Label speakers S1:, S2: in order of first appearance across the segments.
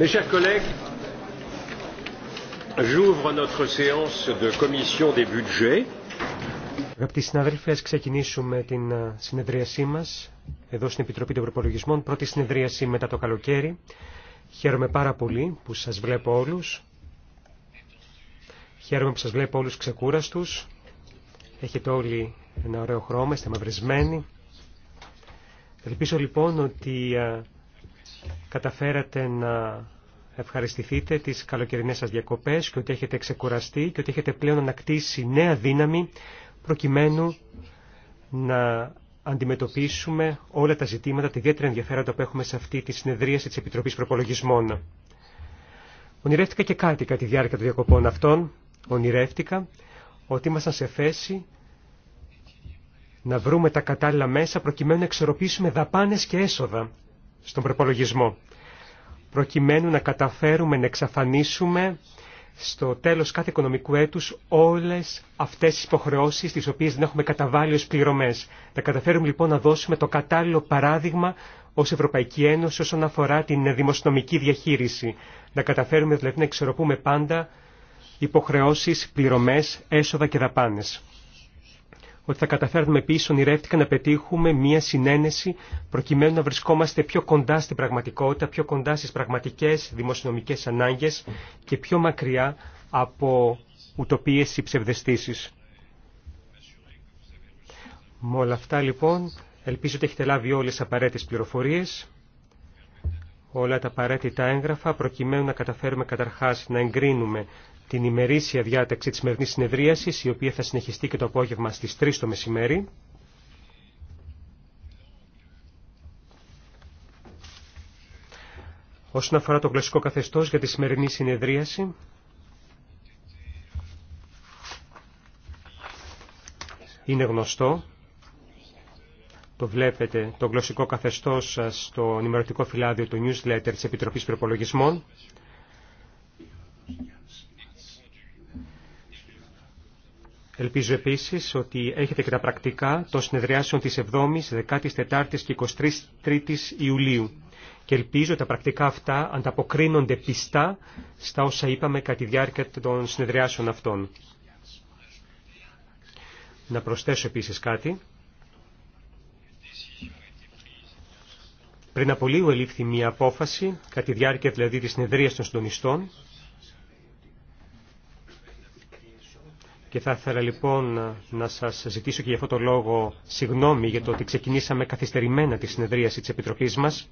S1: Mes chers collègues, j'ouvre notre séance de commission des budgets. Αγαπητοί συνάδελφοι, ας ξεκινήσουμε την ε, συνεδρίασή μας εδώ στην Επιτροπή των Προπολογισμών. Πρώτη συνεδρίαση μετά το καλοκαίρι. Χαίρομαι πάρα πολύ που σας βλέπω όλους. Χαίρομαι που σας βλέπω όλους ξεκούραστους. Έχετε όλοι ένα ωραίο χρώμα, είστε μαυρισμένοι. Ελπίζω λοιπόν ότι καταφέρατε να ευχαριστηθείτε τις καλοκαιρινές σας διακοπές και ότι έχετε ξεκουραστεί και ότι έχετε πλέον ανακτήσει νέα δύναμη προκειμένου να αντιμετωπίσουμε όλα τα ζητήματα, τη ιδιαίτερα ενδιαφέροντα που έχουμε σε αυτή τη συνεδρίαση της Επιτροπής Προπολογισμών. Ονειρεύτηκα και κάτι κατά τη διάρκεια των διακοπών αυτών ονειρεύτηκα ότι ήμασταν σε θέση να βρούμε τα κατάλληλα μέσα προκειμένου να εξορροπήσουμε δαπάνες και έσοδα στον προπολογισμό. Προκειμένου να καταφέρουμε να εξαφανίσουμε στο τέλος κάθε οικονομικού έτους όλες αυτές τις υποχρεώσεις τις οποίες δεν έχουμε καταβάλει ως πληρωμές. Να καταφέρουμε λοιπόν να δώσουμε το κατάλληλο παράδειγμα ως Ευρωπαϊκή Ένωση όσον αφορά την δημοσιονομική διαχείριση. Να καταφέρουμε δηλαδή να εξορροπούμε πάντα υποχρεώσεις, πληρωμές, έσοδα και δαπάνες. Ότι θα καταφέρνουμε επίσης ονειρεύτηκα να πετύχουμε μία συνένεση προκειμένου να βρισκόμαστε πιο κοντά στην πραγματικότητα, πιο κοντά στις πραγματικές δημοσιονομικές ανάγκες και πιο μακριά από ουτοπίες ή ψευδεστήσεις. Με όλα αυτά λοιπόν, ελπίζω ότι έχετε λάβει όλες τις απαραίτητες πληροφορίες, όλα τα απαραίτητα έγγραφα, προκειμένου να καταφέρουμε καταρχάς να εγκρίνουμε την ημερήσια διάταξη της σημερινής συνεδρίασης, η οποία θα συνεχιστεί και το απόγευμα στις 3 το μεσημέρι. Όσον αφορά το γλωσσικό καθεστώς για τη σημερινή συνεδρίαση, είναι γνωστό. Το βλέπετε το γλωσσικό καθεστώς στο ενημερωτικό φυλάδιο του newsletter της Επιτροπής Προπολογισμών. Ελπίζω επίσης ότι έχετε και τα πρακτικά των συνεδριάσεων της 7ης, 14ης και 23ης Ιουλίου και ελπίζω τα πρακτικά αυτά ανταποκρίνονται πιστά στα όσα είπαμε κατά τη διάρκεια των συνεδριάσεων αυτών. Να προσθέσω επίσης κάτι. Πριν από λίγο ελήφθη μία απόφαση, κατά τη διάρκεια δηλαδή της συνεδρίας των συντονιστών, Και θα ήθελα λοιπόν να σας ζητήσω και για αυτό το λόγο συγγνώμη για το ότι ξεκινήσαμε καθυστερημένα τη συνεδρίαση της Επιτροπής μας.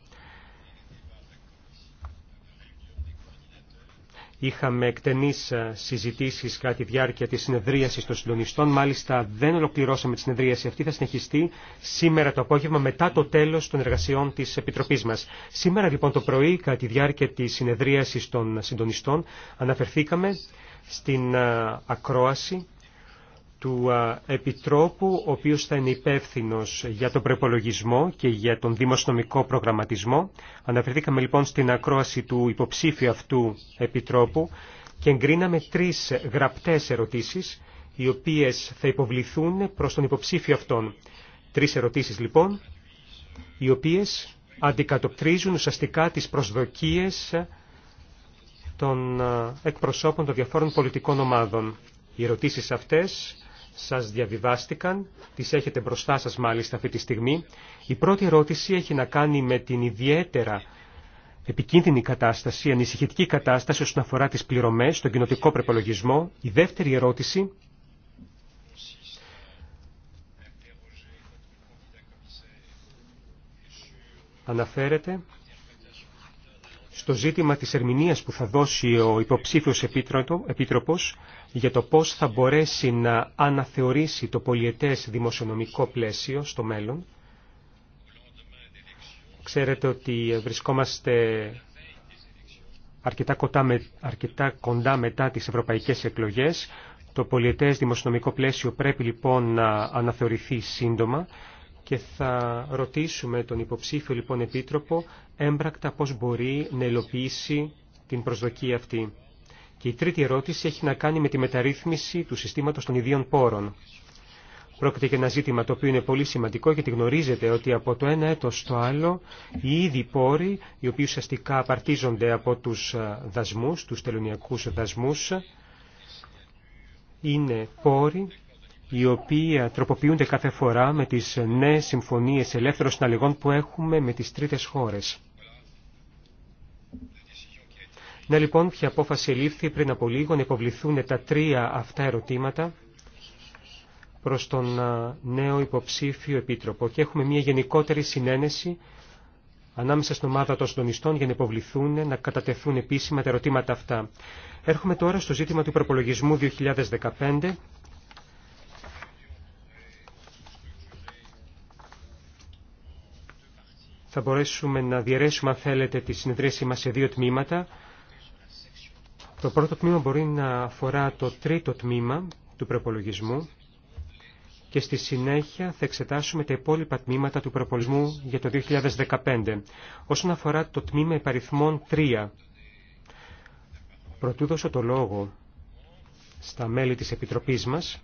S1: Είχαμε εκτενείς ε, συζητήσεις κατά τη διάρκεια της συνεδρίασης των συντονιστών. Μάλιστα δεν ολοκληρώσαμε τη συνεδρίαση αυτή. Θα συνεχιστεί σήμερα το απόγευμα μετά το τέλος των εργασιών της Επιτροπής μας. Σήμερα λοιπόν το πρωί κατά τη διάρκεια της συνεδρίασης των συντονιστών αναφερθήκαμε στην ε, ακρόαση του Επιτρόπου, ο οποίος θα είναι υπεύθυνο για τον προπολογισμό και για τον δημοσιονομικό προγραμματισμό. Αναφερθήκαμε λοιπόν στην ακρόαση του υποψήφιου αυτού Επιτρόπου και εγκρίναμε τρεις γραπτές ερωτήσεις, οι οποίες θα υποβληθούν προς τον υποψήφιο αυτόν. Τρεις ερωτήσεις λοιπόν, οι οποίες αντικατοπτρίζουν ουσιαστικά τις προσδοκίες των εκπροσώπων των διαφόρων πολιτικών ομάδων. Οι ερωτήσεις αυτές σας διαβιβάστηκαν, τις έχετε μπροστά σας μάλιστα αυτή τη στιγμή. Η πρώτη ερώτηση έχει να κάνει με την ιδιαίτερα επικίνδυνη κατάσταση, ανησυχητική κατάσταση όσον αφορά τις πληρωμές τον κοινοτικό προπολογισμό. Η δεύτερη ερώτηση αναφέρεται στο ζήτημα της ερμηνείας που θα δώσει ο υποψήφιος επίτροπος για το πώς θα μπορέσει να αναθεωρήσει το πολιετές δημοσιονομικό πλαίσιο στο μέλλον. Ξέρετε ότι βρισκόμαστε αρκετά, με, κοντά μετά τις ευρωπαϊκές εκλογές. Το πολιετές δημοσιονομικό πλαίσιο πρέπει λοιπόν να αναθεωρηθεί σύντομα και θα ρωτήσουμε τον υποψήφιο λοιπόν επίτροπο έμπρακτα πώς μπορεί να υλοποιήσει την προσδοκία αυτή. Και η τρίτη ερώτηση έχει να κάνει με τη μεταρρύθμιση του συστήματος των ιδίων πόρων. Πρόκειται για ένα ζήτημα το οποίο είναι πολύ σημαντικό γιατί γνωρίζετε ότι από το ένα έτος στο άλλο οι ίδιοι πόροι, οι οποίοι ουσιαστικά απαρτίζονται από τους ε, δασμούς, τους τελωνιακούς δασμούς, είναι πόροι οι οποίοι τροποποιούνται κάθε φορά με τις νέες συμφωνίες ελεύθερων συναλλαγών που έχουμε με τις τρίτες χώρες. Να λοιπόν, ποια απόφαση λήφθη πριν από λίγο να υποβληθούν τα τρία αυτά ερωτήματα προς τον νέο υποψήφιο επίτροπο και έχουμε μια γενικότερη συνένεση ανάμεσα στην ομάδα των συντονιστών για να υποβληθούν, να κατατεθούν επίσημα τα ερωτήματα αυτά. Έρχομαι τώρα στο ζήτημα του προπολογισμού 2015 θα μπορέσουμε να διαιρέσουμε, αν θέλετε, τη συνεδρίαση μας σε δύο τμήματα. Το πρώτο τμήμα μπορεί να αφορά το τρίτο τμήμα του προπολογισμού και στη συνέχεια θα εξετάσουμε τα υπόλοιπα τμήματα του προπολογισμού για το 2015. Όσον αφορά το τμήμα υπαριθμών 3, πρωτού δώσω το λόγο στα μέλη της Επιτροπής μας,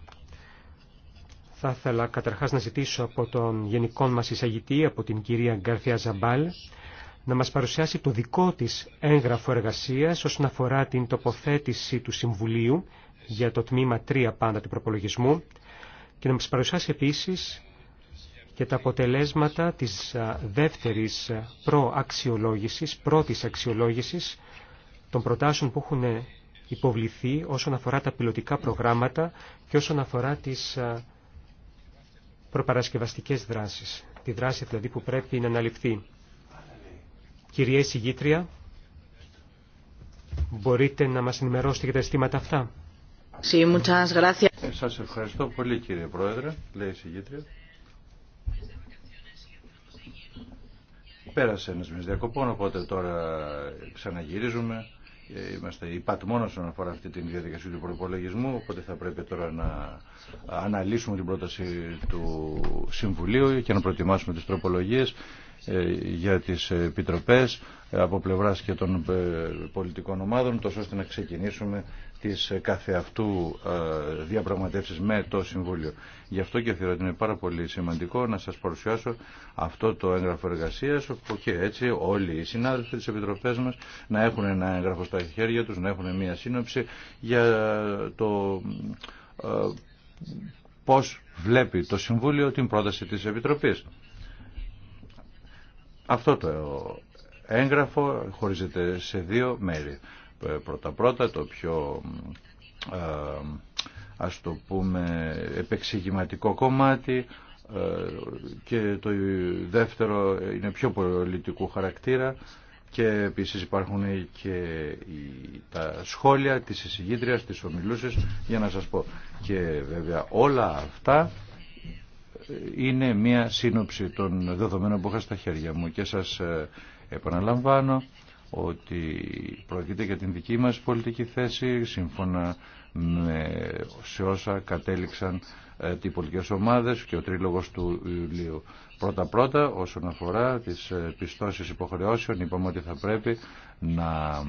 S1: θα ήθελα καταρχάς να ζητήσω από τον γενικό μας εισαγητή, από την κυρία Γκαρθιά Ζαμπάλ, να μας παρουσιάσει το δικό της έγγραφο εργασίας όσον αφορά την τοποθέτηση του Συμβουλίου για το τμήμα 3 πάντα του προπολογισμού και να μας παρουσιάσει επίσης και τα αποτελέσματα της δεύτερης προαξιολόγησης, πρώτης αξιολόγησης των προτάσεων που έχουν ε, υποβληθεί όσον αφορά τα πιλωτικά προγράμματα και όσον αφορά τις προπαρασκευαστικές δράσεις, τη δράση δηλαδή που πρέπει να αναλυφθεί. Κυρία Εισηγήτρια, μπορείτε να μας ενημερώσετε για τα αισθήματα αυτά.
S2: Ε, σας ευχαριστώ πολύ κύριε Πρόεδρε, λέει η Εισηγήτρια. Πέρασε ένας μισδιακοπών, οπότε τώρα ξαναγυρίζουμε ε, είμαστε υπατμόν όσον αφορά αυτή την διαδικασία του προπολογισμού, οπότε θα πρέπει τώρα να αναλύσουμε την πρόταση του Συμβουλίου και να προετοιμάσουμε τις τροπολογίες ε, για τις επιτροπές από πλευράς και των ε, πολιτικών ομάδων, τόσο ώστε να ξεκινήσουμε τις καθεαυτού ε, διαπραγματεύσεις με το Συμβούλιο. Γι' αυτό και θεωρώ ότι είναι πάρα πολύ σημαντικό να σας παρουσιάσω αυτό το έγγραφο εργασίας όπου και έτσι όλοι οι συνάδελφοι της Επιτροπές μας να έχουν ένα έγγραφο στα χέρια τους, να έχουν μια σύνοψη για το ε, πώς βλέπει το Συμβούλιο την πρόταση της Επιτροπής. Αυτό το έγγραφο χωρίζεται σε δύο μέρη πρώτα-πρώτα, το πιο ε, ας το πούμε επεξηγηματικό κομμάτι ε, και το δεύτερο είναι πιο πολιτικού χαρακτήρα και επίσης υπάρχουν και τα σχόλια της εισηγήτριας, της ομιλούσης για να σας πω και βέβαια όλα αυτά είναι μια σύνοψη των δεδομένων που είχα στα χέρια μου και σας ε, επαναλαμβάνω ότι πρόκειται για την δική μας πολιτική θέση σύμφωνα με σε όσα κατέληξαν οι ε, πολιτικές ομάδες και ο τρίλογος του Ιουλίου. Πρώτα-πρώτα όσον αφορά τις ε, πιστώσεις υποχρεώσεων είπαμε ότι θα πρέπει να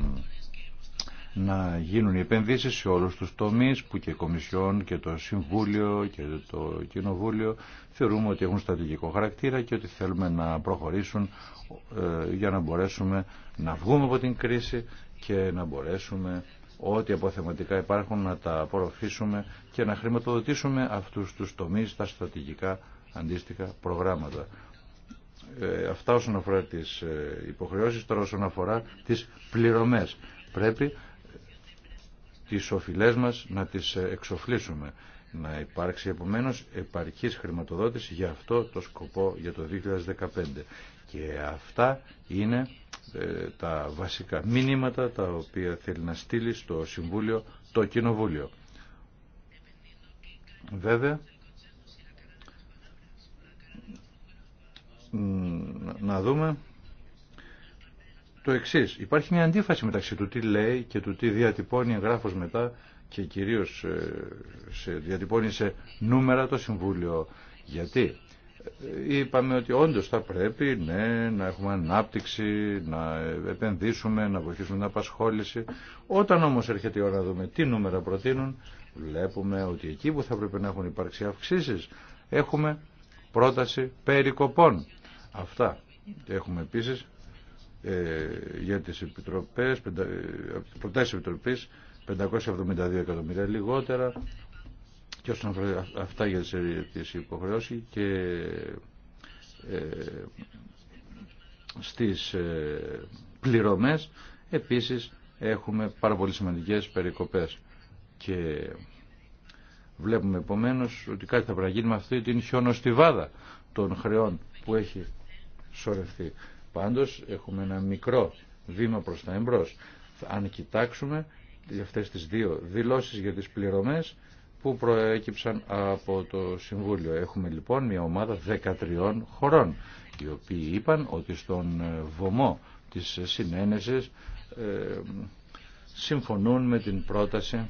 S2: να γίνουν οι επενδύσεις σε όλους τους τομείς που και η Κομισιόν και το Συμβούλιο και το Κοινοβούλιο θεωρούμε ότι έχουν στρατηγικό χαρακτήρα και ότι θέλουμε να προχωρήσουν ε, για να μπορέσουμε να βγούμε από την κρίση και να μπορέσουμε ό,τι αποθεματικά υπάρχουν να τα απορροφήσουμε και να χρηματοδοτήσουμε αυτούς τους τομείς, τα στρατηγικά αντίστοιχα προγράμματα. Ε, αυτά όσον αφορά τις ε, υποχρεώσεις, τώρα όσον αφορά τις πληρωμές. Πρέπει τις οφειλές μας να τις ε, εξοφλήσουμε. Να υπάρξει επομένως επαρκής χρηματοδότηση για αυτό το σκοπό για το 2015. Και αυτά είναι ε, τα βασικά μήνυματα τα οποία θέλει να στείλει στο Συμβούλιο το Κοινοβούλιο. Βέβαια, να δούμε το εξή. Υπάρχει μια αντίφαση μεταξύ του τι λέει και του τι διατυπώνει εγγράφο μετά και κυρίως ε, διατυπώνει σε νούμερα το Συμβούλιο. Γιατί ε, είπαμε ότι όντω θα πρέπει ναι, να έχουμε ανάπτυξη, να επενδύσουμε, να βοηθήσουμε την απασχόληση. Όταν όμως έρχεται η ώρα να δούμε τι νούμερα προτείνουν, βλέπουμε ότι εκεί που θα πρέπει να έχουν υπάρξει αυξήσει. έχουμε πρόταση περικοπών. Αυτά. Έχουμε επίσης ε, για τις επιτροπές, ε, προτάσεις επιτροπής 572 εκατομμύρια λιγότερα και όσον αφορά αυτά για τις υποχρεώσεις και ε, στις πληρωμές επίσης έχουμε πάρα πολύ σημαντικές περικοπές και βλέπουμε επομένως ότι κάτι θα πρέπει να γίνει με αυτή την χιονοστιβάδα των χρεών που έχει σωρευτεί. Πάντως έχουμε ένα μικρό βήμα προς τα εμπρός. Αν κοιτάξουμε αυτές τις δύο δηλώσεις για τις πληρωμές που προέκυψαν από το Συμβούλιο. Έχουμε λοιπόν μια ομάδα 13 χωρών οι οποίοι είπαν ότι στον βωμό της συνένεσης ε, συμφωνούν με την πρόταση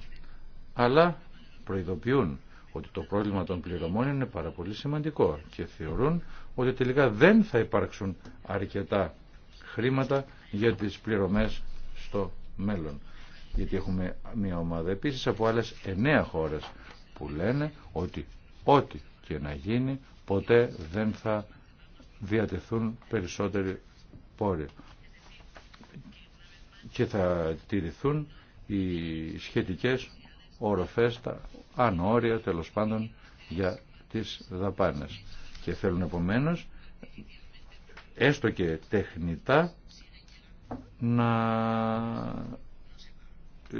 S2: αλλά προειδοποιούν ότι το πρόβλημα των πληρωμών είναι πάρα πολύ σημαντικό και θεωρούν ότι τελικά δεν θα υπάρξουν αρκετά χρήματα για τις πληρωμές στο μέλλον. Γιατί έχουμε μια ομάδα επίσης από άλλες εννέα χώρες που λένε ότι ό,τι και να γίνει ποτέ δεν θα διατεθούν περισσότεροι πόροι και θα τηρηθούν οι σχετικές οροφές, ανώρια τέλο πάντων για τις δαπάνες. Και θέλουν επομένως έστω και τεχνητά να ε,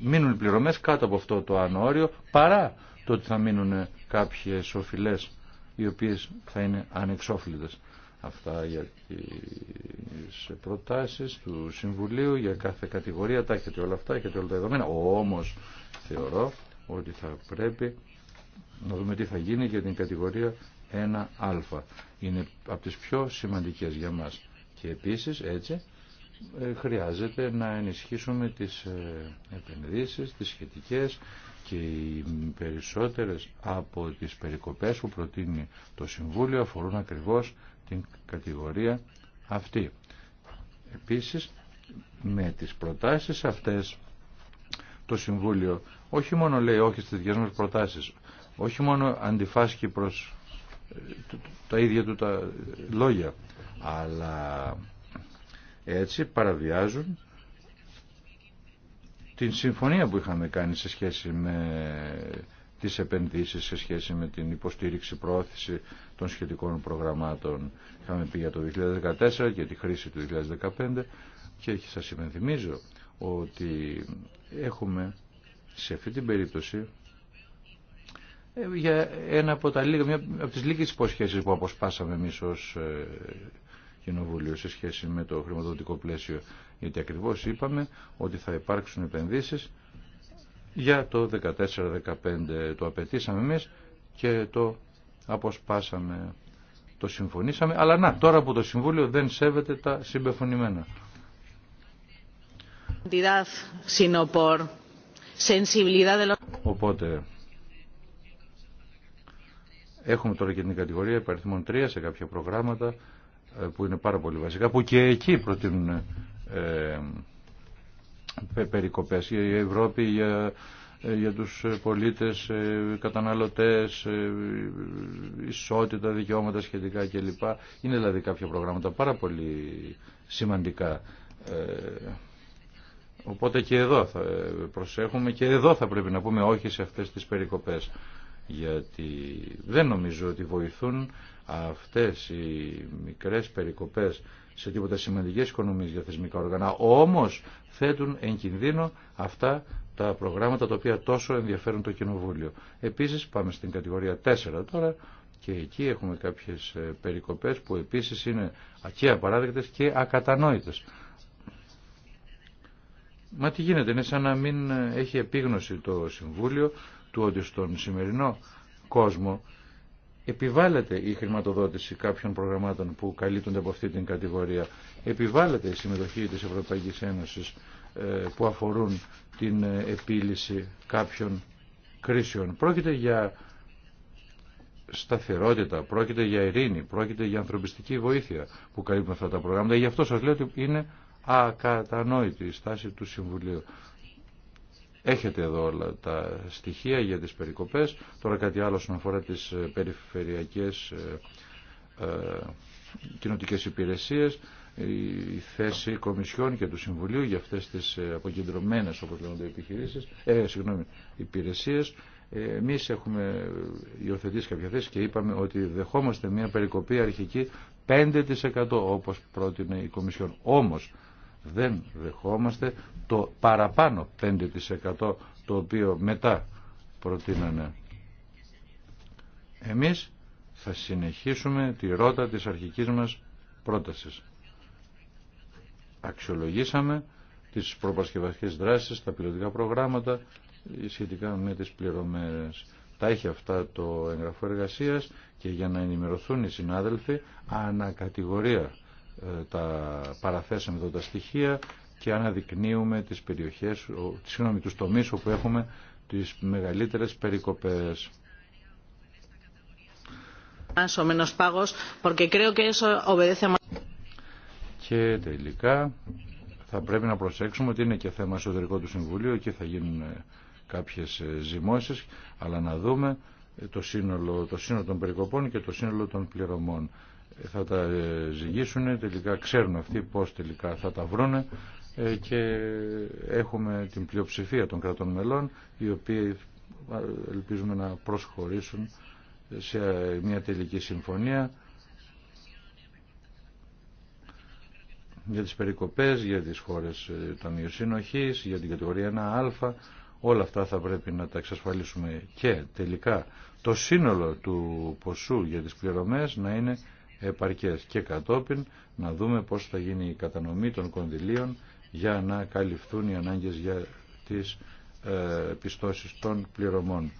S2: μείνουν οι πληρωμές κάτω από αυτό το ανώριο παρά το ότι θα μείνουν κάποιες οφειλές οι οποίες θα είναι ανεξόφλητες. Αυτά για τις προτάσεις του Συμβουλίου για κάθε κατηγορία, τα έχετε όλα αυτά, έχετε όλα τα δεδομένα. Όμως θεωρώ ότι θα πρέπει να δούμε τι θα γίνει για την κατηγορία 1α. Είναι από τις πιο σημαντικές για μας. Και επίσης έτσι ε, χρειάζεται να ενισχύσουμε τις ε, επενδύσεις, τις σχετικές και οι περισσότερες από τις περικοπές που προτείνει το Συμβούλιο αφορούν ακριβώς την κατηγορία αυτή. Επίσης, με τις προτάσεις αυτές το Συμβούλιο όχι μόνο λέει όχι στις δικές μας προτάσεις, όχι μόνο αντιφάσκει προς ε, τα ίδια του τα ε, λόγια, αλλά έτσι παραβιάζουν την συμφωνία που είχαμε κάνει σε σχέση με τις επενδύσεις, σε σχέση με την υποστήριξη προώθηση των σχετικών προγραμμάτων. Είχαμε πει για το 2014 και τη χρήση του 2015 και σας υπενθυμίζω ότι έχουμε σε αυτή την περίπτωση ε, για ένα από τα λίγα, μια από τις λίγες υποσχέσεις που αποσπάσαμε εμείς ως ε, Κοινοβούλιο σε σχέση με το χρηματοδοτικό πλαίσιο γιατί ακριβώς είπαμε ότι θα υπάρξουν επενδύσεις για το 14-15 το απαιτήσαμε εμείς και το αποσπάσαμε το συμφωνήσαμε αλλά να τώρα που το Συμβούλιο δεν σέβεται τα συμπεφωνημένα Οπότε, έχουμε τώρα και την κατηγορία υπαριθμών 3 σε κάποια προγράμματα ε, που είναι πάρα πολύ βασικά, που και εκεί προτείνουν ε, περικοπές. Η Ευρώπη για, ε, για τους πολίτες, ε, καταναλωτές, ισότητα, δικαιώματα σχετικά κλπ. Είναι δηλαδή κάποια προγράμματα πάρα πολύ σημαντικά. Οπότε και εδώ θα ε, προσέχουμε και εδώ θα πρέπει να πούμε όχι σε αυτές τις περικοπές. Γιατί δεν νομίζω ότι βοηθούν αυτές οι μικρές περικοπές σε τίποτα σημαντικές οικονομίες για θεσμικά όργανα. Όμως θέτουν εν κινδύνο αυτά τα προγράμματα τα οποία τόσο ενδιαφέρουν το Κοινοβούλιο. Επίσης πάμε στην κατηγορία 4 τώρα και εκεί έχουμε κάποιες ε, περικοπές που επίσης είναι και απαράδεκτες και ακατανόητες. Μα τι γίνεται, είναι σαν να μην έχει επίγνωση το Συμβούλιο του ότι στον σημερινό κόσμο επιβάλλεται η χρηματοδότηση κάποιων προγραμμάτων που καλύπτονται από αυτή την κατηγορία. Επιβάλλεται η συμμετοχή της Ευρωπαϊκής Ένωσης ε, που αφορούν την ε, επίλυση κάποιων κρίσεων. Πρόκειται για σταθερότητα, πρόκειται για ειρήνη, πρόκειται για ανθρωπιστική βοήθεια που καλύπτουν αυτά τα προγράμματα. Γι' αυτό σας λέω ότι είναι ακατανόητη η στάση του Συμβουλίου. Έχετε εδώ όλα τα στοιχεία για τις περικοπές. Τώρα κάτι άλλο όσον αφορά τις ε, περιφερειακές ε, ε, κοινοτικές υπηρεσίες η θέση Κομισιών και του Συμβουλίου για αυτές τις αποκεντρωμένες όπως λέγονται επιχειρήσεις, υπηρεσίες. Εμείς έχουμε υιοθετήσει κάποια θέση και είπαμε ότι δεχόμαστε μια περικοπή αρχική 5% όπως πρότεινε η Κομισιόν. Όμως δεν δεχόμαστε το παραπάνω 5% το οποίο μετά προτείνανε. Εμείς θα συνεχίσουμε τη ρότα της αρχικής μας πρότασης. Αξιολογήσαμε τις προπασκευαστικές δράσεις, τα πιλωτικά προγράμματα σχετικά με τις πληρωμές. Τα έχει αυτά το εγγραφό εργασίας και για να ενημερωθούν οι συνάδελφοι ανακατηγορία ε, τα παραθέσαμε εδώ τα στοιχεία και αναδεικνύουμε τις περιοχές, συγγνώμη, τους τομείς όπου έχουμε τις μεγαλύτερες περικοπές. Και τελικά θα πρέπει να προσέξουμε ότι είναι και θέμα εσωτερικό του Συμβουλίου, και θα γίνουν ε, κάποιες ε, ζυμώσεις, αλλά να δούμε το σύνολο, το σύνολο των περικοπών και το σύνολο των πληρωμών θα τα ε, ζυγίσουν, τελικά ξέρουν αυτοί πώς τελικά θα τα βρούνε ε, και έχουμε την πλειοψηφία των κρατών μελών οι οποίοι ελπίζουμε να προσχωρήσουν σε ε, μια τελική συμφωνία για τις περικοπές, για τις χώρες των συνοχής, για την κατηγορία 1α όλα αυτά θα πρέπει να τα εξασφαλίσουμε και τελικά το σύνολο του ποσού για τις πληρωμές να είναι επαρκές και κατόπιν να δούμε πώς θα γίνει η κατανομή των κονδυλίων για να καλυφθούν οι ανάγκες για τις ε, πιστώσεις των πληρωμών.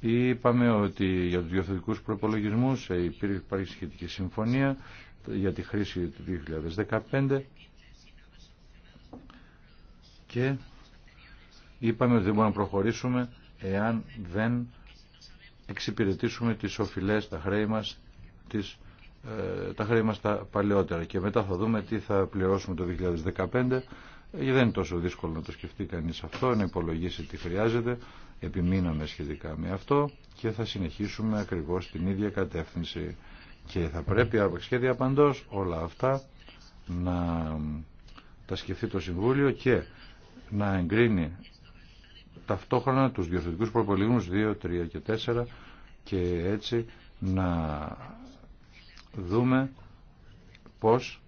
S2: Είπαμε ότι για τους διορθωτικούς προπολογισμούς ε, υπήρχε σχετική συμφωνία για τη χρήση του 2015 και είπαμε ότι δεν μπορούμε να προχωρήσουμε εάν δεν εξυπηρετήσουμε τις οφειλές, τα χρέη μας, τις, ε, τα χρέη μας τα παλαιότερα και μετά θα δούμε τι θα πληρώσουμε το 2015 ε, δεν είναι τόσο δύσκολο να το σκεφτεί κανείς αυτό, να υπολογίσει τι χρειάζεται επιμείναμε σχετικά με αυτό και θα συνεχίσουμε ακριβώς την ίδια κατεύθυνση και θα πρέπει από σχέδια παντός όλα αυτά να τα σκεφτεί το Συμβούλιο και να εγκρίνει ταυτόχρονα τους διορθωτικούς προπολίγους 2, 3 και 4 και έτσι να δούμε πώς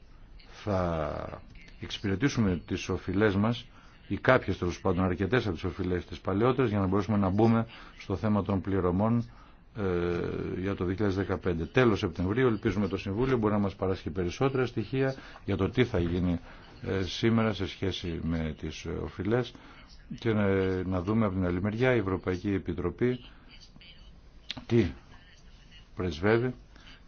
S2: θα εξυπηρετήσουμε τις οφειλές μας ή κάποιες τέλο πάντων αρκετές από τις οφειλές της παλαιότερες για να μπορέσουμε να μπούμε στο θέμα των πληρωμών ε, για το 2015. Τέλος Σεπτεμβρίου ελπίζουμε το Συμβούλιο μπορεί να μας παράσχει περισσότερα στοιχεία για το τι θα γίνει ε, σήμερα σε σχέση με τις οφειλές και να, δούμε από την άλλη μεριά η Ευρωπαϊκή Επιτροπή τι πρεσβεύει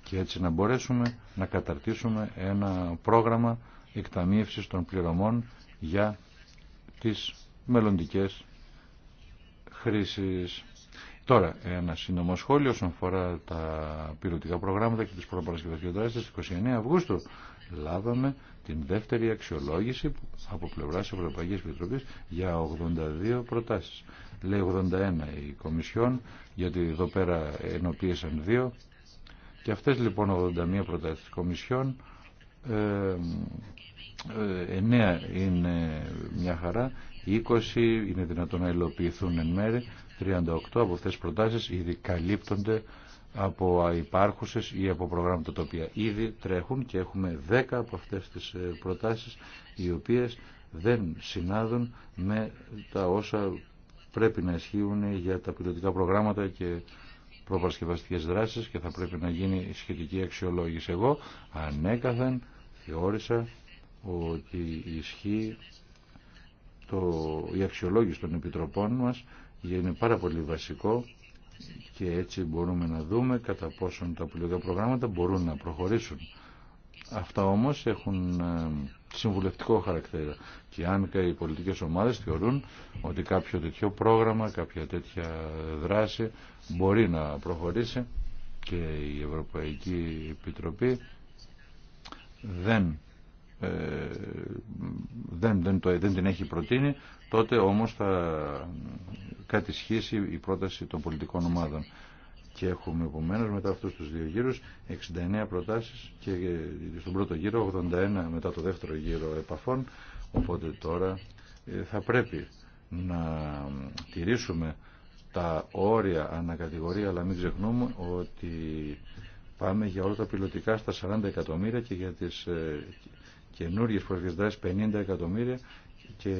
S2: και έτσι να μπορέσουμε να καταρτήσουμε ένα πρόγραμμα εκταμείευσης των πληρωμών για τις μελλοντικές χρήσεις. Τώρα, ένα σύντομο σχόλιο όσον αφορά τα πυροτικά προγράμματα και τις προπαρασκευαστικές δράσεις. 29 Αυγούστου λάβαμε την δεύτερη αξιολόγηση από πλευρά τη Ευρωπαϊκή Επιτροπή για 82 προτάσει. Λέει 81 η Κομισιόν, γιατί εδώ πέρα ενοποίησαν δύο. Και αυτέ λοιπόν 81 προτάσει τη Κομισιόν, ε, 9 ε, είναι μια χαρά, 20 είναι δυνατόν να υλοποιηθούν εν μέρη, 38 από αυτέ τι προτάσει ήδη καλύπτονται από υπάρχουσες ή από προγράμματα τα οποία ήδη τρέχουν και έχουμε δέκα από αυτές τις ε, προτάσεις οι οποίες δεν συνάδουν με τα όσα πρέπει να ισχύουν για τα πιλωτικά προγράμματα και προπαρασκευαστικές δράσεις και θα πρέπει να γίνει σχετική αξιολόγηση. Εγώ ανέκαθεν θεώρησα ότι ισχύει το, η αξιολόγηση των επιτροπών μας είναι πάρα πολύ βασικό και έτσι μπορούμε να δούμε κατά πόσον τα πολιτικά προγράμματα μπορούν να προχωρήσουν. Αυτά όμως έχουν ε, συμβουλευτικό χαρακτήρα και αν και οι πολιτικές ομάδες θεωρούν ότι κάποιο τέτοιο πρόγραμμα, κάποια τέτοια δράση μπορεί να προχωρήσει και η Ευρωπαϊκή Επιτροπή δεν, ε, δεν, το, δεν την έχει προτείνει τότε όμως θα κάτι η πρόταση των πολιτικών ομάδων. Και έχουμε επομένω μετά αυτού του δύο γύρου 69 προτάσει και ε, στον πρώτο γύρο 81 μετά το δεύτερο γύρο επαφών. Οπότε τώρα ε, θα πρέπει να τηρήσουμε τα όρια ανακατηγορία, αλλά μην ξεχνούμε ότι πάμε για όλα τα πιλωτικά στα 40 εκατομμύρια και για τις καινούριε καινούργιες 50 εκατομμύρια και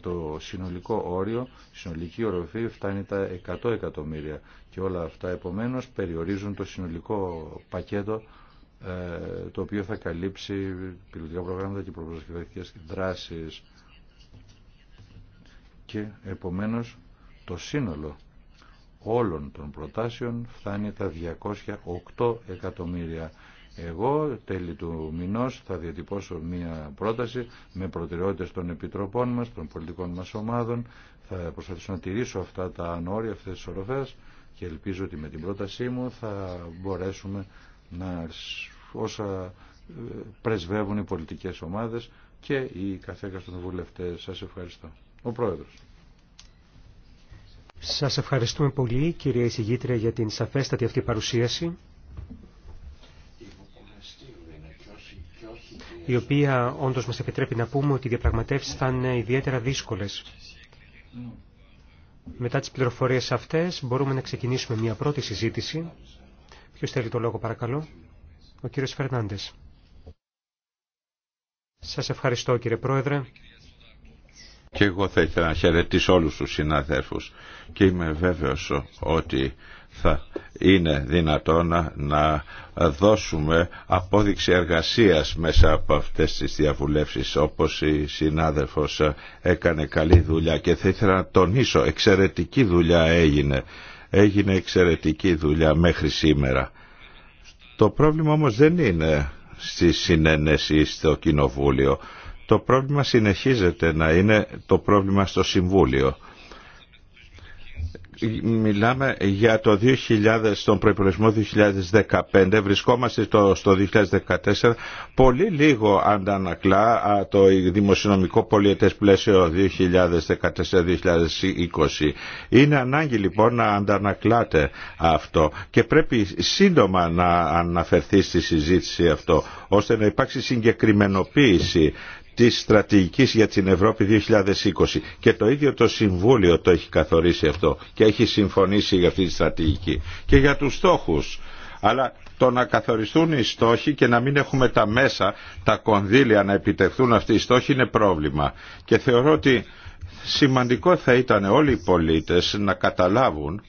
S2: το συνολικό όριο, η συνολική οροφή φτάνει τα 100 εκατομμύρια και όλα αυτά επομένως περιορίζουν το συνολικό πακέτο ε, το οποίο θα καλύψει πιλωτικά προγράμματα και προπροσκευαστικές δράσεις και επομένως το σύνολο όλων των προτάσεων φτάνει τα 208 εκατομμύρια εγώ τέλη του μηνός θα διατυπώσω μία πρόταση με προτεραιότητες των επιτροπών μας, των πολιτικών μας ομάδων. Θα προσπαθήσω να τηρήσω αυτά τα ανώρια, αυτές τις οροφές και ελπίζω ότι με την πρότασή μου θα μπορέσουμε να όσα ε, πρεσβεύουν οι πολιτικές ομάδες και οι καθέκας των βουλευτές. Σας ευχαριστώ. Ο Πρόεδρος.
S1: Σας ευχαριστούμε πολύ κυρία εισηγήτρια για την σαφέστατη αυτή παρουσίαση. η οποία όντως μας επιτρέπει να πούμε ότι οι διαπραγματεύσεις θα είναι ιδιαίτερα δύσκολες. Μετά τις πληροφορίες αυτές μπορούμε να ξεκινήσουμε μια πρώτη συζήτηση. Ποιος θέλει το λόγο παρακαλώ. Ο κύριος Φερνάντες. Σας ευχαριστώ κύριε Πρόεδρε.
S3: Και εγώ θα ήθελα να χαιρετήσω όλους τους συναδέλφους. και είμαι βέβαιος ότι θα είναι δυνατόν να δώσουμε απόδειξη εργασίας μέσα από αυτές τις διαβουλεύσεις όπως η συνάδελφος έκανε καλή δουλειά και θα ήθελα να τονίσω εξαιρετική δουλειά έγινε έγινε εξαιρετική δουλειά μέχρι σήμερα το πρόβλημα όμως δεν είναι στη συνένεση στο κοινοβούλιο το πρόβλημα συνεχίζεται να είναι το πρόβλημα στο Συμβούλιο μιλάμε για το 2000, τον προϋπολογισμό 2015, βρισκόμαστε το, στο 2014, πολύ λίγο αντανακλά το δημοσιονομικό πολιετές πλαίσιο 2014-2020. Είναι ανάγκη λοιπόν να αντανακλάτε αυτό και πρέπει σύντομα να αναφερθεί στη συζήτηση αυτό, ώστε να υπάρξει συγκεκριμενοποίηση της στρατηγικής για την Ευρώπη 2020 και το ίδιο το Συμβούλιο το έχει καθορίσει αυτό και έχει συμφωνήσει για αυτή τη στρατηγική και για τους στόχους αλλά το να καθοριστούν οι στόχοι και να μην έχουμε τα μέσα, τα κονδύλια να επιτευχθούν αυτοί οι στόχοι είναι πρόβλημα και θεωρώ ότι σημαντικό θα ήταν όλοι οι πολίτες να καταλάβουν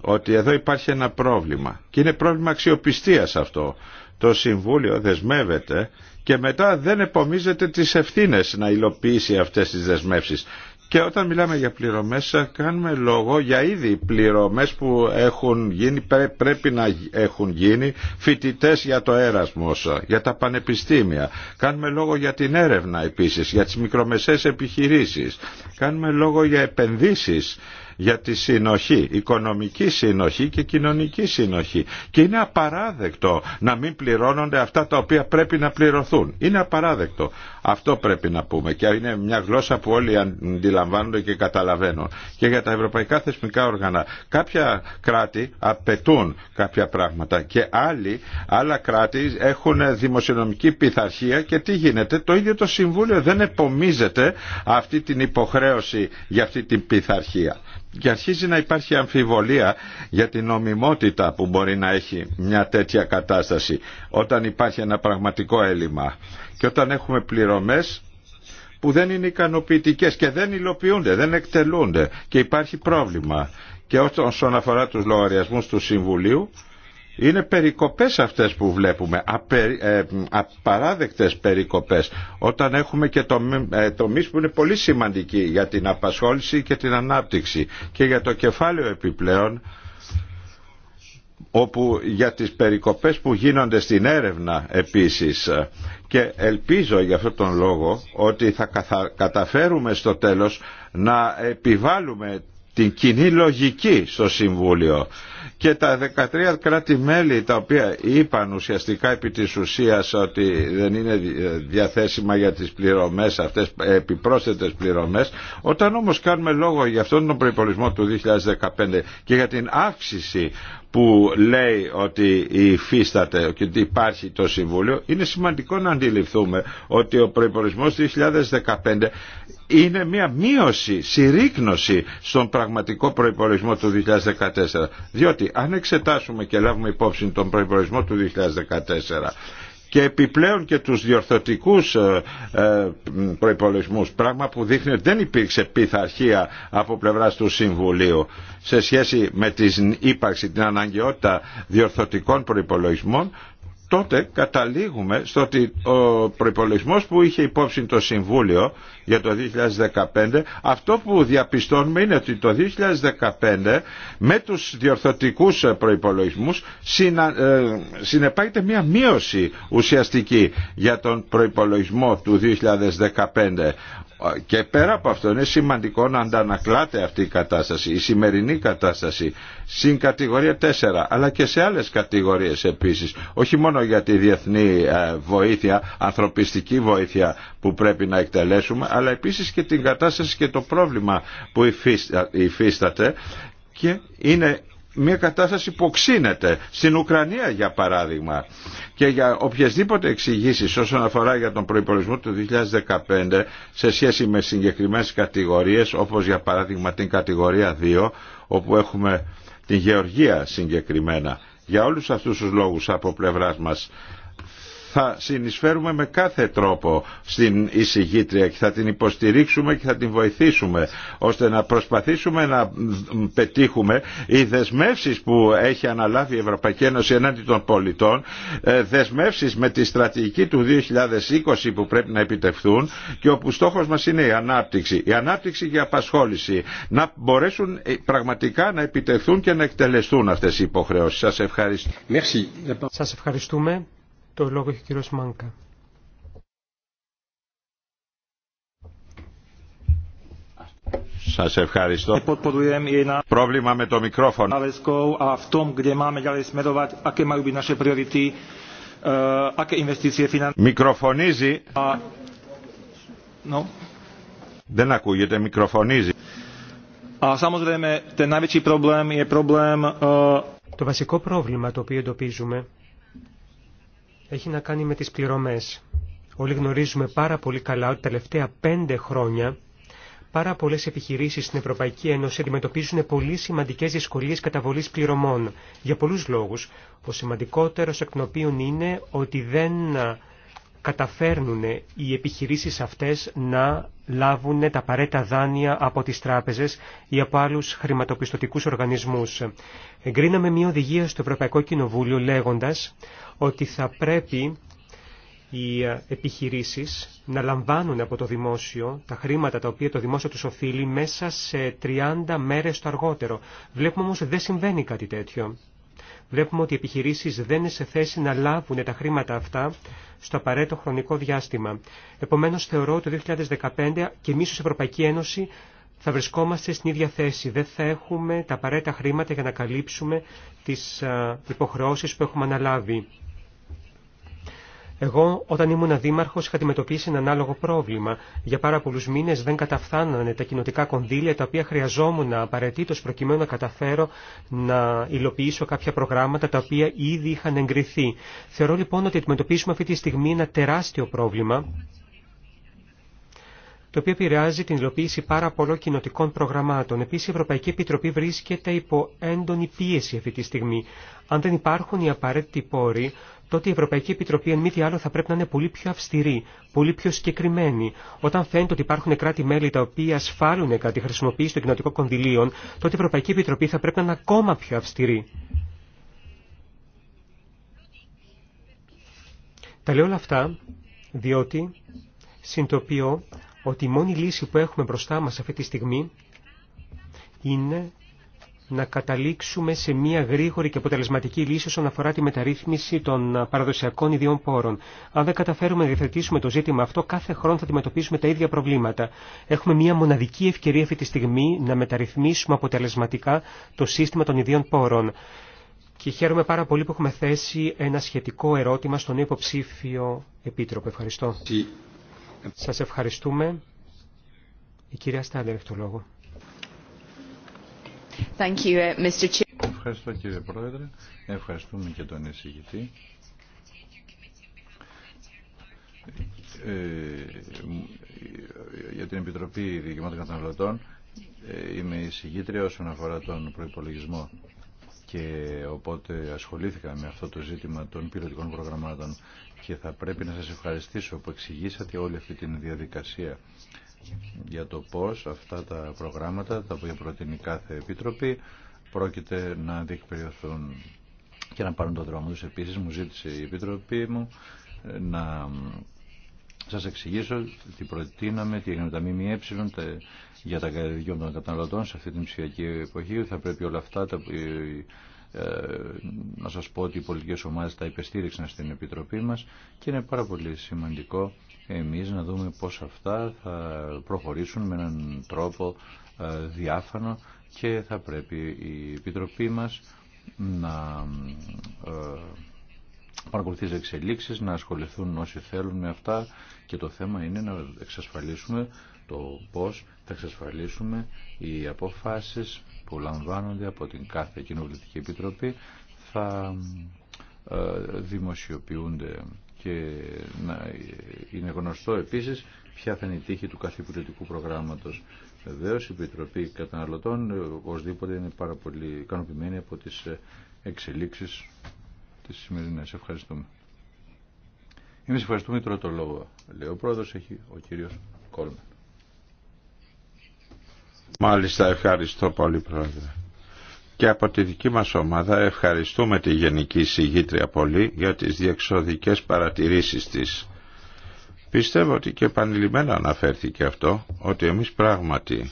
S3: ότι εδώ υπάρχει ένα πρόβλημα και είναι πρόβλημα αξιοπιστίας αυτό. Το Συμβούλιο δεσμεύεται και μετά δεν επομίζεται τις ευθύνες να υλοποιήσει αυτές τις δεσμεύσεις. Και όταν μιλάμε για πληρωμές κάνουμε λόγο για ήδη πληρωμές που έχουν γίνει, πρέπει να έχουν γίνει φοιτητέ για το έρασμος, για τα πανεπιστήμια. Κάνουμε λόγο για την έρευνα επίσης, για τις μικρομεσαίες επιχειρήσεις. Κάνουμε λόγο για επενδύσεις για τη συνοχή, οικονομική συνοχή και κοινωνική συνοχή. Και είναι απαράδεκτο να μην πληρώνονται αυτά τα οποία πρέπει να πληρωθούν. Είναι απαράδεκτο. Αυτό πρέπει να πούμε και είναι μια γλώσσα που όλοι αντιλαμβάνονται και καταλαβαίνουν. Και για τα ευρωπαϊκά θεσμικά όργανα. Κάποια κράτη απαιτούν κάποια πράγματα και άλλοι, άλλα κράτη έχουν δημοσιονομική πειθαρχία και τι γίνεται. Το ίδιο το Συμβούλιο δεν επομίζεται αυτή την υποχρέωση για αυτή την πειθαρχία. Και αρχίζει να υπάρχει αμφιβολία για την νομιμότητα που μπορεί να έχει μια τέτοια κατάσταση όταν υπάρχει ένα πραγματικό έλλειμμα και όταν έχουμε πληρωμές που δεν είναι ικανοποιητικές και δεν υλοποιούνται, δεν εκτελούνται και υπάρχει πρόβλημα. Και όσον αφορά τους λογαριασμούς του Συμβουλίου, είναι περικοπές αυτές που βλέπουμε, απερι, ε, απαράδεκτες περικοπές, όταν έχουμε και το, ε, που είναι πολύ σημαντικοί για την απασχόληση και την ανάπτυξη και για το κεφάλαιο επιπλέον όπου για τις περικοπές που γίνονται στην έρευνα επίσης ε, και ελπίζω για αυτόν τον λόγο ότι θα καταφέρουμε στο τέλος να επιβάλλουμε την κοινή λογική στο Συμβούλιο και τα 13 κράτη-μέλη τα οποία είπαν ουσιαστικά επί της ουσίας ότι δεν είναι ε, διαθέσιμα για τις πληρωμές αυτές, επιπρόσθετες πληρωμές, όταν όμως κάνουμε λόγο για αυτόν τον προϋπολισμό του 2015 και για την αύξηση που λέει ότι υφίσταται και ότι υπάρχει το Συμβούλιο, είναι σημαντικό να αντιληφθούμε ότι ο του 2015 είναι μια μείωση, συρρήκνωση στον πραγματικό προϋπολογισμό του 2014. Διότι αν εξετάσουμε και λάβουμε υπόψη τον προϋπολογισμό του 2014 και επιπλέον και τους διορθωτικούς ε, ε, προϋπολογισμούς, πράγμα που δείχνει ότι δεν υπήρξε πειθαρχία από πλευράς του Συμβουλίου σε σχέση με την ύπαρξη, την αναγκαιότητα διορθωτικών προϋπολογισμών, τότε καταλήγουμε στο ότι ο προϋπολογισμός που είχε υπόψη το Συμβούλιο για το 2015, αυτό που διαπιστώνουμε είναι ότι το 2015 με τους διορθωτικούς προϋπολογισμούς ε, συνεπάγεται μια μείωση ουσιαστική για τον προϋπολογισμό του 2015 και πέρα από αυτό είναι σημαντικό να αντανακλάται αυτή η κατάσταση, η σημερινή κατάσταση, στην κατηγορία 4, αλλά και σε άλλες κατηγορίες επίσης, όχι μόνο για τη διεθνή ε, βοήθεια, ανθρωπιστική βοήθεια που πρέπει να εκτελέσουμε, αλλά επίσης και την κατάσταση και το πρόβλημα που υφίσταται και είναι μια κατάσταση που ξύνεται στην Ουκρανία για παράδειγμα και για οποιασδήποτε εξηγήσει όσον αφορά για τον προϋπολογισμό του 2015 σε σχέση με συγκεκριμένες κατηγορίες όπως για παράδειγμα την κατηγορία 2 όπου έχουμε την Γεωργία συγκεκριμένα. Για όλους αυτούς τους λόγους από πλευράς μας θα συνεισφέρουμε με κάθε τρόπο στην εισηγήτρια και θα την υποστηρίξουμε και θα την βοηθήσουμε ώστε να προσπαθήσουμε να πετύχουμε οι δεσμεύσεις που έχει αναλάβει η Ευρωπαϊκή Ένωση ενάντια των πολιτών ε, δεσμεύσεις με τη στρατηγική του 2020 που πρέπει να επιτευχθούν και όπου στόχος μας είναι η ανάπτυξη. Η ανάπτυξη και η απασχόληση να μπορέσουν ε, πραγματικά να επιτευχθούν και να εκτελεστούν αυτές οι υποχρεώσεις. ευχαριστώ.
S1: Σας ευχαριστούμε. Το λόγο έχει ο κύριος Μάνκα.
S3: Σας ευχαριστώ. Πρόβλημα με το μικρόφωνο. Μικροφωνίζει. Δεν ακούγεται, μικροφωνίζει.
S1: Το βασικό πρόβλημα το οποίο εντοπίζουμε έχει να κάνει με τις πληρωμές. Όλοι γνωρίζουμε πάρα πολύ καλά ότι τα τελευταία πέντε χρόνια πάρα πολλές επιχειρήσεις στην Ευρωπαϊκή Ένωση αντιμετωπίζουν πολύ σημαντικές δυσκολίες καταβολής πληρωμών για πολλούς λόγους. Ο σημαντικότερος εκ των οποίων είναι ότι δεν καταφέρνουν οι επιχειρήσεις αυτές να λάβουν τα απαραίτητα δάνεια από τις τράπεζες ή από άλλους χρηματοπιστωτικούς οργανισμούς. Εγκρίναμε μια οδηγία στο Ευρωπαϊκό Κοινοβούλιο λέγοντας ότι θα πρέπει οι ε, επιχειρήσεις να λαμβάνουν από το δημόσιο τα χρήματα τα οποία το δημόσιο τους οφείλει μέσα σε 30 μέρες το αργότερο. Βλέπουμε όμως ότι δεν συμβαίνει κάτι τέτοιο βλέπουμε ότι οι επιχειρήσεις δεν είναι σε θέση να λάβουν τα χρήματα αυτά στο απαραίτητο χρονικό διάστημα. Επομένως θεωρώ ότι το 2015 και εμείς ως Ευρωπαϊκή Ένωση θα βρισκόμαστε στην ίδια θέση. Δεν θα έχουμε τα απαραίτητα χρήματα για να καλύψουμε τις ε, υποχρεώσεις που έχουμε αναλάβει. Εγώ όταν ήμουν δήμαρχος είχα αντιμετωπίσει ένα ανάλογο πρόβλημα. Για πάρα πολλούς μήνες δεν καταφθάνανε τα κοινοτικά κονδύλια τα οποία χρειαζόμουν απαραίτητο προκειμένου να καταφέρω να υλοποιήσω κάποια προγράμματα τα οποία ήδη είχαν εγκριθεί. Θεωρώ λοιπόν ότι αντιμετωπίσουμε αυτή τη στιγμή ένα τεράστιο πρόβλημα το οποίο επηρεάζει την υλοποίηση πάρα πολλών κοινοτικών προγραμμάτων. Επίσης, η Ευρωπαϊκή Επιτροπή βρίσκεται υπό έντονη πίεση αυτή τη στιγμή. Αν δεν υπάρχουν οι απαραίτητοι πόροι, τότε η Ευρωπαϊκή Επιτροπή, αν μη άλλο, θα πρέπει να είναι πολύ πιο αυστηρή, πολύ πιο συγκεκριμένη. Όταν φαίνεται ότι υπάρχουν κράτη-μέλη τα οποία ασφάλουν κατά τη χρησιμοποίηση των κοινωτικών κονδυλίων, τότε η Ευρωπαϊκή Επιτροπή θα πρέπει να είναι ακόμα πιο αυστηρή. Τα λέω όλα αυτά διότι συνειδητοποιώ ότι η μόνη λύση που έχουμε μπροστά μας αυτή τη στιγμή είναι να καταλήξουμε σε μια γρήγορη και αποτελεσματική λύση όσον αφορά τη μεταρρύθμιση των παραδοσιακών ιδιών πόρων. Αν δεν καταφέρουμε να διευθετήσουμε το ζήτημα αυτό, κάθε χρόνο θα αντιμετωπίσουμε τα ίδια προβλήματα. Έχουμε μια μοναδική ευκαιρία αυτή τη στιγμή να μεταρρυθμίσουμε αποτελεσματικά το σύστημα των ιδιών πόρων. Και χαίρομαι πάρα πολύ που έχουμε θέσει ένα σχετικό ερώτημα στον υποψήφιο επίτροπο. Ευχαριστώ. Σας ευχαριστούμε. Η κυρία Στάντερ έχει το λόγο.
S3: Uh,
S1: Ευχαριστώ
S2: κύριε Πρόεδρε. Ευχαριστούμε και τον εισηγητή. Ε, για την Επιτροπή Δικαιωμάτων Καταναλωτών ε, είμαι εισηγήτρια όσον αφορά τον προϋπολογισμό και οπότε ασχολήθηκα με αυτό το ζήτημα των πυροτικών προγραμμάτων και θα πρέπει να σας ευχαριστήσω που εξηγήσατε όλη αυτή τη διαδικασία για το πώς αυτά τα προγράμματα τα οποία προτείνει κάθε επιτροπή πρόκειται να διεκπαιριωθούν και να πάρουν το δρόμο τους. Επίσης μου ζήτησε η Επιτροπή μου ε, να σας εξηγήσω τι προτείναμε, τι έγινε τα ΜΜΕ για τα δικαιώματα των καταναλωτών σε αυτή την ψηφιακή εποχή. Θα πρέπει όλα αυτά τα, ε, ε, να σας πω ότι οι πολιτικές ομάδες τα υπεστήριξαν στην Επιτροπή μας και είναι πάρα πολύ σημαντικό εμείς να δούμε πώς αυτά θα προχωρήσουν με έναν τρόπο ε, διάφανο και θα πρέπει η Επιτροπή μας να ε, παρακολουθεί εξελίξεις, να ασχοληθούν όσοι θέλουν με αυτά και το θέμα είναι να εξασφαλίσουμε το πώς θα εξασφαλίσουμε οι αποφάσεις που λαμβάνονται από την κάθε Κοινοβουλευτική Επιτροπή θα ε, δημοσιοποιούνται και να είναι γνωστό επίσης ποια θα είναι η τύχη του κάθε υπηρετικού προγράμματος. Βεβαίω η Επιτροπή Καταναλωτών ε, οπωσδήποτε είναι πάρα πολύ ικανοποιημένη από τις ε, εξελίξεις της σημερινής. Ευχαριστούμε. Εμεί ευχαριστούμε τώρα το λόγο. Λέει ο πρόεδρος έχει ο κύριος Κόλμαν.
S3: Μάλιστα ευχαριστώ πολύ πρόεδρε. Και από τη δική μας ομάδα ευχαριστούμε τη Γενική Συγήτρια πολύ για τις διεξοδικές παρατηρήσεις της. Πιστεύω ότι και επανειλημμένα αναφέρθηκε αυτό, ότι εμείς πράγματι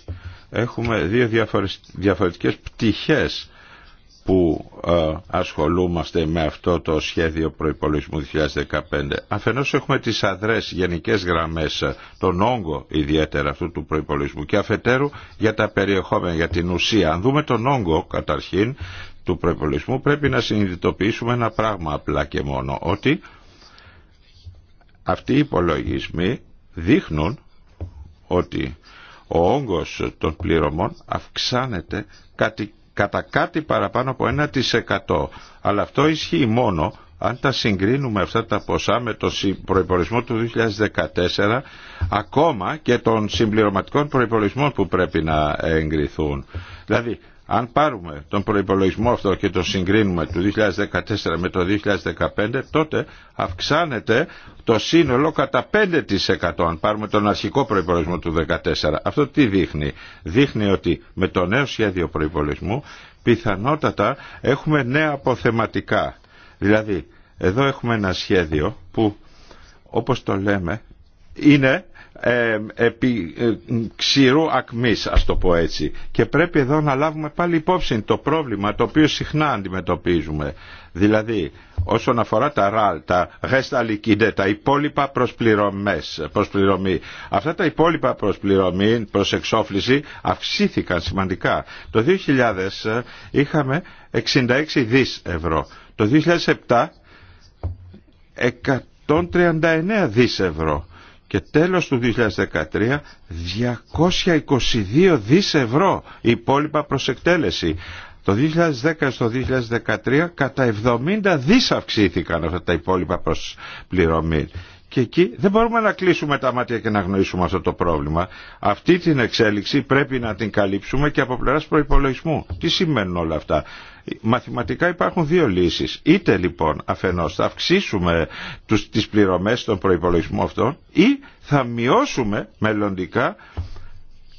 S3: έχουμε δύο διαφορετικές πτυχές που ε, ασχολούμαστε με αυτό το σχέδιο προϋπολογισμού 2015. Αφενός έχουμε τις αδρές γενικές γραμμές, ε, τον όγκο ιδιαίτερα αυτού του προϋπολογισμού και αφετέρου για τα περιεχόμενα, για την ουσία. Αν δούμε τον όγκο καταρχήν του προϋπολογισμού πρέπει να συνειδητοποιήσουμε ένα πράγμα απλά και μόνο, ότι αυτοί οι υπολογισμοί δείχνουν ότι ο όγκος των πληρωμών αυξάνεται κατά κάτι παραπάνω από 1%. Αλλά αυτό ισχύει μόνο αν τα συγκρίνουμε αυτά τα ποσά με τον προϋπολογισμό του 2014 ακόμα και των συμπληρωματικών προϋπολογισμών που πρέπει να εγκριθούν. Δηλαδή αν πάρουμε τον προϋπολογισμό αυτό και τον συγκρίνουμε του 2014 με το 2015, τότε αυξάνεται το σύνολο κατά 5% αν πάρουμε τον αρχικό προϋπολογισμό του 2014. Αυτό τι δείχνει. Δείχνει ότι με το νέο σχέδιο προϋπολογισμού πιθανότατα έχουμε νέα αποθεματικά. Δηλαδή, εδώ έχουμε ένα σχέδιο που, όπως το λέμε, είναι ε, επί ε, ξηρού ακμής ας το πω έτσι και πρέπει εδώ να λάβουμε πάλι υπόψη το πρόβλημα το οποίο συχνά αντιμετωπίζουμε δηλαδή όσον αφορά τα ραλ, τα γέστα λικίντε, τα υπόλοιπα προσπληρωμές, προσπληρωμή. Αυτά τα υπόλοιπα προσπληρωμή προς εξόφληση αυξήθηκαν σημαντικά. Το 2000 ε, είχαμε 66 δις ευρώ. Το 2007 139 δις ευρώ και τέλος του 2013 222 δις ευρώ υπόλοιπα προς εκτέλεση. Το 2010 στο 2013 κατά 70 δις αυξήθηκαν αυτά τα υπόλοιπα προς πληρωμή. Και εκεί δεν μπορούμε να κλείσουμε τα μάτια και να γνωρίσουμε αυτό το πρόβλημα. Αυτή την εξέλιξη πρέπει να την καλύψουμε και από πλευράς προϋπολογισμού. Τι σημαίνουν όλα αυτά. Μαθηματικά υπάρχουν δύο λύσεις. Είτε λοιπόν αφενός θα αυξήσουμε τους, τις πληρωμές στον προϋπολογισμό αυτών ή θα μειώσουμε μελλοντικά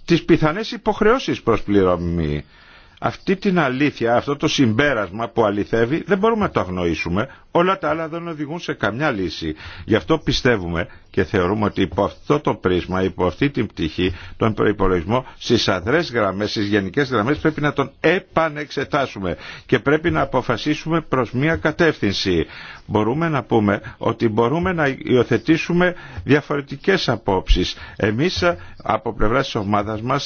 S3: τις πιθανές υποχρεώσεις προς πληρωμή. Αυτή την αλήθεια, αυτό το συμπέρασμα που αληθεύει δεν μπορούμε να το αγνοήσουμε Όλα τα άλλα δεν οδηγούν σε καμιά λύση. Γι' αυτό πιστεύουμε και θεωρούμε ότι υπό αυτό το πρίσμα, υπό αυτή την πτυχή, τον προπολογισμό στι αδρέ γραμμέ, στι γενικέ γραμμέ πρέπει να τον επανεξετάσουμε και πρέπει να αποφασίσουμε προ μία κατεύθυνση. Μπορούμε να πούμε ότι μπορούμε να υιοθετήσουμε διαφορετικέ απόψει. Εμεί από πλευρά τη ομάδα μα,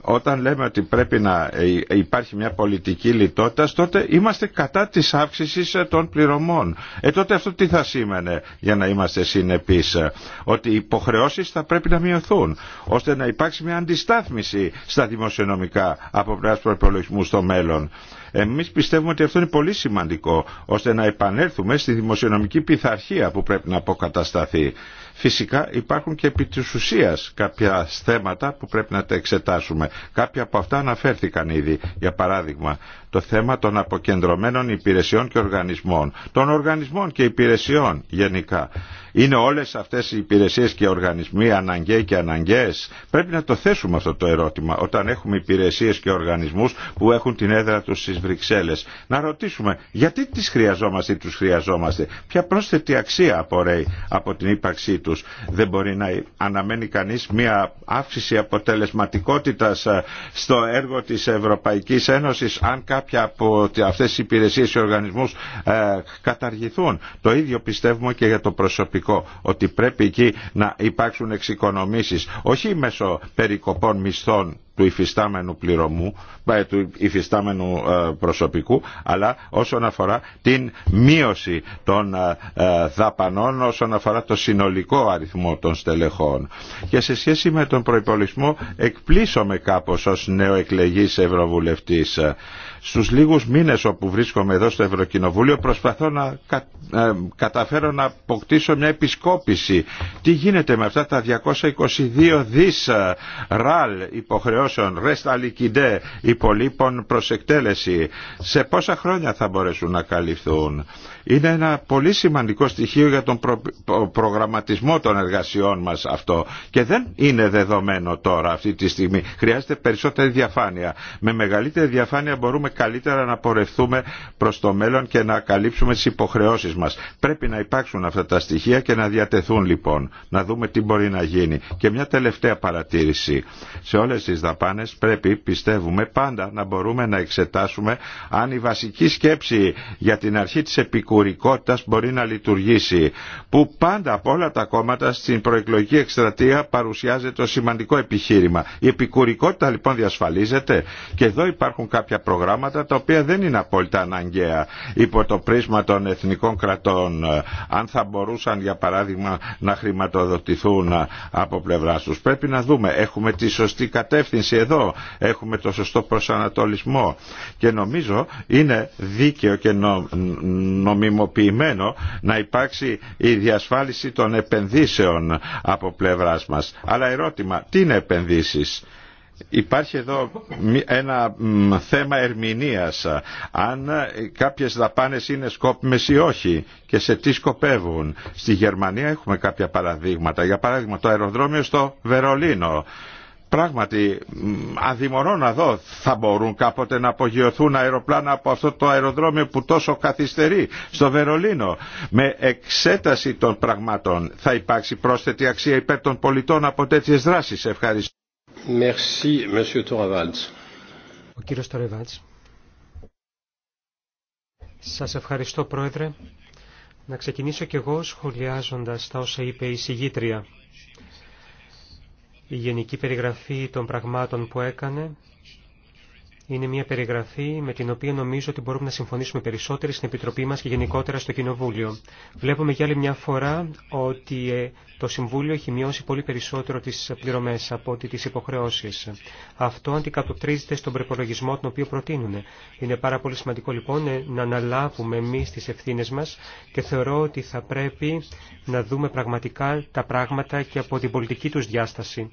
S3: όταν λέμε ότι πρέπει να ε, υπάρχει μια πολιτική λιτότητα, τότε είμαστε κατά τη αύξηση ε, των πληρωμών ε, τότε αυτό τι θα σήμαινε για να είμαστε συνεπείς. Ε, ότι οι υποχρεώσεις θα πρέπει να μειωθούν, ώστε να υπάρξει μια αντιστάθμιση στα δημοσιονομικά από πλευράς προπολογισμού στο μέλλον. Εμείς πιστεύουμε ότι αυτό είναι πολύ σημαντικό, ώστε να επανέλθουμε στη δημοσιονομική πειθαρχία που πρέπει να αποκατασταθεί. Φυσικά υπάρχουν και επί της ουσίας κάποια θέματα που πρέπει να τα εξετάσουμε. Κάποια από αυτά αναφέρθηκαν ήδη. Για παράδειγμα, το θέμα των αποκεντρωμένων υπηρεσιών και οργανισμών, των οργανισμών και υπηρεσιών γενικά. Είναι όλες αυτές οι υπηρεσίες και οργανισμοί αναγκαίοι και αναγκαίες. Πρέπει να το θέσουμε αυτό το ερώτημα όταν έχουμε υπηρεσίες και οργανισμούς που έχουν την έδρα τους στις Βρυξέλλες. Να ρωτήσουμε γιατί τις χρειαζόμαστε ή τους χρειαζόμαστε. Ποια πρόσθετη αξία απορρέει από την ύπαρξή τους. Δεν μπορεί να αναμένει κανείς μια αύξηση αποτελεσματικότητας ε, στο έργο της Ευρωπαϊκής Ένωσης αν κάποια από αυτές οι υπηρεσίες οι οργανισμούς ε, καταργηθούν. Το ίδιο πιστεύουμε και για το προσωπικό, ότι πρέπει εκεί να υπάρξουν εξοικονομήσεις, όχι μέσω περικοπών μισθών του υφιστάμενου πληρωμού, ε, του υφιστάμενου ε, προσωπικού, αλλά όσον αφορά την μείωση των δαπανών, όσον αφορά το συνολικό αριθμό των στελεχών. Και σε σχέση με τον προϋπολισμό εκπλήσωμε κάπως ως νεοεκλεγής Ευρωβουλευτής. Στους λίγους μήνες όπου βρίσκομαι εδώ στο Ευρωκοινοβούλιο προσπαθώ να ε, καταφέρω να αποκτήσω μια επισκόπηση. Τι γίνεται με αυτά τα 222 δις ε, ραλ υποχρεώσεων, rest λικιντέ υπολείπων προς εκτέλεση. Σε πόσα χρόνια θα μπορέσουν να καλυφθούν. Είναι ένα πολύ σημαντικό στοιχείο για τον προγραμματισμό των εργασιών μας αυτό και δεν είναι δεδομένο τώρα αυτή τη στιγμή. Χρειάζεται περισσότερη διαφάνεια. Με μεγαλύτερη διαφάνεια μπορούμε καλύτερα να πορευθούμε προς το μέλλον και να καλύψουμε τις υποχρεώσεις μας. Πρέπει να υπάρξουν αυτά τα στοιχεία και να διατεθούν λοιπόν, να δούμε τι μπορεί να γίνει. Και μια τελευταία παρατήρηση. Σε όλες τις δαπάνες πρέπει, πιστεύουμε, πάντα να μπορούμε να εξετάσουμε αν η βασική σκέψη για την αρχή της επικουρικότητας μπορεί να λειτουργήσει που πάντα από όλα τα κόμματα στην προεκλογική εκστρατεία παρουσιάζεται το σημαντικό επιχείρημα. Η επικουρικότητα λοιπόν διασφαλίζεται και εδώ υπάρχουν κάποια προγράμματα τα οποία δεν είναι απόλυτα αναγκαία υπό το πρίσμα των εθνικών κρατών αν θα μπορούσαν για παράδειγμα να χρηματοδοτηθούν από πλευρά τους. Πρέπει να δούμε, έχουμε τη σωστή κατεύθυνση εδώ, έχουμε το σωστό προσανατολισμό και νομίζω είναι δίκαιο και νομίζω νομιμοποιημένο να υπάρξει η διασφάλιση των επενδύσεων από πλευράς μας. Αλλά ερώτημα, τι είναι επενδύσεις. Υπάρχει εδώ ένα θέμα ερμηνείας, αν ε, κάποιες δαπάνες είναι σκόπιμες ή όχι και σε τι σκοπεύουν. Στη Γερμανία έχουμε κάποια παραδείγματα, για παράδειγμα το αεροδρόμιο στο Βερολίνο Πράγματι, αδημορώ να δω, θα μπορούν κάποτε να απογειωθούν αεροπλάνα από αυτό το αεροδρόμιο που τόσο καθυστερεί στο Βερολίνο. Με εξέταση των πραγμάτων θα υπάρξει πρόσθετη αξία υπέρ των πολιτών από τέτοιες δράσεις. Ευχαριστώ. Merci,
S1: Ο κύριος Τωρεβάτς. Σας ευχαριστώ, Πρόεδρε. Να ξεκινήσω κι εγώ σχολιάζοντας τα όσα είπε η συγγήτρια η γενική περιγραφή των πραγμάτων που έκανε είναι μια περιγραφή με την οποία νομίζω ότι μπορούμε να συμφωνήσουμε περισσότεροι στην Επιτροπή μας και γενικότερα στο Κοινοβούλιο. Βλέπουμε για άλλη μια φορά ότι ε, το Συμβούλιο έχει μειώσει πολύ περισσότερο τις πληρωμές από ότι τις υποχρεώσεις. Αυτό αντικατοπτρίζεται στον προπολογισμό τον οποίο προτείνουν. Είναι πάρα πολύ σημαντικό λοιπόν ε, να αναλάβουμε εμεί τις ευθύνες μας και θεωρώ ότι θα πρέπει να δούμε πραγματικά τα πράγματα και από την πολιτική τους διάσταση.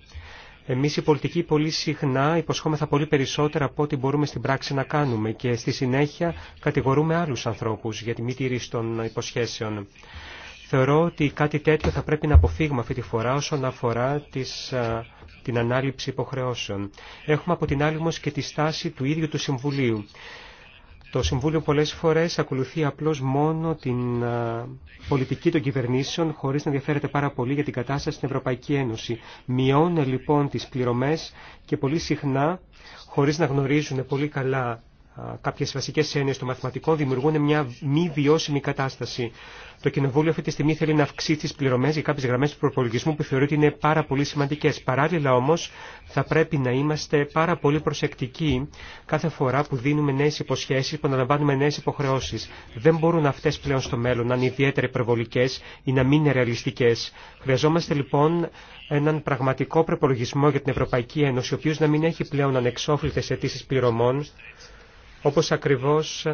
S1: Εμείς οι πολιτικοί πολύ συχνά υποσχόμεθα πολύ περισσότερα από ό,τι μπορούμε στην πράξη να κάνουμε και στη συνέχεια κατηγορούμε άλλους ανθρώπους για τη μη τήρηση των υποσχέσεων. Θεωρώ ότι κάτι τέτοιο θα πρέπει να αποφύγουμε αυτή τη φορά όσον αφορά τις, την ανάληψη υποχρεώσεων. Έχουμε από την άλλη και τη στάση του ίδιου του Συμβουλίου. Το Συμβούλιο πολλές φορές ακολουθεί απλώς μόνο την πολιτική των κυβερνήσεων χωρίς να ενδιαφέρεται πάρα πολύ για την κατάσταση στην Ευρωπαϊκή Ένωση. Μειώνε λοιπόν τις πληρωμές και πολύ συχνά, χωρίς να γνωρίζουν πολύ καλά κάποιε βασικέ έννοιε των μαθηματικών δημιουργούν μια μη βιώσιμη κατάσταση. Το Κοινοβούλιο αυτή τη στιγμή θέλει να αυξήσει τι πληρωμέ για κάποιε γραμμέ του προπολογισμού που θεωρείται είναι πάρα πολύ σημαντικέ. Παράλληλα όμω θα πρέπει να είμαστε πάρα πολύ προσεκτικοί κάθε φορά που δίνουμε νέε υποσχέσει, που αναλαμβάνουμε νέε υποχρεώσει. Δεν μπορούν αυτέ πλέον στο μέλλον να είναι ιδιαίτερα υπερβολικέ ή να μην είναι ρεαλιστικέ. Χρειαζόμαστε λοιπόν έναν πραγματικό προπολογισμό για την Ευρωπαϊκή Ένωση, ο οποίο να μην έχει πλέον ανεξόφλητε αιτήσει πληρωμών όπως ακριβώς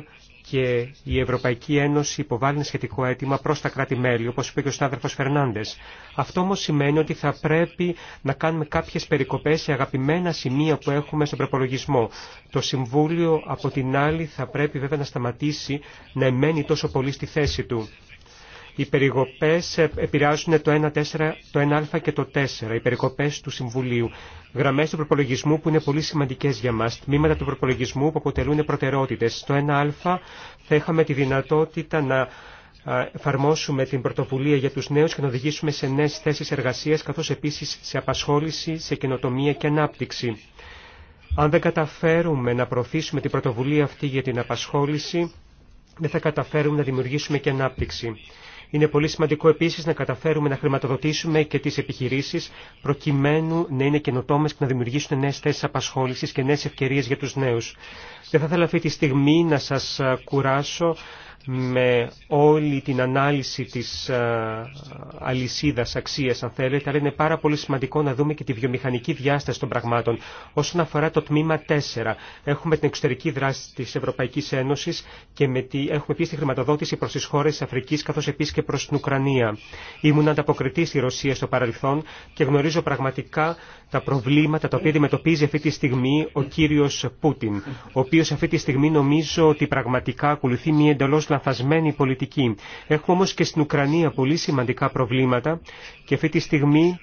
S1: και η Ευρωπαϊκή Ένωση υποβάλλει σχετικό αίτημα προς τα κράτη-μέλη, όπως είπε και ο συνάδελφος Φερνάντες. Αυτό όμως σημαίνει ότι θα πρέπει να κάνουμε κάποιες περικοπές σε αγαπημένα σημεία που έχουμε στον προπολογισμό. Το Συμβούλιο, από την άλλη, θα πρέπει βέβαια να σταματήσει να εμένει τόσο πολύ στη θέση του. Οι περικοπέ επηρεάζουν το 1, 4, το 1α και το 4, οι περικοπές του Συμβουλίου. γραμμέ του προπολογισμού που είναι πολύ σημαντικέ για μας, τμήματα του προπολογισμού που αποτελούν προτεραιότητες. Στο 1α θα είχαμε τη δυνατότητα να εφαρμόσουμε την πρωτοβουλία για τους νέους και να οδηγήσουμε σε νέες θέσεις εργασίας, καθώς επίσης σε απασχόληση, σε καινοτομία και ανάπτυξη. Αν δεν καταφέρουμε να προωθήσουμε την πρωτοβουλία αυτή για την απασχόληση, δεν θα καταφέρουμε να δημιουργήσουμε και ανάπτυξη. Είναι πολύ σημαντικό επίσης να καταφέρουμε να χρηματοδοτήσουμε και τις επιχειρήσεις προκειμένου να είναι καινοτόμες και να δημιουργήσουν νέες θέσεις απασχόλησης και νέες ευκαιρίες για τους νέους. Δεν θα ήθελα αυτή τη στιγμή να σας κουράσω με όλη την ανάλυση της ε, αλυσίδας αξίας αν θέλετε, αλλά είναι πάρα πολύ σημαντικό να δούμε και τη βιομηχανική διάσταση των πραγμάτων. Όσον αφορά το τμήμα 4, έχουμε την εξωτερική δράση της Ευρωπαϊκής Ένωσης και με τη... έχουμε επίσης τη χρηματοδότηση προς τις χώρες της Αφρικής καθώς επίσης και προς την Ουκρανία. Ήμουν ανταποκριτή στη Ρωσία στο παρελθόν και γνωρίζω πραγματικά τα προβλήματα τα οποία αντιμετωπίζει αυτή τη στιγμή ο κύριος Πούτιν, ο οποίος αυτή τη στιγμή νομίζω ότι πραγματικά ακολουθεί μια εντελώς λαθασμένη πολιτική. Έχουμε όμως και στην Ουκρανία πολύ σημαντικά προβλήματα και αυτή τη στιγμή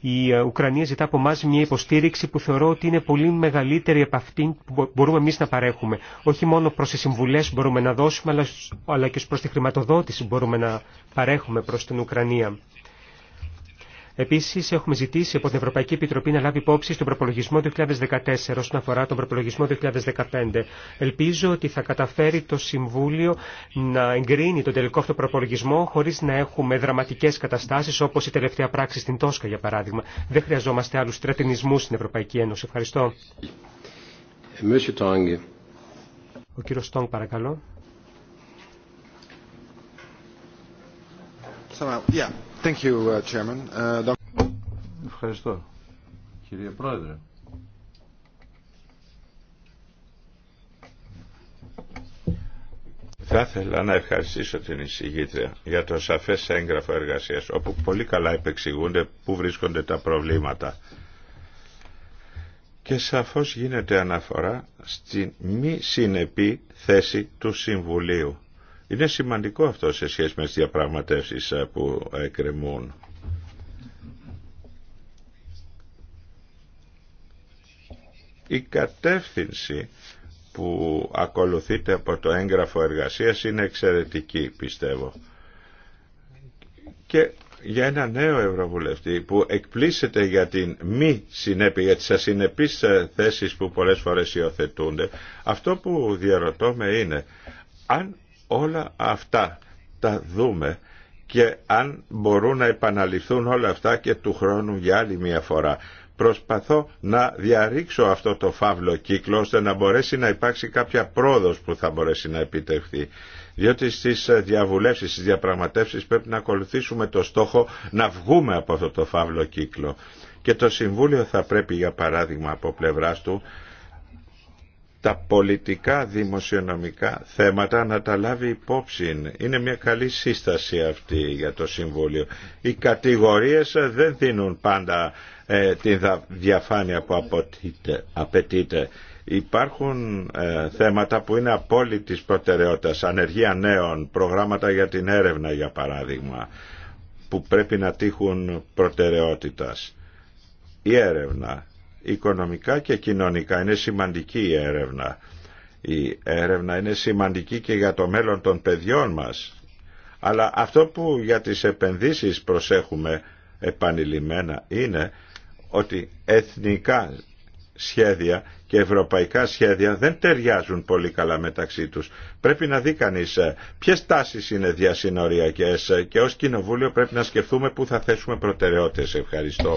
S1: η ε, Ουκρανία ζητά από εμά μια υποστήριξη που θεωρώ ότι είναι πολύ μεγαλύτερη από αυτή που μπορούμε εμεί να παρέχουμε. Όχι μόνο προ τι συμβουλέ που μπορούμε να δώσουμε, αλλά και προ τη χρηματοδότηση που μπορούμε να παρέχουμε προ την Ουκρανία. Επίση, έχουμε ζητήσει από την Ευρωπαϊκή Επιτροπή να λάβει υπόψη στον προπολογισμό 2014 όσον αφορά τον προπολογισμό 2015. Ελπίζω ότι θα καταφέρει το Συμβούλιο να εγκρίνει τον τελικό αυτό προπολογισμό χωρί να έχουμε δραματικέ καταστάσει όπω η τελευταία πράξη στην Τόσκα, για παράδειγμα. Δεν χρειαζόμαστε άλλου στρατινισμού στην Ευρωπαϊκή Ένωση. Ευχαριστώ. Ε, Ο παρακαλώ.
S3: Uh, uh, Ευχαριστώ, κύριε Πρόεδρε. Θα ήθελα να ευχαριστήσω την εισηγήτρια για το σαφές έγγραφο εργασίας, όπου πολύ καλά επεξηγούνται πού βρίσκονται τα προβλήματα. Και σαφώς γίνεται αναφορά στην μη συνεπή θέση του Συμβουλίου είναι σημαντικό αυτό σε σχέση με τις διαπραγματεύσεις ε, που εκκρεμούν. Η κατεύθυνση που ακολουθείται από το έγγραφο εργασίας είναι εξαιρετική πιστεύω. Και για ένα νέο Ευρωβουλευτή που εκπλήσεται για την μη συνέπεια, για τις ασυνεπείς ε, θέσεις που πολλές φορές υιοθετούνται, αυτό που διαρωτώ με είναι αν όλα αυτά τα δούμε και αν μπορούν να επαναληφθούν όλα αυτά και του χρόνου για άλλη μια φορά. Προσπαθώ να διαρρήξω αυτό το φαύλο κύκλο ώστε να μπορέσει να υπάρξει κάποια πρόοδος που θα μπορέσει να επιτευχθεί. Διότι στις διαβουλεύσεις, στις διαπραγματεύσεις πρέπει να ακολουθήσουμε το στόχο να βγούμε από αυτό το φαύλο κύκλο. Και το Συμβούλιο θα πρέπει για παράδειγμα από πλευράς του τα πολιτικά δημοσιονομικά θέματα να τα λάβει υπόψη. Είναι μια καλή σύσταση αυτή για το Συμβούλιο. Οι κατηγορίες δεν δίνουν πάντα ε, τη διαφάνεια που απαιτείται. Υπάρχουν ε, θέματα που είναι απόλυτης προτεραιότητας, ανεργία νέων, προγράμματα για την έρευνα για παράδειγμα, που πρέπει να τύχουν προτεραιότητας. Η έρευνα οικονομικά και κοινωνικά. Είναι σημαντική η έρευνα. Η έρευνα είναι σημαντική και για το μέλλον των παιδιών μας. Αλλά αυτό που για τις επενδύσεις προσέχουμε επανειλημμένα είναι ότι εθνικά σχέδια και ευρωπαϊκά σχέδια δεν ταιριάζουν πολύ καλά μεταξύ τους. Πρέπει να δει κανεί ε, ποιες τάσεις είναι διασυνοριακές και ως Κοινοβούλιο πρέπει να σκεφτούμε πού θα θέσουμε προτεραιότητες. Ευχαριστώ.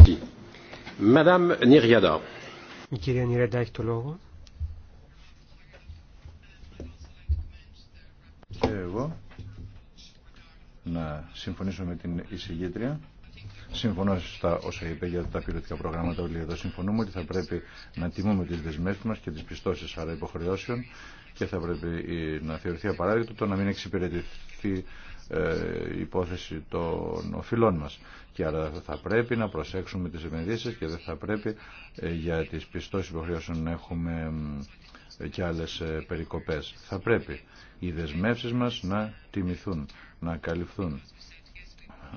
S1: Η κυρία Νιρέντα έχει το λόγο.
S2: Και εγώ να συμφωνήσω με την εισηγήτρια. Συμφωνώ στα όσα είπε για τα πυροτικά προγράμματα όλοι εδώ. Συμφωνούμε ότι θα πρέπει να τιμούμε τις δεσμές μα και τις πιστώσεις άρα υποχρεώσεων και θα πρέπει να θεωρηθεί απαράδεκτο το να μην εξυπηρετηθεί ε, η υπόθεση των οφειλών μας και άρα θα πρέπει να προσέξουμε τις επενδύσεις και δεν θα πρέπει ε, για τις πιστώσεις υποχρεώσεων να έχουμε και άλλες ε, περικοπές. Θα πρέπει οι δεσμεύσεις μας να τιμηθούν, να καλυφθούν.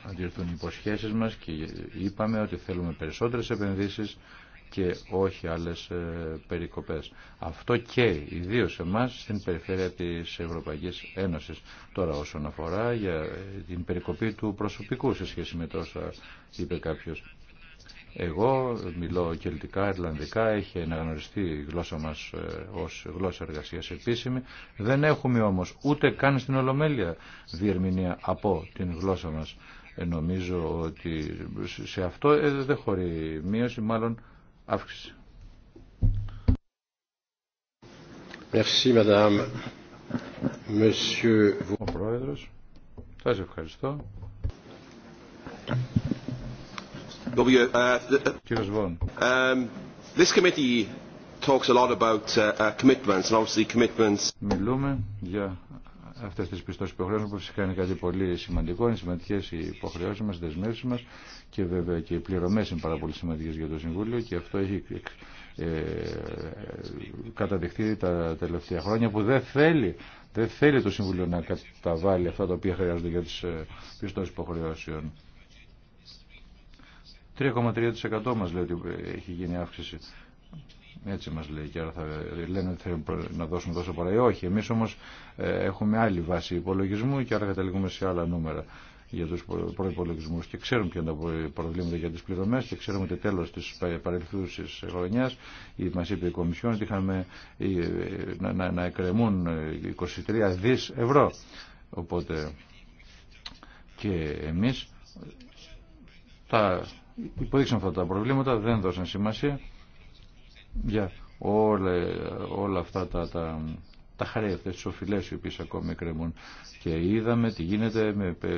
S2: Να οι υποσχέσεις μας και ε, είπαμε ότι θέλουμε περισσότερες επενδύσεις και όχι άλλες ε, περικοπές. Αυτό και ιδίω εμάς στην περιφέρεια της Ευρωπαϊκής Ένωσης. Τώρα όσον αφορά για ε, την περικοπή του προσωπικού σε σχέση με τόσα είπε κάποιος. Εγώ μιλώ κελτικά, ιρλανδικά, έχει αναγνωριστεί η γλώσσα μας ε, ως γλώσσα εργασίας επίσημη. Δεν έχουμε όμως ούτε καν στην Ολομέλεια διερμηνία από την γλώσσα μας. Νομίζω ότι σε αυτό δεν χωρεί μείωση, μάλλον αύξηση. Merci, madame. Monsieur... Ο Πρόεδρος, θα σε ευχαριστώ. Κύριος Βόν. This committee
S3: talks a lot about commitments and obviously commitments.
S2: Μιλούμε για αυτέ τι πιστώσει υποχρεώσεων που φυσικά είναι κάτι πολύ σημαντικό. Είναι σημαντικέ οι υποχρεώσει μα, οι δεσμεύσει μα και βέβαια και οι πληρωμέ είναι πάρα πολύ σημαντικέ για το Συμβούλιο και αυτό έχει ε, ε, καταδειχθεί τα τελευταία χρόνια που δεν θέλει, δεν θέλει το Συμβούλιο να καταβάλει αυτά τα οποία χρειάζονται για τι ε, πιστώσει υποχρεώσεων. 3,3% μας λέει ότι έχει γίνει αύξηση έτσι μας λέει και άρα θα λένε ότι θέλουν να δώσουν τόσο πολλά. ή όχι, εμείς όμως ε, έχουμε άλλη βάση υπολογισμού και άρα καταλήγουμε σε άλλα νούμερα για τους προϋπολογισμούς και ξέρουμε ποια είναι τα προβλήματα για τις πληρωμές και ξέρουμε ότι τέλος της παρελθούσης χρονιάς μας είπε η Κομισιόν ότι είχαμε ε, να, να, να εκκρεμούν 23 ε, δις ευρώ. Οπότε και εμείς τα υποδείξαμε αυτά τα προβλήματα, δεν δώσαν σημασία για όλα, όλα αυτά τα, τα, τα χαρέ, αυτές τις οφειλές οι οποίες ακόμη κρεμούν. Και είδαμε τι γίνεται με, ε,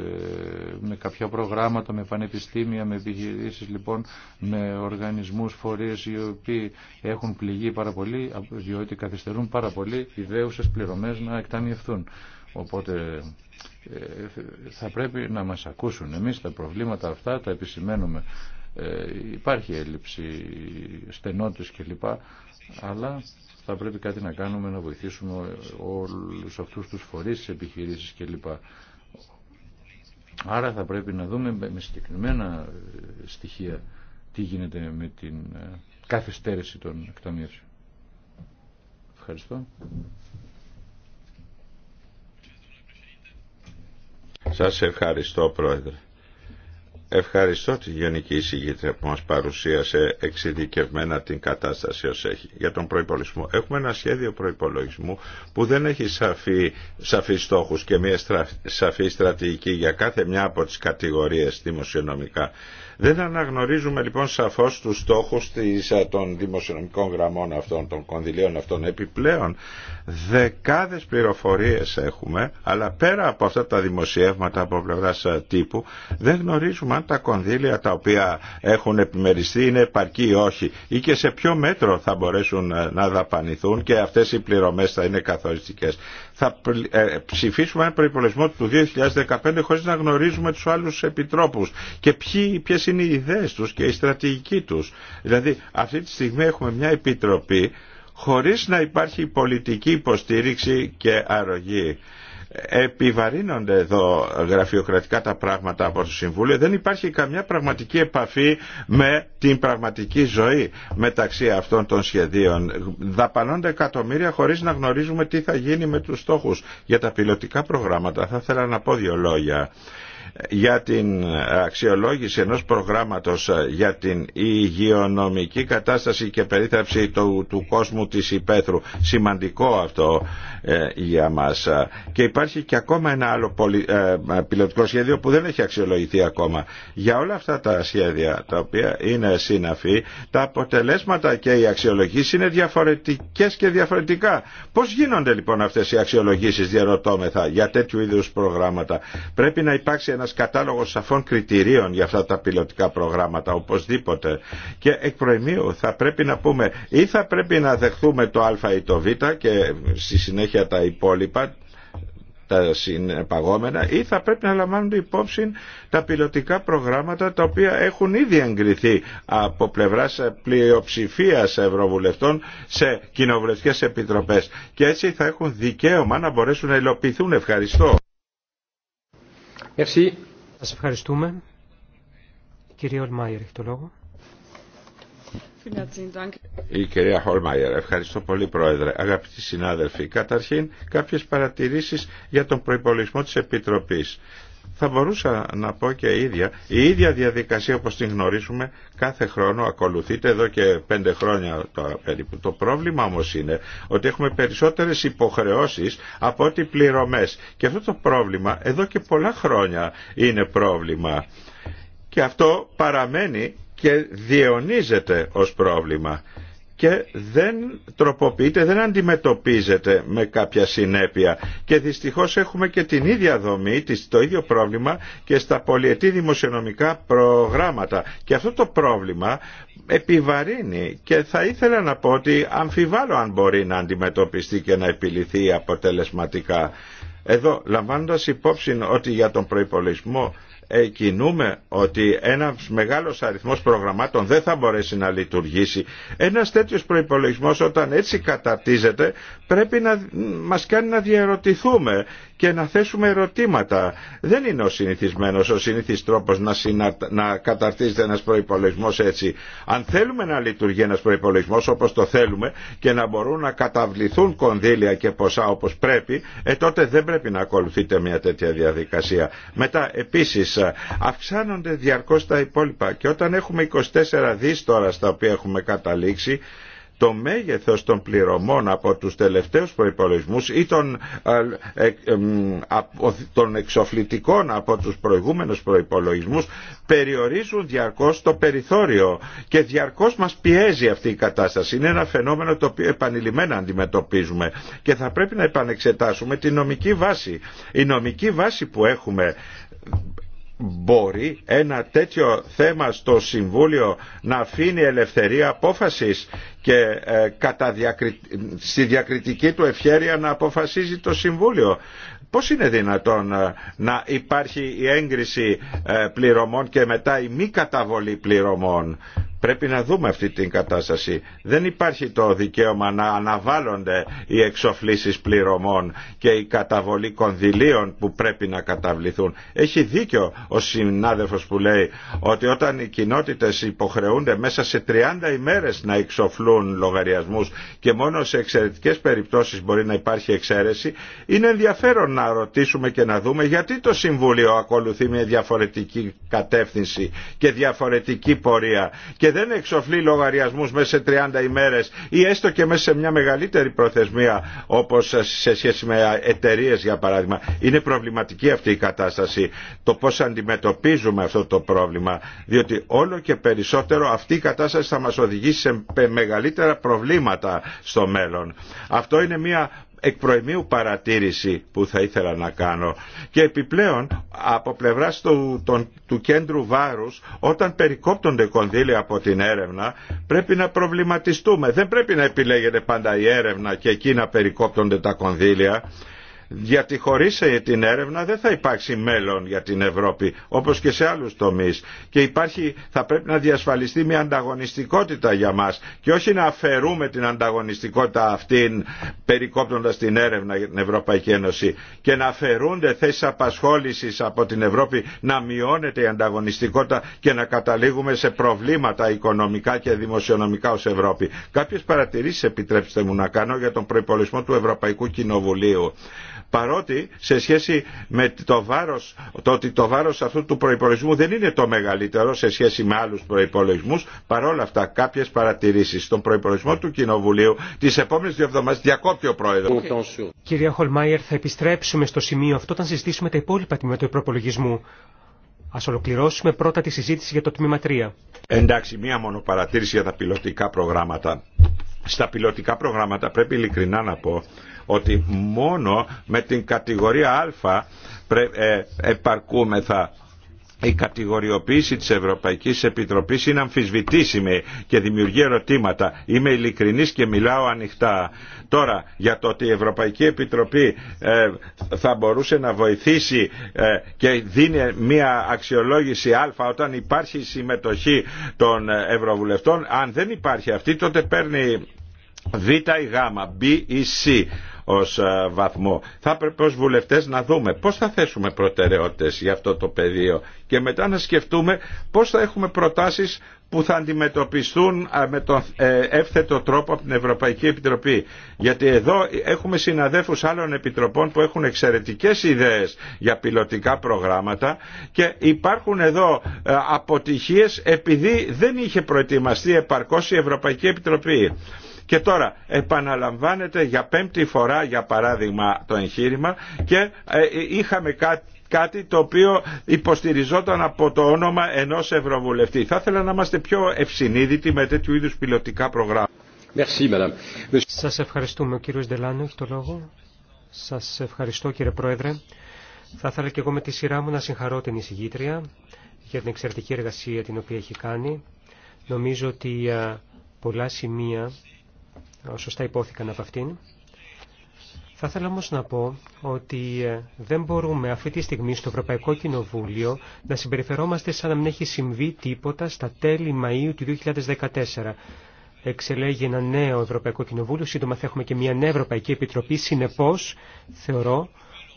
S2: με κάποια προγράμματα, με πανεπιστήμια, με επιχειρήσεις λοιπόν, με οργανισμούς, φορείες οι οποίοι έχουν πληγεί πάρα πολύ, διότι καθυστερούν πάρα πολύ οι δέουσες πληρωμές να εκταμιευθούν. Οπότε ε, θα πρέπει να μας ακούσουν. Εμείς τα προβλήματα αυτά τα επισημαίνουμε ε, υπάρχει έλλειψη στενότητας κλπ. Αλλά θα πρέπει κάτι να κάνουμε να βοηθήσουμε όλους αυτούς τους φορείς, επιχειρήσεις και κλπ. Άρα θα πρέπει να δούμε με συγκεκριμένα ε, στοιχεία τι γίνεται με την κάθε των εκταμιεύσεων.
S3: Ευχαριστώ. Σας ευχαριστώ Πρόεδρε. Ευχαριστώ τη Γενική Εισηγήτρια που μας παρουσίασε εξειδικευμένα την κατάσταση ως έχει για τον προϋπολογισμό. Έχουμε ένα σχέδιο προϋπολογισμού που δεν έχει σαφή, σαφή στόχους και μια στρα, σαφή στρατηγική για κάθε μια από τις κατηγορίες δημοσιονομικά. Δεν αναγνωρίζουμε λοιπόν σαφώς τους στόχους της, ε, των δημοσιονομικών γραμμών αυτών, των κονδυλίων αυτών. Επιπλέον δεκάδες πληροφορίες έχουμε, αλλά πέρα από αυτά τα δημοσιεύματα από πλευρά ε, τύπου, δεν γνωρίζουμε αν τα κονδύλια τα οποία έχουν επιμεριστεί είναι επαρκή ή όχι ή και σε ποιο μέτρο θα μπορέσουν ε, να δαπανηθούν και αυτές οι πληρωμές θα είναι καθοριστικές θα ε, ψηφίσουμε ένα προπολογισμό του 2015 χωρίς να γνωρίζουμε τους άλλους επιτρόπους και ποιε είναι οι ιδέες τους και η στρατηγική τους. Δηλαδή αυτή τη στιγμή έχουμε μια επιτροπή χωρίς να υπάρχει πολιτική υποστήριξη και αρρωγή επιβαρύνονται εδώ γραφειοκρατικά τα πράγματα από το Συμβούλιο. Δεν υπάρχει καμιά πραγματική επαφή με την πραγματική ζωή μεταξύ αυτών των σχεδίων. Δαπανώνται εκατομμύρια χωρίς να γνωρίζουμε τι θα γίνει με τους στόχους. Για τα πιλωτικά προγράμματα θα ήθελα να πω δύο λόγια για την αξιολόγηση ενός προγράμματος για την υγειονομική κατάσταση και περίθαψη του, του κόσμου της υπαίθρου. Σημαντικό αυτό ε, για μας. Και υπάρχει και ακόμα ένα άλλο πολι, ε, πιλωτικό σχέδιο που δεν έχει αξιολογηθεί ακόμα. Για όλα αυτά τα σχέδια τα οποία είναι συναφή, τα αποτελέσματα και οι αξιολογήσεις είναι διαφορετικές και διαφορετικά. Πώς γίνονται λοιπόν αυτές οι αξιολογήσεις διαρωτώμεθα για τέτοιου είδους προγράμματα. Πρέπει να υπάρξει ένας κατάλογος σαφών κριτηρίων για αυτά τα πιλωτικά προγράμματα οπωσδήποτε και εκ προημίου θα πρέπει να πούμε ή θα πρέπει να δεχθούμε το α ή το β και στη συνέχεια τα υπόλοιπα τα συνεπαγόμενα ή θα πρέπει να λαμβάνονται υπόψη τα πιλωτικά προγράμματα τα οποία έχουν ήδη εγκριθεί από πλευράς πλειοψηφίας ευρωβουλευτών σε κοινοβουλευτικές επιτροπές και έτσι θα έχουν δικαίωμα να μπορέσουν να υλοποιηθούν. Ευχαριστώ.
S1: Merci. Σας ευχαριστούμε. Κυρία Ολμάιερ έχει το λόγο.
S3: Η κυρία Χολμάιερ, ευχαριστώ πολύ Πρόεδρε. Αγαπητοί συνάδελφοι, καταρχήν κάποιες παρατηρήσεις για τον προϋπολογισμό της Επιτροπής. Θα μπορούσα να πω και ίδια, η ίδια διαδικασία όπως την γνωρίζουμε κάθε χρόνο ακολουθείται εδώ και πέντε χρόνια τώρα περίπου. Το πρόβλημα όμως είναι ότι έχουμε περισσότερες υποχρεώσεις από ό,τι πληρωμές. Και αυτό το πρόβλημα εδώ και πολλά χρόνια είναι πρόβλημα. Και αυτό παραμένει και διαιωνίζεται ως πρόβλημα και δεν τροποποιείται, δεν αντιμετωπίζεται με κάποια συνέπεια. Και δυστυχώς έχουμε και την ίδια δομή, το ίδιο πρόβλημα και στα πολιετή δημοσιονομικά προγράμματα. Και αυτό το πρόβλημα επιβαρύνει και θα ήθελα να πω ότι αμφιβάλλω αν μπορεί να αντιμετωπιστεί και να επιληθεί αποτελεσματικά. Εδώ λαμβάνοντας υπόψη ότι για τον προϋπολογισμό κινούμε ότι ένας μεγάλος αριθμός προγραμμάτων δεν θα μπορέσει να λειτουργήσει. Ένας τέτοιος προϋπολογισμός όταν έτσι καταρτίζεται πρέπει να μας κάνει να διαρωτηθούμε και να θέσουμε ερωτήματα. Δεν είναι ο συνηθισμένος, ο συνήθις τρόπος να, να καταρτίζεται ένας προϋπολογισμός έτσι. Αν θέλουμε να λειτουργεί ένας προϋπολογισμός όπως το θέλουμε και να μπορούν να καταβληθούν κονδύλια και ποσά όπως πρέπει, ε, τότε δεν πρέπει να ακολουθείτε μια τέτοια διαδικασία. Μετά επίσης αυξάνονται διαρκώς τα υπόλοιπα και όταν έχουμε 24 δις τώρα στα οποία έχουμε καταλήξει, το μέγεθος των πληρωμών από τους τελευταίους προϋπολογισμούς ή των, ε, ε, των εξοφλητικών από τους προηγούμενους προϋπολογισμούς περιορίζουν διαρκώς το περιθώριο και διαρκώς μας πιέζει αυτή η κατάσταση. Είναι ένα φαινόμενο το οποίο επανειλημμένα αντιμετωπίζουμε και θα πρέπει να επανεξετάσουμε τη νομική βάση. Η νομική βάση που έχουμε μπορεί ένα τέτοιο θέμα στο Συμβούλιο να αφήνει ελευθερία απόφασης και ε, κατά διακρι... στη διακριτική του ευχέρεια να αποφασίζει το Συμβούλιο. Πώς είναι δυνατόν ε, να υπάρχει η έγκριση ε, πληρωμών και μετά η μη καταβολή πληρωμών. Πρέπει να δούμε αυτή την κατάσταση. Δεν υπάρχει το δικαίωμα να αναβάλλονται οι εξοφλήσεις πληρωμών και η καταβολή κονδυλίων που πρέπει να καταβληθούν. Έχει δίκιο ο συνάδελφος που λέει ότι όταν οι κοινότητες υποχρεούνται μέσα σε 30 ημέρες να εξοφλούν λογαριασμούς και μόνο σε εξαιρετικές περιπτώσεις μπορεί να υπάρχει εξαίρεση, είναι ενδιαφέρον να ρωτήσουμε και να δούμε γιατί το Συμβούλιο ακολουθεί μια διαφορετική κατεύθυνση και διαφορετική πορεία και δεν εξοφλεί λογαριασμούς μέσα σε 30 ημέρες ή έστω και μέσα σε μια μεγαλύτερη προθεσμία όπως σε σχέση με εταιρείε για παράδειγμα. Είναι προβληματική αυτή η κατάσταση το πώς αντιμετωπίζουμε αυτό το πρόβλημα διότι όλο και περισσότερο αυτή η κατάσταση θα μας οδηγήσει σε μεγαλύτερη μεγαλύτερα προβλήματα στο μέλλον. Αυτό είναι μια εκ παρατήρηση που θα ήθελα να κάνω. Και επιπλέον από πλευράς του, τον, του κέντρου βάρους όταν περικόπτονται κονδύλια από την έρευνα πρέπει να προβληματιστούμε. Δεν πρέπει να επιλέγεται πάντα η έρευνα και εκεί να περικόπτονται τα κονδύλια γιατί χωρίς ε, την έρευνα δεν θα υπάρξει μέλλον για την Ευρώπη, όπως και σε άλλους τομείς. Και υπάρχει, θα πρέπει να διασφαλιστεί μια ανταγωνιστικότητα για μας και όχι να αφαιρούμε την ανταγωνιστικότητα αυτήν περικόπτοντας την έρευνα για την Ευρωπαϊκή Ένωση και να αφαιρούνται θέσεις απασχόλησης από την Ευρώπη, να μειώνεται η ανταγωνιστικότητα και να καταλήγουμε σε προβλήματα οικονομικά και δημοσιονομικά ως Ευρώπη. Κάποιες παρατηρήσεις επιτρέψτε μου να κάνω για τον προϋπολισμό του Ευρωπαϊκού Κοινοβουλίου παρότι σε σχέση με το βάρος, ότι το βάρος αυτού του προϋπολογισμού δεν είναι το μεγαλύτερο σε σχέση με άλλους προϋπολογισμούς, παρόλα αυτά κάποιες παρατηρήσεις στον προϋπολογισμό του Κοινοβουλίου τις επόμενες δύο εβδομάδες διακόπτει ο Πρόεδρος.
S1: Κυρία Χολμάιερ, θα επιστρέψουμε στο σημείο αυτό όταν συζητήσουμε τα υπόλοιπα τμήματα του προπολογισμού. Α ολοκληρώσουμε πρώτα τη συζήτηση για το τμήμα 3.
S3: Εντάξει, μία μόνο παρατήρηση για τα πιλωτικά προγράμματα. Στα πιλωτικά προγράμματα πρέπει ειλικρινά να πω ότι μόνο με την κατηγορία Α ε, επαρκούμεθα η κατηγοριοποίηση της Ευρωπαϊκής Επιτροπής είναι αμφισβητήσιμη και δημιουργεί ερωτήματα. Είμαι ειλικρινής και μιλάω ανοιχτά. Τώρα, για το ότι η Ευρωπαϊκή Επιτροπή ε, θα μπορούσε να βοηθήσει ε, και δίνει μια αξιολόγηση α όταν υπάρχει συμμετοχή των Ευρωβουλευτών, αν δεν υπάρχει αυτή τότε παίρνει Β ή Γ, B ή C ως ε, βαθμό. Θα πρέπει ως βουλευτές να δούμε πώς θα θέσουμε προτεραιότητες για αυτό το πεδίο και μετά να σκεφτούμε πώς θα έχουμε προτάσεις που θα αντιμετωπιστούν ε, με τον ε, εύθετο τρόπο από την Ευρωπαϊκή Επιτροπή. Γιατί εδώ έχουμε συναδέφους άλλων επιτροπών που έχουν εξαιρετικές ιδέες για πιλωτικά προγράμματα και υπάρχουν εδώ αποτυχίες επειδή δεν είχε προετοιμαστεί επαρκώς η Ευρωπαϊκή Επιτροπή. Και τώρα επαναλαμβάνεται για πέμπτη φορά για παράδειγμα το εγχείρημα και ε, ε, είχαμε κάτι το οποίο υποστηριζόταν από το όνομα ενός Ευρωβουλευτή. Θα ήθελα να είμαστε πιο ευσυνείδητοι με τέτοιου είδους πιλωτικά προγράμματα.
S1: Σας ευχαριστούμε. Ο κύριος Ντελάνο έχει το λόγο. Σας ευχαριστώ κύριε Πρόεδρε. Θα ήθελα και εγώ με τη σειρά μου να συγχαρώ την εισηγήτρια για την εξαιρετική εργασία την οποία έχει κάνει. Νομίζω ότι ε, πολλά σημεία σωστά υπόθηκαν από αυτήν. Θα ήθελα όμως να πω ότι ε, δεν μπορούμε αυτή τη στιγμή στο Ευρωπαϊκό Κοινοβούλιο να συμπεριφερόμαστε σαν να μην έχει συμβεί τίποτα στα τέλη Μαΐου του 2014. Εξελέγει ένα νέο Ευρωπαϊκό Κοινοβούλιο, σύντομα θα έχουμε και μια νέα Ευρωπαϊκή Επιτροπή, συνεπώς θεωρώ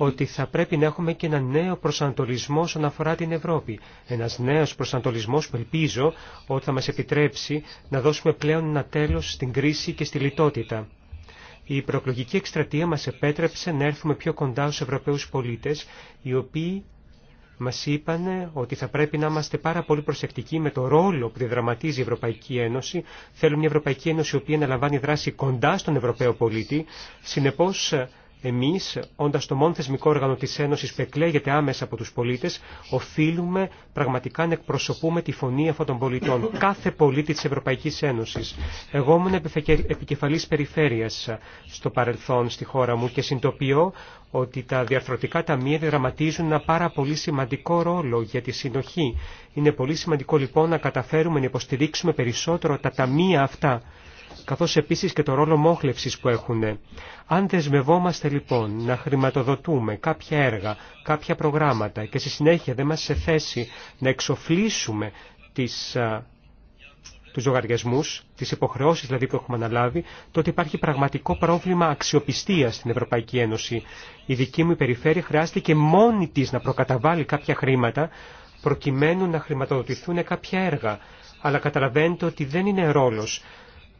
S1: ότι θα πρέπει να έχουμε και ένα νέο προσανατολισμό όσον αφορά την Ευρώπη. Ένας νέος προσανατολισμός που ελπίζω ότι θα μας επιτρέψει να δώσουμε πλέον ένα τέλος στην κρίση και στη λιτότητα. Η προεκλογική εκστρατεία μας επέτρεψε να έρθουμε πιο κοντά στους Ευρωπαίους πολίτες, οι οποίοι μας είπαν ότι θα πρέπει να είμαστε πάρα πολύ προσεκτικοί με το ρόλο που διαδραματίζει η Ευρωπαϊκή Ένωση. Θέλουν μια Ευρωπαϊκή Ένωση η οποία να λαμβάνει δράση κοντά στον Ευρωπαίο πολίτη. Συνεπώς εμείς, όντας το μόνο θεσμικό όργανο της Ένωσης που εκλέγεται άμεσα από τους πολίτες, οφείλουμε πραγματικά να εκπροσωπούμε τη φωνή αυτών των πολιτών, κάθε πολίτη της Ευρωπαϊκής Ένωσης. Εγώ ήμουν επικεφαλής περιφέρειας στο παρελθόν στη χώρα μου και συντοπιώ ότι τα διαρθρωτικά ταμεία δραματίζουν ένα πάρα πολύ σημαντικό ρόλο για τη συνοχή. Είναι πολύ σημαντικό λοιπόν να καταφέρουμε να υποστηρίξουμε περισσότερο τα ταμεία αυτά καθώς επίσης και το ρόλο μόχλευσης που έχουν. Αν δεσμευόμαστε λοιπόν να χρηματοδοτούμε κάποια έργα, κάποια προγράμματα και στη συνέχεια δεν μας σε θέση να εξοφλήσουμε τις τους λογαριασμούς, τις υποχρεώσεις δηλαδή που έχουμε αναλάβει, τότε υπάρχει πραγματικό πρόβλημα αξιοπιστίας στην Ευρωπαϊκή Ένωση. Η δική μου περιφέρεια χρειάστηκε μόνη της να προκαταβάλει κάποια χρήματα, προκειμένου να χρηματοδοτηθούν κάποια έργα. Αλλά καταλαβαίνετε ότι δεν είναι ρόλος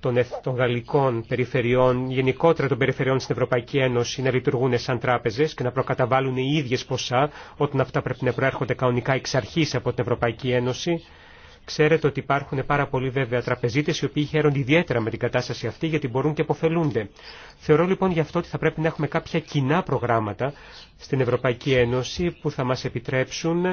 S1: των, των γαλλικών περιφερειών, γενικότερα των περιφερειών στην Ευρωπαϊκή Ένωση, να λειτουργούν σαν τράπεζε και να προκαταβάλουν οι ίδιε ποσά, όταν αυτά πρέπει να προέρχονται κανονικά εξ αρχή από την Ευρωπαϊκή Ένωση. Ξέρετε ότι υπάρχουν πάρα πολλοί βέβαια τραπεζίτες οι οποίοι χαίρονται ιδιαίτερα με την κατάσταση αυτή γιατί μπορούν και αποφελούνται. Θεωρώ λοιπόν γι' αυτό ότι θα πρέπει να έχουμε κάποια κοινά προγράμματα στην Ευρωπαϊκή Ένωση που θα μας επιτρέψουν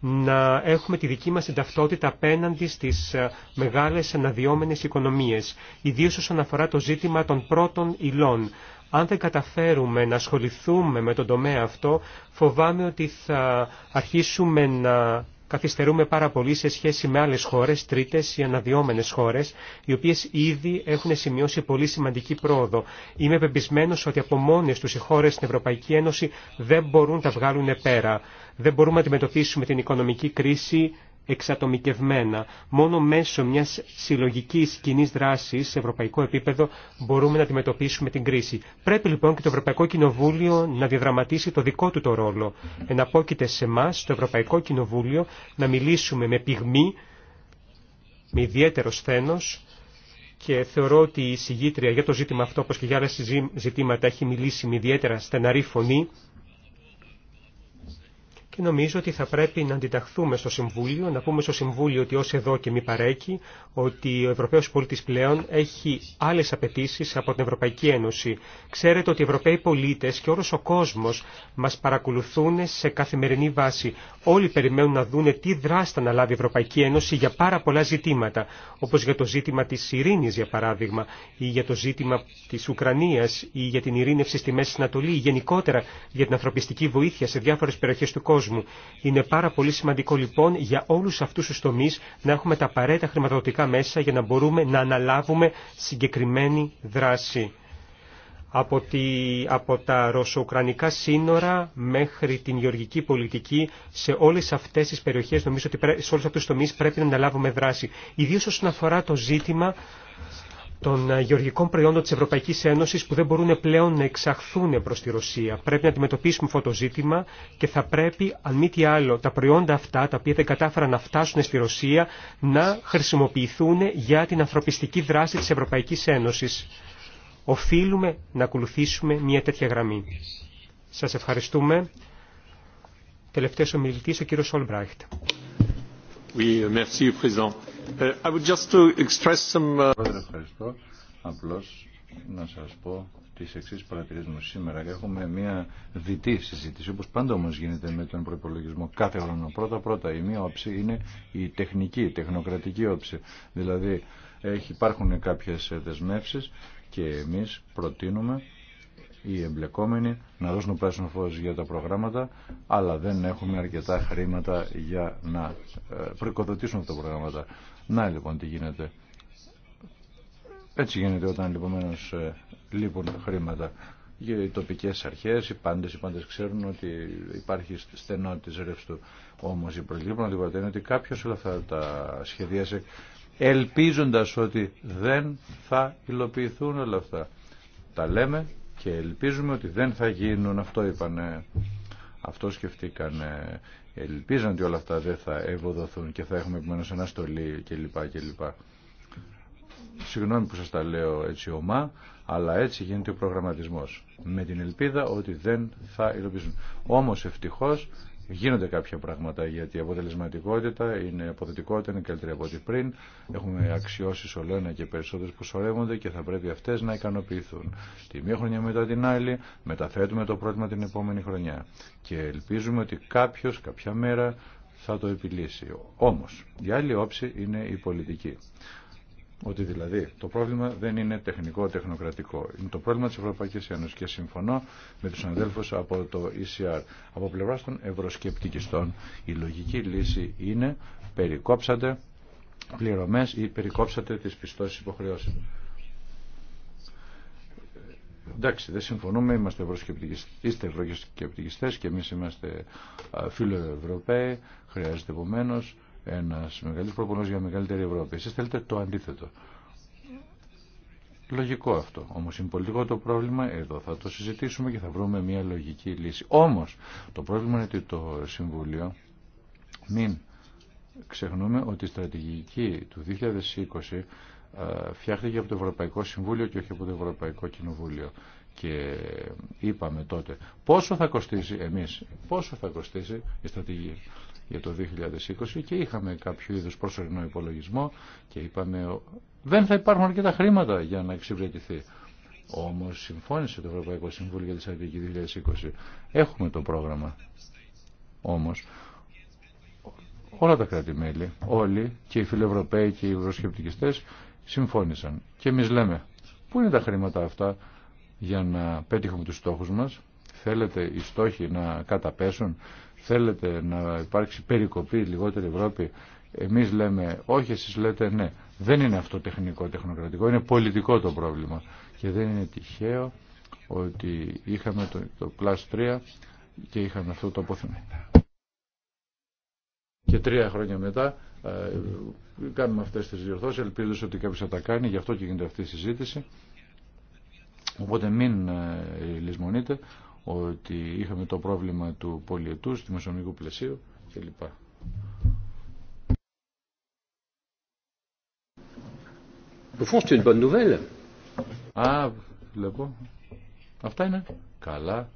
S1: να έχουμε τη δική μας ταυτότητα απέναντι στις ε, μεγάλες αναδυόμενες οικονομίες, ιδίως όσον αφορά το ζήτημα των πρώτων υλών. Αν δεν καταφέρουμε να ασχοληθούμε με τον τομέα αυτό, φοβάμαι ότι θα αρχίσουμε να καθυστερούμε πάρα πολύ σε σχέση με άλλες χώρες, τρίτες ή αναδυόμενες χώρες, οι οποίες ήδη έχουν σημειώσει πολύ σημαντική πρόοδο. Είμαι πεπισμένος ότι από μόνες τους οι χώρες στην Ευρωπαϊκή Ένωση δεν μπορούν να τα βγάλουν πέρα. Δεν μπορούμε να αντιμετωπίσουμε την οικονομική κρίση εξατομικευμένα. Μόνο μέσω μιας συλλογικής κοινή δράσης σε ευρωπαϊκό επίπεδο μπορούμε να αντιμετωπίσουμε την κρίση. Πρέπει λοιπόν και το Ευρωπαϊκό Κοινοβούλιο να διαδραματίσει το δικό του το ρόλο. Εναπόκειται σε εμά, το Ευρωπαϊκό Κοινοβούλιο, να μιλήσουμε με πυγμή, με ιδιαίτερο σθένος, και θεωρώ ότι η συγγήτρια για το ζήτημα αυτό, όπως και για άλλα ζητήματα, έχει μιλήσει με ιδιαίτερα στεναρή φωνή και νομίζω ότι θα πρέπει να αντιταχθούμε στο Συμβούλιο, να πούμε στο Συμβούλιο ότι ως εδώ και μη παρέκει, ότι ο Ευρωπαίος πολίτης πλέον έχει άλλες απαιτήσει από την Ευρωπαϊκή Ένωση. Ξέρετε ότι οι Ευρωπαίοι πολίτες και όλος ο κόσμος μας παρακολουθούν σε καθημερινή βάση. Όλοι περιμένουν να δούνε τι δράστα να λάβει η Ευρωπαϊκή Ένωση για πάρα πολλά ζητήματα, όπως για το ζήτημα της ειρήνης για παράδειγμα, ή για το ζήτημα της Ουκρανίας, ή για την ειρήνευση στη Μέση Ανατολή, ή γενικότερα για την ανθρωπιστική βοήθεια σε διάφορες περιοχές του κόσμου. Είναι πάρα πολύ σημαντικό λοιπόν για όλους αυτούς τους τομείς να έχουμε τα απαραίτητα χρηματοδοτικά μέσα για να μπορούμε να αναλάβουμε συγκεκριμένη δράση. Από, τη, από τα ρωσοουκρανικά σύνορα μέχρι την γεωργική πολιτική, σε όλες αυτές τις περιοχές, νομίζω ότι σε όλους αυτούς τους τομείς πρέπει να αναλάβουμε δράση. Ιδίως όσον αφορά το ζήτημα των ε, γεωργικών προϊόντων της Ευρωπαϊκής Ένωσης που δεν μπορούν πλέον να εξαχθούν προς τη Ρωσία. Πρέπει να αντιμετωπίσουμε αυτό το ζήτημα και θα πρέπει, αν μη τι άλλο, τα προϊόντα αυτά, τα οποία δεν κατάφεραν να φτάσουν στη Ρωσία, να χρησιμοποιηθούν για την ανθρωπιστική δράση της Ευρωπαϊκής Ένωσης. Οφείλουμε να ακολουθήσουμε μια τέτοια γραμμή. Σας ευχαριστούμε. Τελευταίος ομιλητής, ο κύριος Ολμπράχτ.
S2: Ευχαριστώ. Απλώς να σας πω τις εξής παρατηρήσεις μου σήμερα. Έχουμε μια διτή συζήτηση, όπως πάντα όμως γίνεται με τον προπολογισμό κάθε χρόνο. Πρώτα-πρώτα η μία όψη είναι η τεχνική, η τεχνοκρατική όψη. Δηλαδή έχει, υπάρχουν κάποιες δεσμεύσεις και εμείς προτείνουμε οι εμπλεκόμενοι να δώσουν πράσινο φω για τα προγράμματα, αλλά δεν έχουμε αρκετά χρήματα για να ε, προοικοδοτήσουμε αυτά τα προγράμματα. Να λοιπόν τι γίνεται. Έτσι γίνεται όταν λοιπόν ε, λείπουν χρήματα. Οι τοπικέ αρχέ, οι πάντες, οι πάντες ξέρουν ότι υπάρχει στενό της ρεύστου. Όμως η προκλήπη να λοιπόν, είναι ότι κάποιο όλα αυτά τα σχεδίασε ελπίζοντα ότι δεν θα υλοποιηθούν όλα αυτά. Τα λέμε και ελπίζουμε ότι δεν θα γίνουν. Αυτό είπανε, αυτό σκεφτήκανε. Ελπίζαν ότι όλα αυτά δεν θα ευοδοθούν και θα έχουμε και αναστολή κλπ. κλπ. Συγγνώμη που σας τα λέω έτσι ομά, αλλά έτσι γίνεται ο προγραμματισμός. Με την ελπίδα ότι δεν θα υλοποιήσουν. Όμως ευτυχώς γίνονται κάποια πράγματα γιατί η αποτελεσματικότητα είναι αποδοτικότητα, είναι καλύτερη από ό,τι πριν. Έχουμε αξιώσει ολένα και περισσότερε που σωρεύονται και θα πρέπει αυτέ να ικανοποιηθούν. Τη μία χρονιά μετά την άλλη μεταθέτουμε το πρόβλημα την επόμενη χρονιά. Και ελπίζουμε ότι κάποιο κάποια μέρα θα το επιλύσει. Όμω, η άλλη όψη είναι η πολιτική. Ότι δηλαδή το πρόβλημα δεν είναι τεχνικό-τεχνοκρατικό. Είναι το πρόβλημα της Ευρωπαϊκής Ένωσης και συμφωνώ με τους αδέλφους από το ECR. Από πλευράς των ευρωσκεπτικιστών η λογική λύση είναι περικόψατε πληρωμές ή περικόψατε τις πιστώσεις υποχρεώσεων. Εντάξει, δεν συμφωνούμε, είμαστε ευρωσκεπτικιστές, είστε ευρωσκεπτικιστές και εμείς είμαστε φίλοι Ευρωπαίοι, χρειάζεται επομένω ένα μεγαλύτερος προπονός για μεγαλύτερη Ευρώπη. Εσεί θέλετε το αντίθετο. Λογικό αυτό. Όμω είναι πολιτικό το πρόβλημα. Εδώ θα το συζητήσουμε και θα βρούμε μια λογική λύση. Όμω το πρόβλημα είναι ότι το Συμβούλιο μην ξεχνούμε ότι η στρατηγική του 2020 φτιάχτηκε από το Ευρωπαϊκό Συμβούλιο και όχι από το Ευρωπαϊκό Κοινοβούλιο. Και είπαμε τότε πόσο θα κοστίσει εμείς, πόσο θα κοστίσει η στρατηγική για το 2020 και είχαμε κάποιο είδους προσωρινό υπολογισμό και είπαμε δεν θα υπάρχουν αρκετά χρήματα για να εξυπηρετηθεί. Όμως συμφώνησε το Ευρωπαϊκό Συμβούλιο για τη Στρατηγική 2020. Έχουμε το πρόγραμμα. Όμως όλα τα κράτη-μέλη, όλοι και οι φιλευρωπαίοι και οι ευρωσκεπτικιστές συμφώνησαν. Και εμείς λέμε πού είναι τα χρήματα αυτά για να πέτυχουμε τους στόχους μας. Θέλετε οι στόχοι να καταπέσουν Θέλετε να υπάρξει περικοπή, λιγότερη Ευρώπη. Εμείς λέμε όχι, εσείς λέτε ναι. Δεν είναι αυτό τεχνικό, τεχνοκρατικό, είναι πολιτικό το πρόβλημα. Και δεν είναι τυχαίο ότι είχαμε το, το 3 και είχαμε αυτό το απόθυμα. Και τρία χρόνια μετά ε, κάνουμε αυτές τις διορθώσεις, Ελπίζω ότι κάποιος θα τα κάνει, γι' αυτό και γίνεται αυτή η συζήτηση. Οπότε μην ε, λησμονείτε ότι είχαμε το πρόβλημα του πολιετούς, του δημοσιονομικού πλαισίου κλπ. Au fond, une Α, bon. Αυτά είναι καλά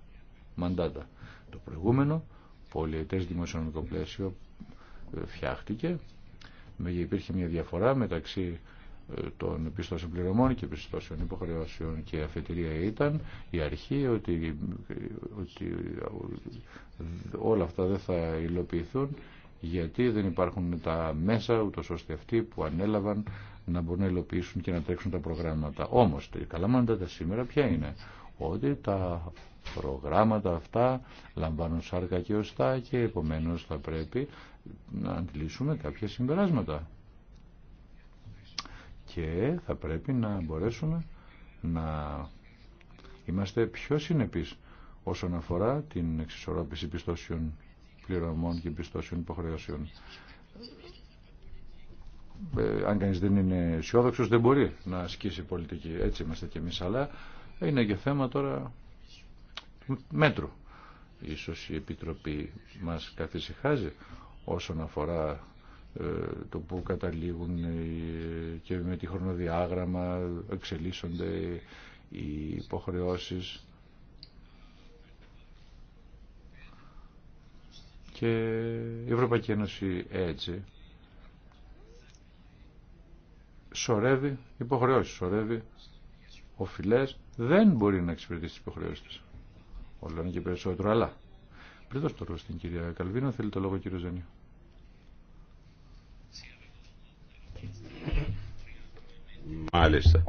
S2: μαντάτα. Το προηγούμενο πολιετές δημοσιονομικό πλαίσιο ε, φτιάχτηκε. Υπήρχε μια διαφορά μεταξύ των πιστώσεων πληρωμών και πιστώσεων υποχρεώσεων και αφετηρία ήταν η αρχή ότι, όλα αυτά δεν θα υλοποιηθούν γιατί δεν υπάρχουν τα μέσα ούτως ώστε αυτοί που ανέλαβαν να μπορούν να υλοποιήσουν και να τρέξουν τα προγράμματα. Όμως τα καλά τα σήμερα ποια είναι ότι τα προγράμματα αυτά λαμβάνουν σάρκα και οστά και επομένως θα πρέπει να αντιλήσουμε κάποια συμπεράσματα και θα πρέπει να μπορέσουμε να είμαστε πιο συνεπείς όσον αφορά την εξισορρόπηση πιστώσεων πληρωμών και πιστώσεων υποχρεώσεων. Ε, αν κανείς δεν είναι αισιόδοξο, δεν μπορεί να ασκήσει πολιτική. Έτσι είμαστε κι εμείς, αλλά είναι και θέμα τώρα μέτρου. Ίσως η Επιτροπή μας καθησυχάζει όσον αφορά ε, το που καταλήγουν και με τη χρονοδιάγραμμα εξελίσσονται οι υποχρεώσεις και η Ευρωπαϊκή Ένωση έτσι σωρεύει υποχρεώσεις, σωρεύει οφειλές, δεν μπορεί να εξυπηρετήσει τις υποχρεώσεις της. Όλο και περισσότερο, αλλά πριν δώσω το λόγο στην κυρία Καλβίνο, θέλει το λόγο κύριο Ζανίου.
S3: Μάλιστα.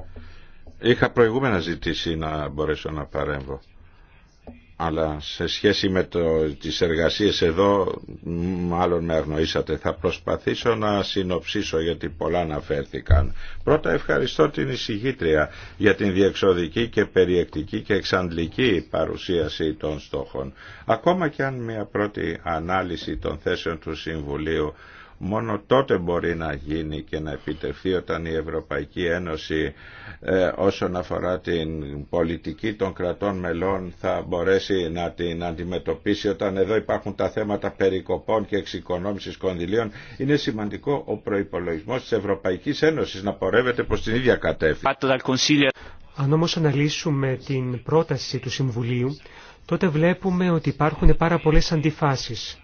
S3: Είχα προηγούμενα ζητήσει να μπορέσω να παρέμβω. Αλλά σε σχέση με το, τις εργασίες εδώ, μάλλον με αγνοήσατε, θα προσπαθήσω να συνοψίσω γιατί πολλά αναφέρθηκαν. Πρώτα ευχαριστώ την εισηγήτρια για την διεξοδική και περιεκτική και εξαντλική παρουσίαση των στόχων. Ακόμα και αν μια πρώτη ανάλυση των θέσεων του Συμβουλίου μόνο τότε μπορεί να γίνει και να επιτευχθεί όταν η Ευρωπαϊκή Ένωση ε, όσον αφορά την πολιτική των κρατών μελών θα μπορέσει να την αντιμετωπίσει όταν εδώ υπάρχουν τα θέματα περικοπών και εξοικονόμησης κονδυλίων είναι σημαντικό ο προϋπολογισμός της Ευρωπαϊκής Ένωσης να πορεύεται προς την ίδια
S1: κατεύθυνση. Αν όμως αναλύσουμε την πρόταση του Συμβουλίου τότε βλέπουμε ότι υπάρχουν πάρα πολλές αντιφάσεις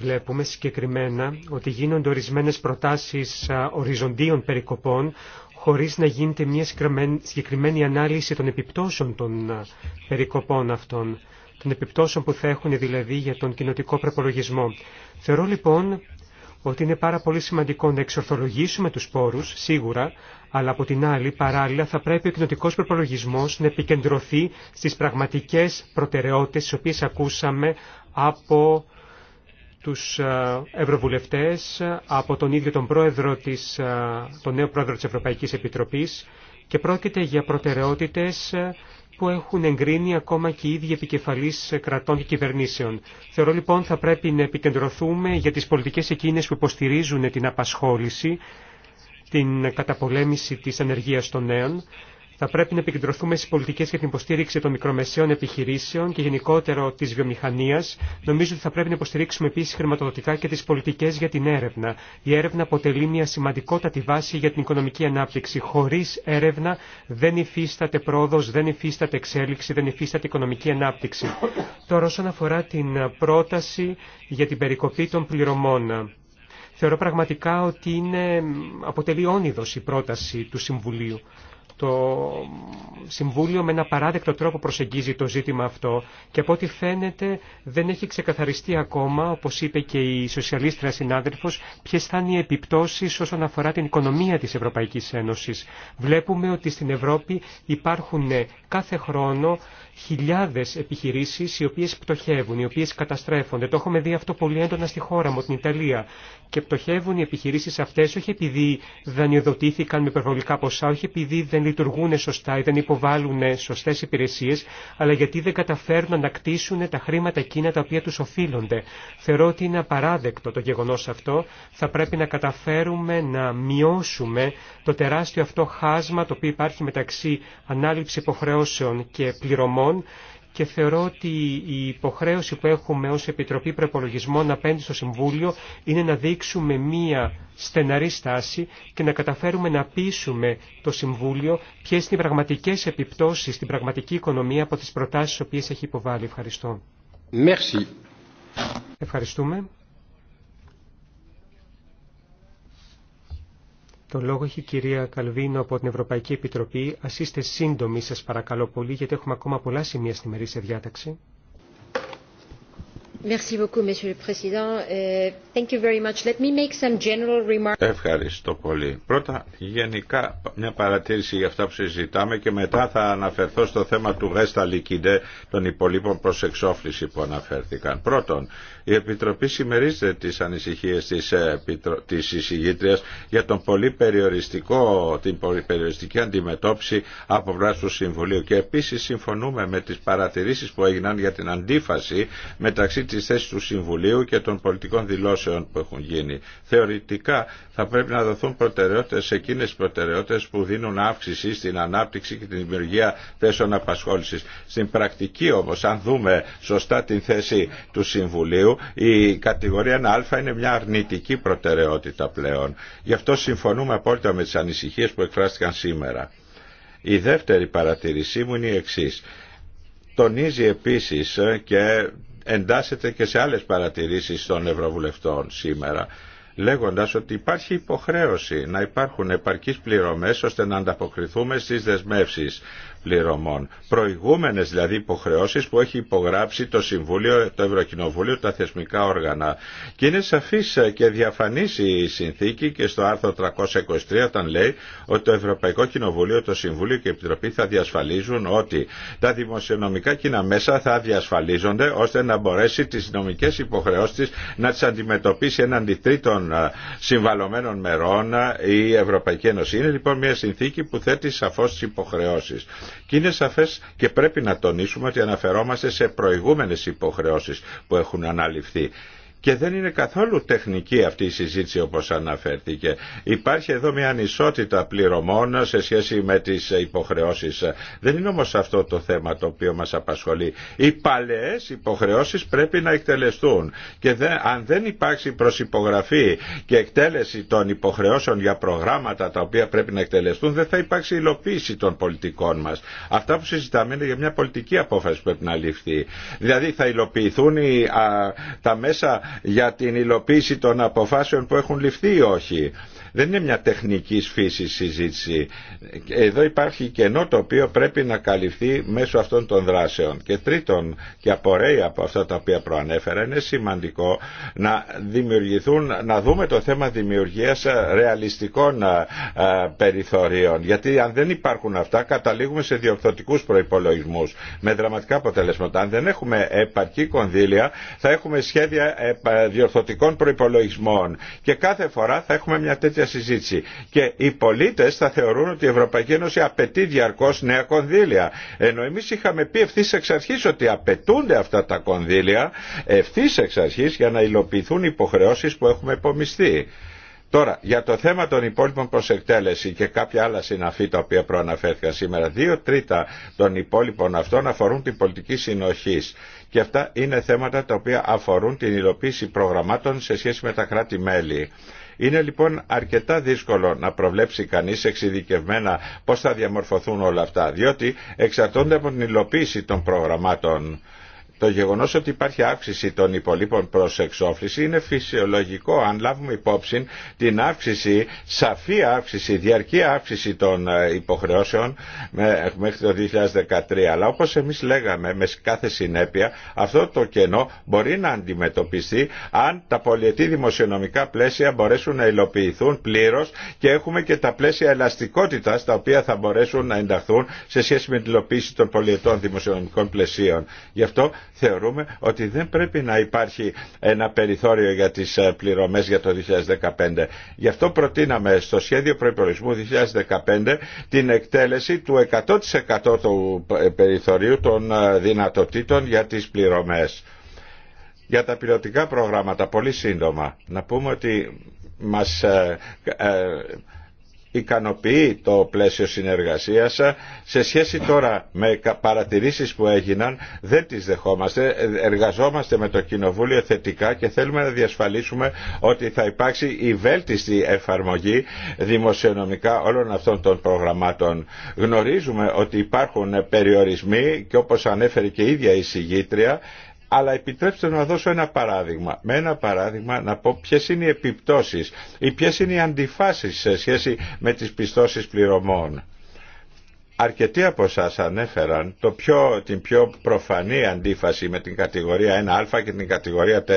S1: βλέπουμε συγκεκριμένα ότι γίνονται ορισμένες προτάσεις οριζοντίων περικοπών χωρίς να γίνεται μια συγκεκριμένη ανάλυση των επιπτώσεων των περικοπών αυτών, των επιπτώσεων που θα έχουν δηλαδή για τον κοινοτικό προπολογισμό. Θεωρώ λοιπόν ότι είναι πάρα πολύ σημαντικό να εξορθολογήσουμε τους πόρους, σίγουρα, αλλά από την άλλη, παράλληλα, θα πρέπει ο κοινοτικός προπολογισμός να επικεντρωθεί στις πραγματικές προτεραιότητες, τις οποίες ακούσαμε από τους ε, ευρωβουλευτές από τον ίδιο τον, πρόεδρο της, ε, τον νέο πρόεδρο της Ευρωπαϊκής Επιτροπής και πρόκειται για προτεραιότητες ε, που έχουν εγκρίνει ακόμα και οι ίδιοι επικεφαλείς κρατών και κυβερνήσεων. Θεωρώ λοιπόν θα πρέπει να επικεντρωθούμε για τις πολιτικές εκείνες που υποστηρίζουν την απασχόληση, την καταπολέμηση της ανεργίας των νέων θα πρέπει να επικεντρωθούμε στι πολιτικέ για την υποστήριξη των μικρομεσαίων επιχειρήσεων και γενικότερο τη βιομηχανία. Νομίζω ότι θα πρέπει να υποστηρίξουμε επίση χρηματοδοτικά και τι πολιτικέ για την έρευνα. Η έρευνα αποτελεί μια σημαντικότατη βάση για την οικονομική ανάπτυξη. Χωρί έρευνα δεν υφίσταται πρόοδο, δεν υφίσταται εξέλιξη, δεν υφίσταται οικονομική ανάπτυξη. Τώρα, όσον αφορά την πρόταση για την περικοπή των πληρωμών. Θεωρώ πραγματικά ότι είναι, αποτελεί όνειδος η πρόταση του Συμβουλίου το Συμβούλιο με ένα παράδεκτο τρόπο προσεγγίζει το ζήτημα αυτό και από ό,τι φαίνεται δεν έχει ξεκαθαριστεί ακόμα, όπως είπε και η σοσιαλίστρα συνάδελφος, ποιες θα είναι οι επιπτώσεις όσον αφορά την οικονομία της Ευρωπαϊκής Ένωσης. Βλέπουμε ότι στην Ευρώπη υπάρχουν κάθε χρόνο χιλιάδες επιχειρήσεις οι οποίες πτωχεύουν, οι οποίες καταστρέφονται. Το έχουμε δει αυτό πολύ έντονα στη χώρα μου, την Ιταλία. Και πτωχεύουν οι επιχειρήσεις αυτές όχι επειδή δανειοδοτήθηκαν με υπερβολικά ποσά, όχι επειδή δεν λειτουργούν σωστά ή δεν υποβάλλουν σωστές υπηρεσίες, αλλά γιατί δεν καταφέρουν να κτίσουν τα χρήματα εκείνα τα οποία τους οφείλονται. Θεωρώ ότι είναι απαράδεκτο το γεγονός αυτό. Θα πρέπει να καταφέρουμε να μειώσουμε το τεράστιο αυτό χάσμα το οποίο υπάρχει μεταξύ ανάληψη υποχρεώσεων και πληρωμών και θεωρώ ότι η υποχρέωση που έχουμε ως Επιτροπή Προεπολογισμών απέναντι στο Συμβούλιο είναι να δείξουμε μία στεναρή στάση και να καταφέρουμε να πείσουμε το Συμβούλιο ποιε είναι οι πραγματικές επιπτώσεις στην πραγματική οικονομία από τις προτάσεις οποίες έχει υποβάλει. Ευχαριστώ. Merci. Ευχαριστούμε. Το λόγο έχει η κυρία Καλβίνο από την Ευρωπαϊκή Επιτροπή. Α είστε σύντομοι σα παρακαλώ πολύ γιατί έχουμε ακόμα πολλά σημεία στη μερίσια διάταξη.
S3: Ευχαριστώ πολύ. Πρώτα, γενικά, μια παρατήρηση για αυτά που συζητάμε και μετά θα αναφερθώ στο θέμα του γέστα λικίντε των υπολείπων προς εξόφληση που αναφέρθηκαν. Πρώτον, η Επιτροπή συμμερίζεται τις ανησυχίες της, ε, της εισηγήτριας για τον πολύ περιοριστικό, την πολύ περιοριστική αντιμετώπιση από βράση του Συμβουλίου και επίσης συμφωνούμε με τις παρατηρήσεις που έγιναν για την αντίφαση μεταξύ της θέσης του Συμβουλίου και των πολιτικών δηλώσεων που έχουν γίνει. Θεωρητικά θα πρέπει να δοθούν προτεραιότητες σε εκείνες τις προτεραιότητες που δίνουν αύξηση στην ανάπτυξη και την δημιουργία θέσεων απασχόληση. Στην πρακτική όμως, αν δούμε σωστά την θέση του Συμβουλίου, η κατηγορία 1α είναι μια αρνητική προτεραιότητα πλέον. Γι' αυτό συμφωνούμε απόλυτα με τις ανησυχίες που εκφράστηκαν σήμερα. Η δεύτερη παρατηρήσή μου είναι η εξής. Τονίζει επίσης ε, και εντάσσεται και σε άλλες παρατηρήσεις των Ευρωβουλευτών σήμερα λέγοντας ότι υπάρχει υποχρέωση να υπάρχουν επαρκείς πληρωμές ώστε να ανταποκριθούμε στις δεσμεύσεις πληρωμών. Προηγούμενες δηλαδή υποχρεώσει που έχει υπογράψει το Συμβούλιο, το Ευρωκοινοβούλιο, τα θεσμικά όργανα. Και είναι σαφή και διαφανή η συνθήκη και στο άρθρο 323 όταν λέει ότι το Ευρωπαϊκό Κοινοβούλιο, το Συμβούλιο και η Επιτροπή θα διασφαλίζουν ότι τα δημοσιονομικά κοινά μέσα θα διασφαλίζονται ώστε να μπορέσει τι νομικέ υποχρεώσει να τι αντιμετωπίσει έναντι τρίτων ε, συμβαλωμένων μερών ε, η Ευρωπαϊκή Ένωση. Είναι λοιπόν μια συνθήκη που θέτει σαφώ τι υποχρεώσει. Και είναι σαφέ και πρέπει να τονίσουμε ότι αναφερόμαστε σε προηγούμενε υποχρεώσει που έχουν αναλυφθεί και δεν είναι καθόλου τεχνική αυτή η συζήτηση όπως αναφέρθηκε. Υπάρχει εδώ μια ανισότητα πληρωμών σε σχέση με τις υποχρεώσεις. Δεν είναι όμως αυτό το θέμα το οποίο μας απασχολεί. Οι παλαιές υποχρεώσεις πρέπει να εκτελεστούν. Και αν δεν υπάρξει προσυπογραφή και εκτέλεση των υποχρεώσεων για προγράμματα τα οποία πρέπει να εκτελεστούν, δεν θα υπάρξει υλοποίηση των πολιτικών μας. Αυτά που συζητάμε είναι για μια πολιτική απόφαση που πρέπει να ληφθεί. Δηλαδή θα υλοποιηθούν τα μέσα για την υλοποίηση των αποφάσεων που έχουν ληφθεί ή όχι. Δεν είναι μια τεχνική φύση συζήτηση. Εδώ υπάρχει κενό το οποίο πρέπει να καλυφθεί μέσω αυτών των δράσεων. Και τρίτον, και απορρέει από αυτά τα οποία προανέφερα, είναι σημαντικό να δημιουργηθούν, να δούμε το θέμα δημιουργίας ρεαλιστικών περιθωρίων. Γιατί αν δεν υπάρχουν αυτά, καταλήγουμε σε διορθωτικούς προϋπολογισμούς με δραματικά αποτελέσματα. Αν δεν έχουμε επαρκή κονδύλια, θα έχουμε σχέδια διορθωτικών προϋπολογισμών και κάθε φορά θα έχουμε μια τέτοια συζήτηση και οι πολίτες θα θεωρούν ότι η Ευρωπαϊκή Ένωση απαιτεί διαρκώς νέα κονδύλια ενώ εμείς είχαμε πει ευθύς εξ αρχής ότι απαιτούνται αυτά τα κονδύλια ευθύς εξ αρχής για να υλοποιηθούν υποχρεώσεις που έχουμε υπομειστεί. Τώρα, για το θέμα των υπόλοιπων προς εκτέλεση και κάποια άλλα συναφή τα οποία προαναφέρθηκαν σήμερα, δύο τρίτα των υπόλοιπων αυτών αφορούν την πολιτική συνοχής και αυτά είναι θέματα τα οποία αφορούν την υλοποίηση προγραμμάτων σε σχέση με τα κράτη-μέλη. Είναι λοιπόν αρκετά δύσκολο να προβλέψει κανείς εξειδικευμένα πώς θα διαμορφωθούν όλα αυτά, διότι εξαρτώνται από την υλοποίηση των προγραμμάτων το γεγονό ότι υπάρχει αύξηση των υπολείπων προ εξόφληση είναι φυσιολογικό αν λάβουμε υπόψη την αύξηση, σαφή αύξηση, διαρκή αύξηση των ε, υποχρεώσεων μέχρι το 2013. Αλλά όπω εμεί λέγαμε με κάθε συνέπεια αυτό το κενό μπορεί να αντιμετωπιστεί αν τα πολιετή δημοσιονομικά πλαίσια μπορέσουν να υλοποιηθούν πλήρω και έχουμε και τα πλαίσια ελαστικότητα τα οποία θα μπορέσουν να ενταχθούν σε σχέση με την υλοποίηση των πολιετών δημοσιονομικών πλαισίων. Γι' αυτό θεωρούμε ότι δεν πρέπει να υπάρχει ένα περιθώριο για τις ε, πληρωμές για το 2015. Γι' αυτό προτείναμε στο σχέδιο προϋπολογισμού 2015 την εκτέλεση του 100% του ε, περιθωρίου των ε, δυνατοτήτων για τις πληρωμές. Για τα πιλωτικά προγράμματα, πολύ σύντομα, να πούμε ότι μας ικανοποιεί το πλαίσιο συνεργασίας σε σχέση τώρα με παρατηρήσεις που έγιναν δεν τις δεχόμαστε εργαζόμαστε με το Κοινοβούλιο θετικά και θέλουμε να διασφαλίσουμε ότι θα υπάρξει η βέλτιστη εφαρμογή δημοσιονομικά όλων αυτών των προγραμμάτων γνωρίζουμε ότι υπάρχουν περιορισμοί και όπως ανέφερε και η ίδια η συγγήτρια αλλά επιτρέψτε να δώσω ένα παράδειγμα. Με ένα παράδειγμα να πω ποιε είναι οι επιπτώσει ή ποιε είναι οι αντιφάσει σε σχέση με τι πιστώσει πληρωμών. Αρκετοί από εσά ανέφεραν το πιο, την πιο προφανή αντίφαση με την κατηγορία 1α και την κατηγορία 4.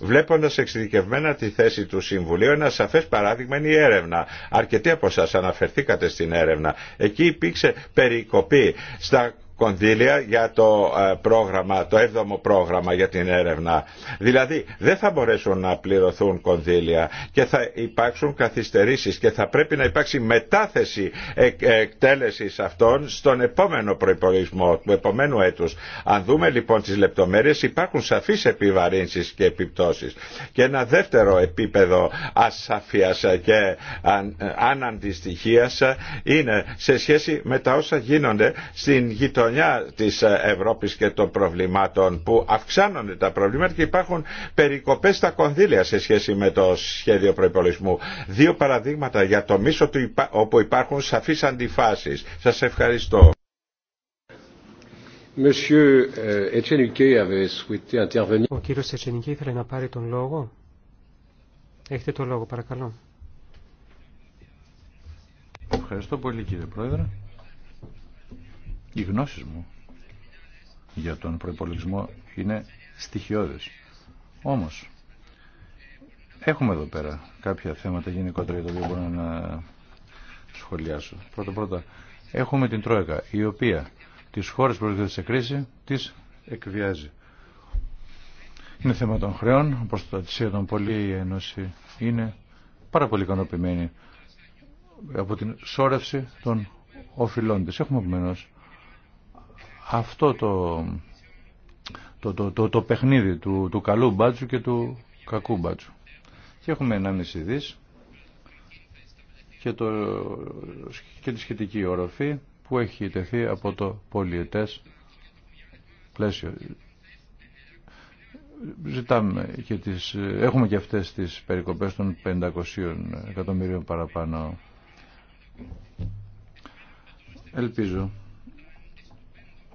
S3: βλέποντα εξειδικευμένα τη θέση του Συμβουλίου, ένα σαφέ παράδειγμα είναι η έρευνα. Αρκετοί από εσά αναφερθήκατε στην έρευνα. Εκεί υπήρξε περικοπή στα κονδύλια για το ε, πρόγραμμα, το 7 πρόγραμμα για την έρευνα. Δηλαδή δεν θα μπορέσουν να πληρωθούν κονδύλια και θα υπάρξουν καθυστερήσεις και θα πρέπει να υπάρξει μετάθεση εκτέλεση εκτέλεσης αυτών στον επόμενο προϋπολογισμό του επομένου έτους. Αν δούμε λοιπόν τις λεπτομέρειες υπάρχουν σαφείς επιβαρύνσεις και επιπτώσεις. Και ένα δεύτερο επίπεδο ασαφίας και ε, αναντιστοιχίας είναι σε σχέση με τα όσα γίνονται στην γειτονιά γωνιά της ε, Ευρώπης και των προβλημάτων που αυξάνονται τα προβλήματα και υπάρχουν περικοπές στα κονδύλια σε σχέση με το σχέδιο προϋπολογισμού. Δύο παραδείγματα για το μίσο του όπου υπάρχουν σαφείς αντιφάσεις. Σας ευχαριστώ. Ε, Ο
S1: κύριος Ετσενικέ ήθελε να πάρει τον λόγο. Έχετε τον λόγο παρακαλώ.
S2: Ευχαριστώ πολύ κύριε Πρόεδρε. Οι γνώσει μου για τον προπολογισμό είναι στοιχειώδε. Όμως, έχουμε εδώ πέρα κάποια θέματα γενικότερα για τα οποία μπορώ να σχολιάσω. Πρώτα-πρώτα, έχουμε την Τρόικα, η οποία τις χώρες που βρίσκονται σε κρίση τις εκβιάζει. Είναι θέμα των χρεών, όπως το των πολύ η Ένωση είναι πάρα πολύ ικανοποιημένη από την σόρευση των οφειλών της. Έχουμε επομένω αυτό το, το, το, το, το παιχνίδι του, του καλού μπάτσου και του κακού μπάτσου. Και έχουμε 1,5 δις και, το, και τη σχετική οροφή που έχει τεθεί από το πολιετές πλαίσιο. Ζητάμε και τις, έχουμε και αυτές τις περικοπές των 500 εκατομμυρίων παραπάνω. Ελπίζω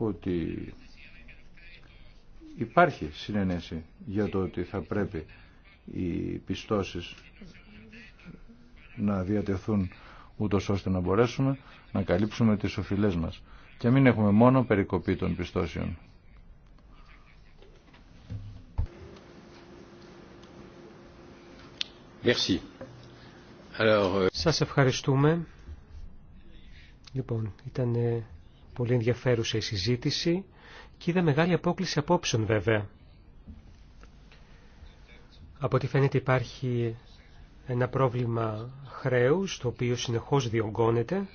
S2: ότι υπάρχει συνένεση για το ότι θα πρέπει οι πιστώσεις να διατεθούν ούτως ώστε να μπορέσουμε να καλύψουμε τις οφειλές μας και μην έχουμε μόνο περικοπή των πιστώσεων. Merci. Euh,
S1: Σας ευχαριστούμε. Λοιπόν, ήταν ε, Πολύ ενδιαφέρουσα η συζήτηση και είδα μεγάλη απόκληση απόψεων βέβαια. Από ό,τι φαίνεται υπάρχει ένα πρόβλημα χρέους, το οποίο συνεχώς διωγγώνεται.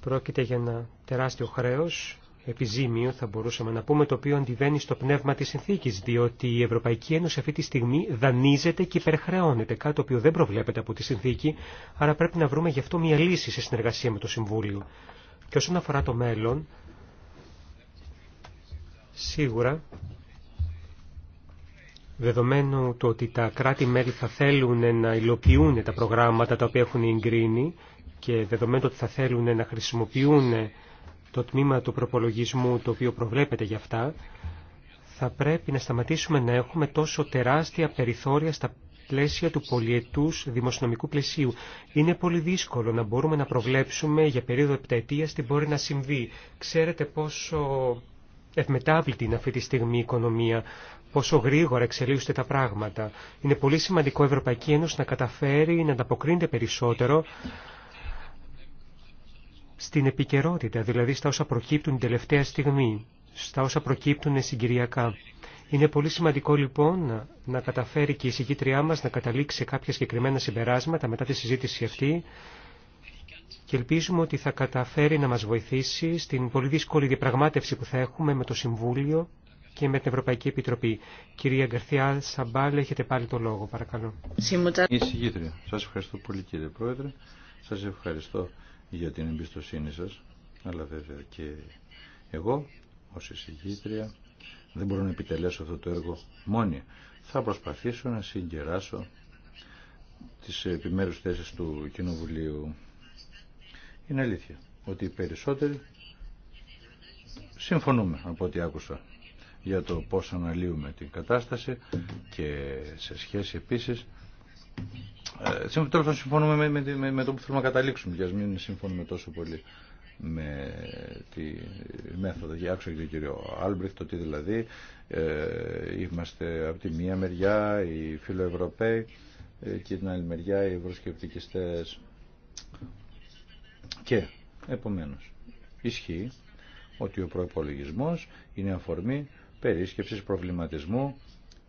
S1: Πρόκειται για ένα τεράστιο χρέος, επιζήμιο, θα μπορούσαμε να πούμε, το οποίο αντιβαίνει στο πνεύμα της συνθήκης, διότι η Ευρωπαϊκή Ένωση αυτή τη στιγμή δανείζεται και υπερχρεώνεται, κάτι το οποίο δεν προβλέπεται από τη συνθήκη, άρα πρέπει να βρούμε γι' αυτό μια λύση σε συνεργασία με το Συμβούλιο. Και όσον αφορά το μέλλον, σίγουρα δεδομένου το ότι τα κράτη-μέλη θα θέλουν να υλοποιούν τα προγράμματα τα οποία έχουν εγκρίνει και δεδομένου ότι θα θέλουν να χρησιμοποιούν το τμήμα του προπολογισμού το οποίο προβλέπεται για αυτά, θα πρέπει να σταματήσουμε να έχουμε τόσο τεράστια περιθώρια στα πλαίσια του πολιετούς δημοσιονομικού πλαισίου. Είναι πολύ δύσκολο να μπορούμε να προβλέψουμε για περίοδο επταετίας τι μπορεί να συμβεί. Ξέρετε πόσο ευμετάβλητη είναι αυτή τη στιγμή η οικονομία, πόσο γρήγορα εξελίσσονται τα πράγματα. Είναι πολύ σημαντικό η Ευρωπαϊκή Ένωση να καταφέρει να ανταποκρίνεται περισσότερο στην επικαιρότητα, δηλαδή στα όσα προκύπτουν την τελευταία στιγμή, στα όσα προκύπτουν συγκυριακά. Είναι πολύ σημαντικό λοιπόν να καταφέρει και η συγκήτριά μας να καταλήξει σε κάποια συγκεκριμένα συμπεράσματα μετά τη συζήτηση αυτή και ελπίζουμε ότι θα καταφέρει να μας βοηθήσει στην πολύ δύσκολη διαπραγμάτευση που θα έχουμε με το Συμβούλιο και με την Ευρωπαϊκή Επιτροπή. Κυρία Γκαρθιά Σαμπάλ, έχετε πάλι το λόγο, παρακαλώ.
S2: Η συγκήτρια. Σας ευχαριστώ πολύ κύριε Πρόεδρε. Σας ευχαριστώ για την εμπιστοσύνη σας, αλλά βέβαια και εγώ ως εισηγήτρια δεν μπορώ να επιτελέσω αυτό το έργο μόνοι. Θα προσπαθήσω να συγκεράσω τις επιμέρους θέσεις του Κοινοβουλίου. Είναι αλήθεια ότι οι περισσότεροι συμφωνούμε από ό,τι άκουσα για το πώς αναλύουμε την κατάσταση και σε σχέση επίσης ε, τώρα συμφωνούμε με, με, με, το που θέλουμε να καταλήξουμε για μην συμφωνούμε τόσο πολύ με τη μέθοδο για άκουσα και τον κύριο Άλμπριχτ ότι δηλαδή ε, είμαστε από τη μία μεριά οι φιλοευρωπαίοι ε, και την άλλη μεριά οι ευρωσκεπτικιστέ. και επομένως ισχύει ότι ο προπολογισμό είναι αφορμή περισκέψη προβληματισμού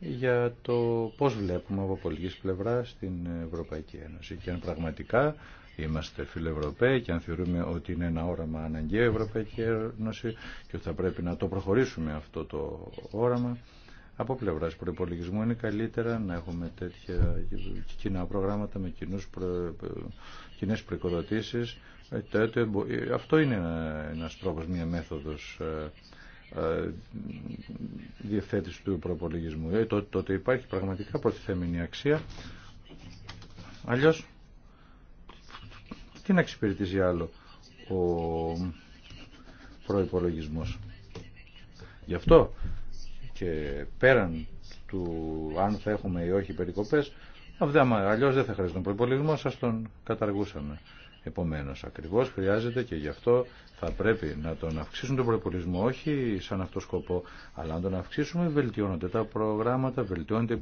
S2: για το πώς βλέπουμε από πολιτικής πλευρά στην Ευρωπαϊκή Ένωση και αν πραγματικά είμαστε φιλευρωπαίοι και αν θεωρούμε ότι είναι ένα όραμα αναγκαίο η Ευρωπαϊκή Ένωση και ότι θα πρέπει να το προχωρήσουμε αυτό το όραμα. Από πλευρά προπολογισμού είναι καλύτερα να έχουμε τέτοια κοινά προγράμματα με προ... κοινέ ε, ε, Αυτό είναι ένα τρόπο, μια μέθοδο ε, ε, διευθέτηση του προπολογισμού. Τότε, τότε υπάρχει πραγματικά προτιθέμενη αξία. Αλλιώς, τι να εξυπηρετήσει άλλο ο προϋπολογισμός. Γι' αυτό και πέραν του αν θα έχουμε ή όχι περικοπές, αλλιώς δεν θα τον προπολογισμό, σας τον καταργούσαμε. Επομένως, ακριβώς χρειάζεται και γι' αυτό θα πρέπει να τον αυξήσουν τον προπολισμό, όχι σαν αυτό σκοπό, αλλά να τον αυξήσουμε βελτιώνονται τα προγράμματα, βελτιώνεται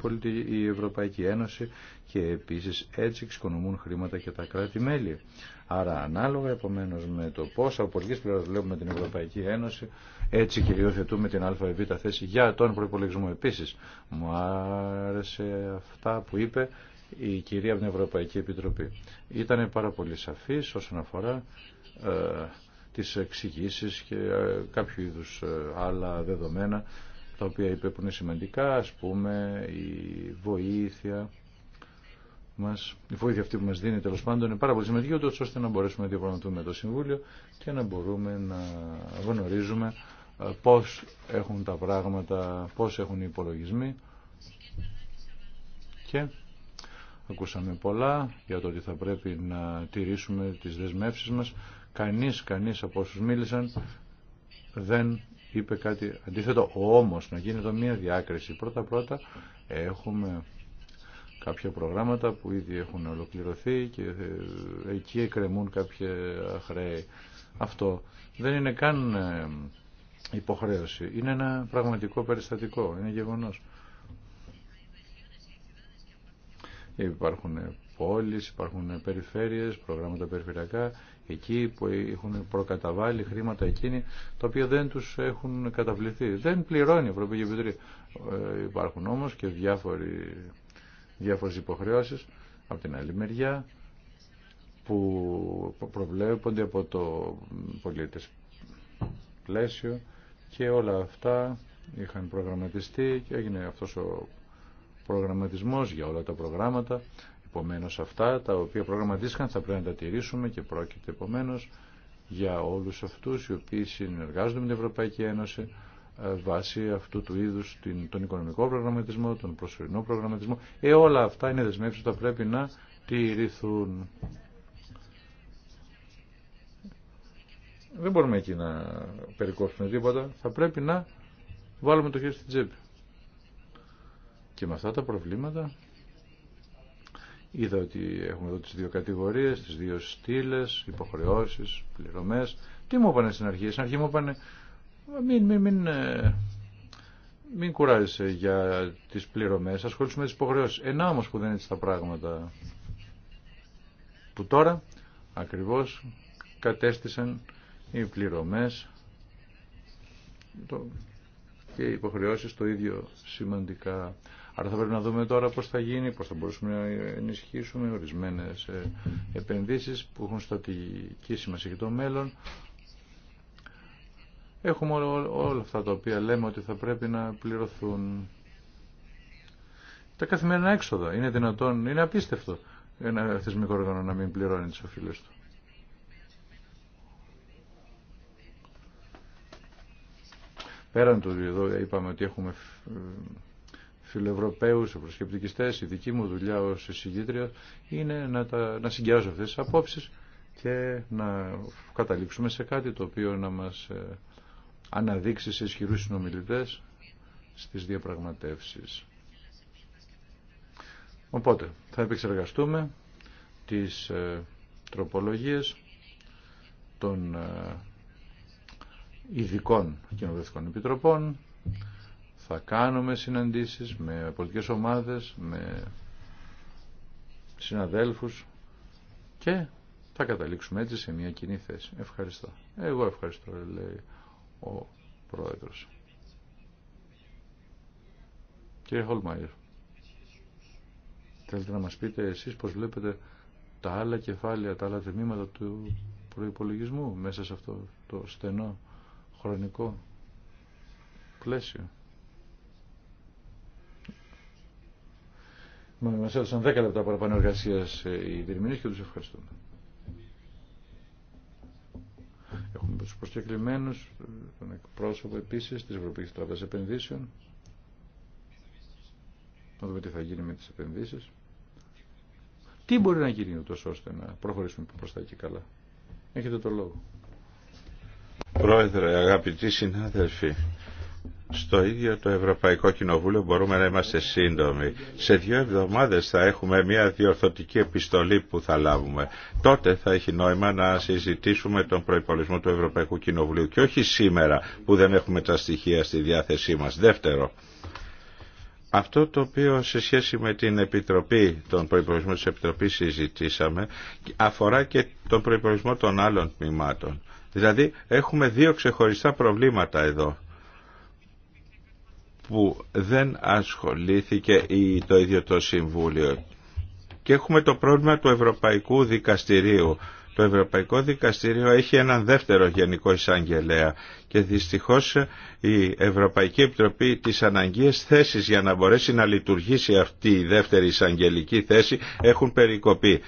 S2: η Ευρωπαϊκή Ένωση και επίσης έτσι εξοικονομούν χρήματα και τα κράτη-μέλη. Άρα ανάλογα επομένω με το πώς από πολιτική πλευρά βλέπουμε την Ευρωπαϊκή Ένωση, έτσι και υιοθετούμε την ΑΒ θέση για τον προπολογισμό επίσης. Μου άρεσε αυτά που είπε η κυρία από την Ευρωπαϊκή Επιτροπή. Ήταν πάρα πολύ σαφής όσον αφορά ε, τις εξηγήσει και ε, κάποιο είδους ε, άλλα δεδομένα τα οποία είπε που είναι σημαντικά, ας πούμε η βοήθεια μας, η βοήθεια αυτή που μας δίνει τέλος πάντων είναι πάρα πολύ σημαντική ούτως ώστε να μπορέσουμε να διαπραγματούμε το Συμβούλιο και να μπορούμε να γνωρίζουμε ε, πώς έχουν τα πράγματα, πώς έχουν οι υπολογισμοί και ακούσαμε πολλά για το ότι θα πρέπει να τηρήσουμε τις δεσμεύσεις μας Κανείς, κανείς από όσους μίλησαν δεν είπε κάτι αντίθετο. Όμως, να γίνει εδώ μια διάκριση. Πρώτα-πρώτα έχουμε κάποια προγράμματα που ήδη έχουν ολοκληρωθεί και ε, εκεί εκκρεμούν κάποια χρέη. Αυτό δεν είναι καν ε, υποχρέωση. Είναι ένα πραγματικό περιστατικό. Είναι γεγονός. Υπάρχουν πόλεις, υπάρχουν περιφέρειες, προγράμματα περιφερειακά, εκεί που έχουν προκαταβάλει χρήματα εκείνη, τα οποία δεν τους έχουν καταβληθεί. Δεν πληρώνει η Ευρωπαϊκή Επιτροπή. Ε, υπάρχουν όμως και διάφοροι, διάφορες υποχρεώσεις από την άλλη μεριά που προβλέπονται από το πολίτες πλαίσιο και όλα αυτά είχαν προγραμματιστεί και έγινε αυτός ο προγραμματισμός για όλα τα προγράμματα Επομένω αυτά τα οποία προγραμματίστηκαν θα πρέπει να τα τηρήσουμε και πρόκειται επομένω για όλου αυτού οι οποίοι συνεργάζονται με την Ευρωπαϊκή Ένωση ε, βάσει αυτού του είδου τον οικονομικό προγραμματισμό, τον προσωρινό προγραμματισμό. Ε, όλα αυτά είναι δεσμεύσει που θα πρέπει να τηρηθούν. Δεν μπορούμε εκεί να περικόψουμε τίποτα. Θα πρέπει να βάλουμε το χέρι στην τσέπη. Και με αυτά τα προβλήματα Είδα ότι έχουμε εδώ τις δύο κατηγορίες, τις δύο στήλε, υποχρεώσεις, πληρωμές. Τι μου είπανε στην αρχή. Στην αρχή μου είπανε μην, μην, μην, ε, μην κουράζεσαι για τις πληρωμές, ασχολήσουμε με τις υποχρεώσεις. Ενά που δεν είναι έτσι τα πράγματα που τώρα ακριβώς κατέστησαν οι πληρωμές και οι υποχρεώσεις το ίδιο σημαντικά. Άρα θα πρέπει να δούμε τώρα πώς θα γίνει, πώς θα μπορούσαμε να ενισχύσουμε ορισμένες ε, επενδύσεις που έχουν στατική σημασία για το μέλλον. Έχουμε όλα αυτά τα οποία λέμε ότι θα πρέπει να πληρωθούν. Τα καθημερινά έξοδα είναι δυνατόν, είναι απίστευτο ένα θεσμικό όργανο να μην πληρώνει τις οφείλες του. Πέραν του εδώ είπαμε ότι έχουμε ε, φιλοευρωπαίους προσκεπτικιστέ, η δική μου δουλειά ως συγκίτρια είναι να, τα, να συγκιάζω αυτές τις απόψεις και να καταλήξουμε σε κάτι το οποίο να μας ε, αναδείξει σε ισχυρού συνομιλητέ στις διαπραγματεύσει. Οπότε, θα επεξεργαστούμε τις ε, τροπολογίες των ε, ειδικών κοινοβουλευτικών επιτροπών θα κάνουμε συναντήσεις με πολιτικές ομάδες, με συναδέλφους και θα καταλήξουμε έτσι σε μια κοινή θέση. Ευχαριστώ. Εγώ ευχαριστώ, λέει ο πρόεδρος. Κύριε Χολμαϊρ, θέλετε να μας πείτε εσείς πώς βλέπετε τα άλλα κεφάλαια, τα άλλα τμήματα του προϋπολογισμού μέσα σε αυτό το στενό χρονικό πλαίσιο. Μα έδωσαν 10 λεπτά παραπάνω εργασία ε, οι διερμηνεί και του ευχαριστούμε. Έχουμε του προσκεκλημένου, τον εκπρόσωπο επίση τη Ευρωπαϊκή Τράπεζα Επενδύσεων. Να δούμε τι θα γίνει με τι επενδύσει. Τι μπορεί να γίνει ούτω ώστε να προχωρήσουμε προ τα εκεί καλά. Έχετε το λόγο.
S3: Πρόεδρε, αγαπητοί συνάδελφοι, στο ίδιο το Ευρωπαϊκό Κοινοβούλιο μπορούμε να είμαστε σύντομοι. Σε δύο εβδομάδες θα έχουμε μια διορθωτική επιστολή που θα λάβουμε. Τότε θα έχει νόημα να συζητήσουμε τον προϋπολισμό του Ευρωπαϊκού Κοινοβουλίου και όχι σήμερα που δεν έχουμε τα στοιχεία στη διάθεσή μας. Δεύτερο, αυτό το οποίο σε σχέση με την Επιτροπή, τον προϋπολισμό της Επιτροπής συζητήσαμε, αφορά και τον προϋπολισμό των άλλων τμήματων. Δηλαδή έχουμε δύο ξεχωριστά προβλήματα εδώ που δεν ασχολήθηκε το ίδιο το Συμβούλιο. Και έχουμε το πρόβλημα του Ευρωπαϊκού Δικαστηρίου. Το Ευρωπαϊκό Δικαστήριο έχει έναν δεύτερο γενικό εισαγγελέα και δυστυχώς η Ευρωπαϊκή Επιτροπή τις αναγκαίες θέσεις για να μπορέσει να λειτουργήσει αυτή η δεύτερη εισαγγελική θέση έχουν περικοπεί.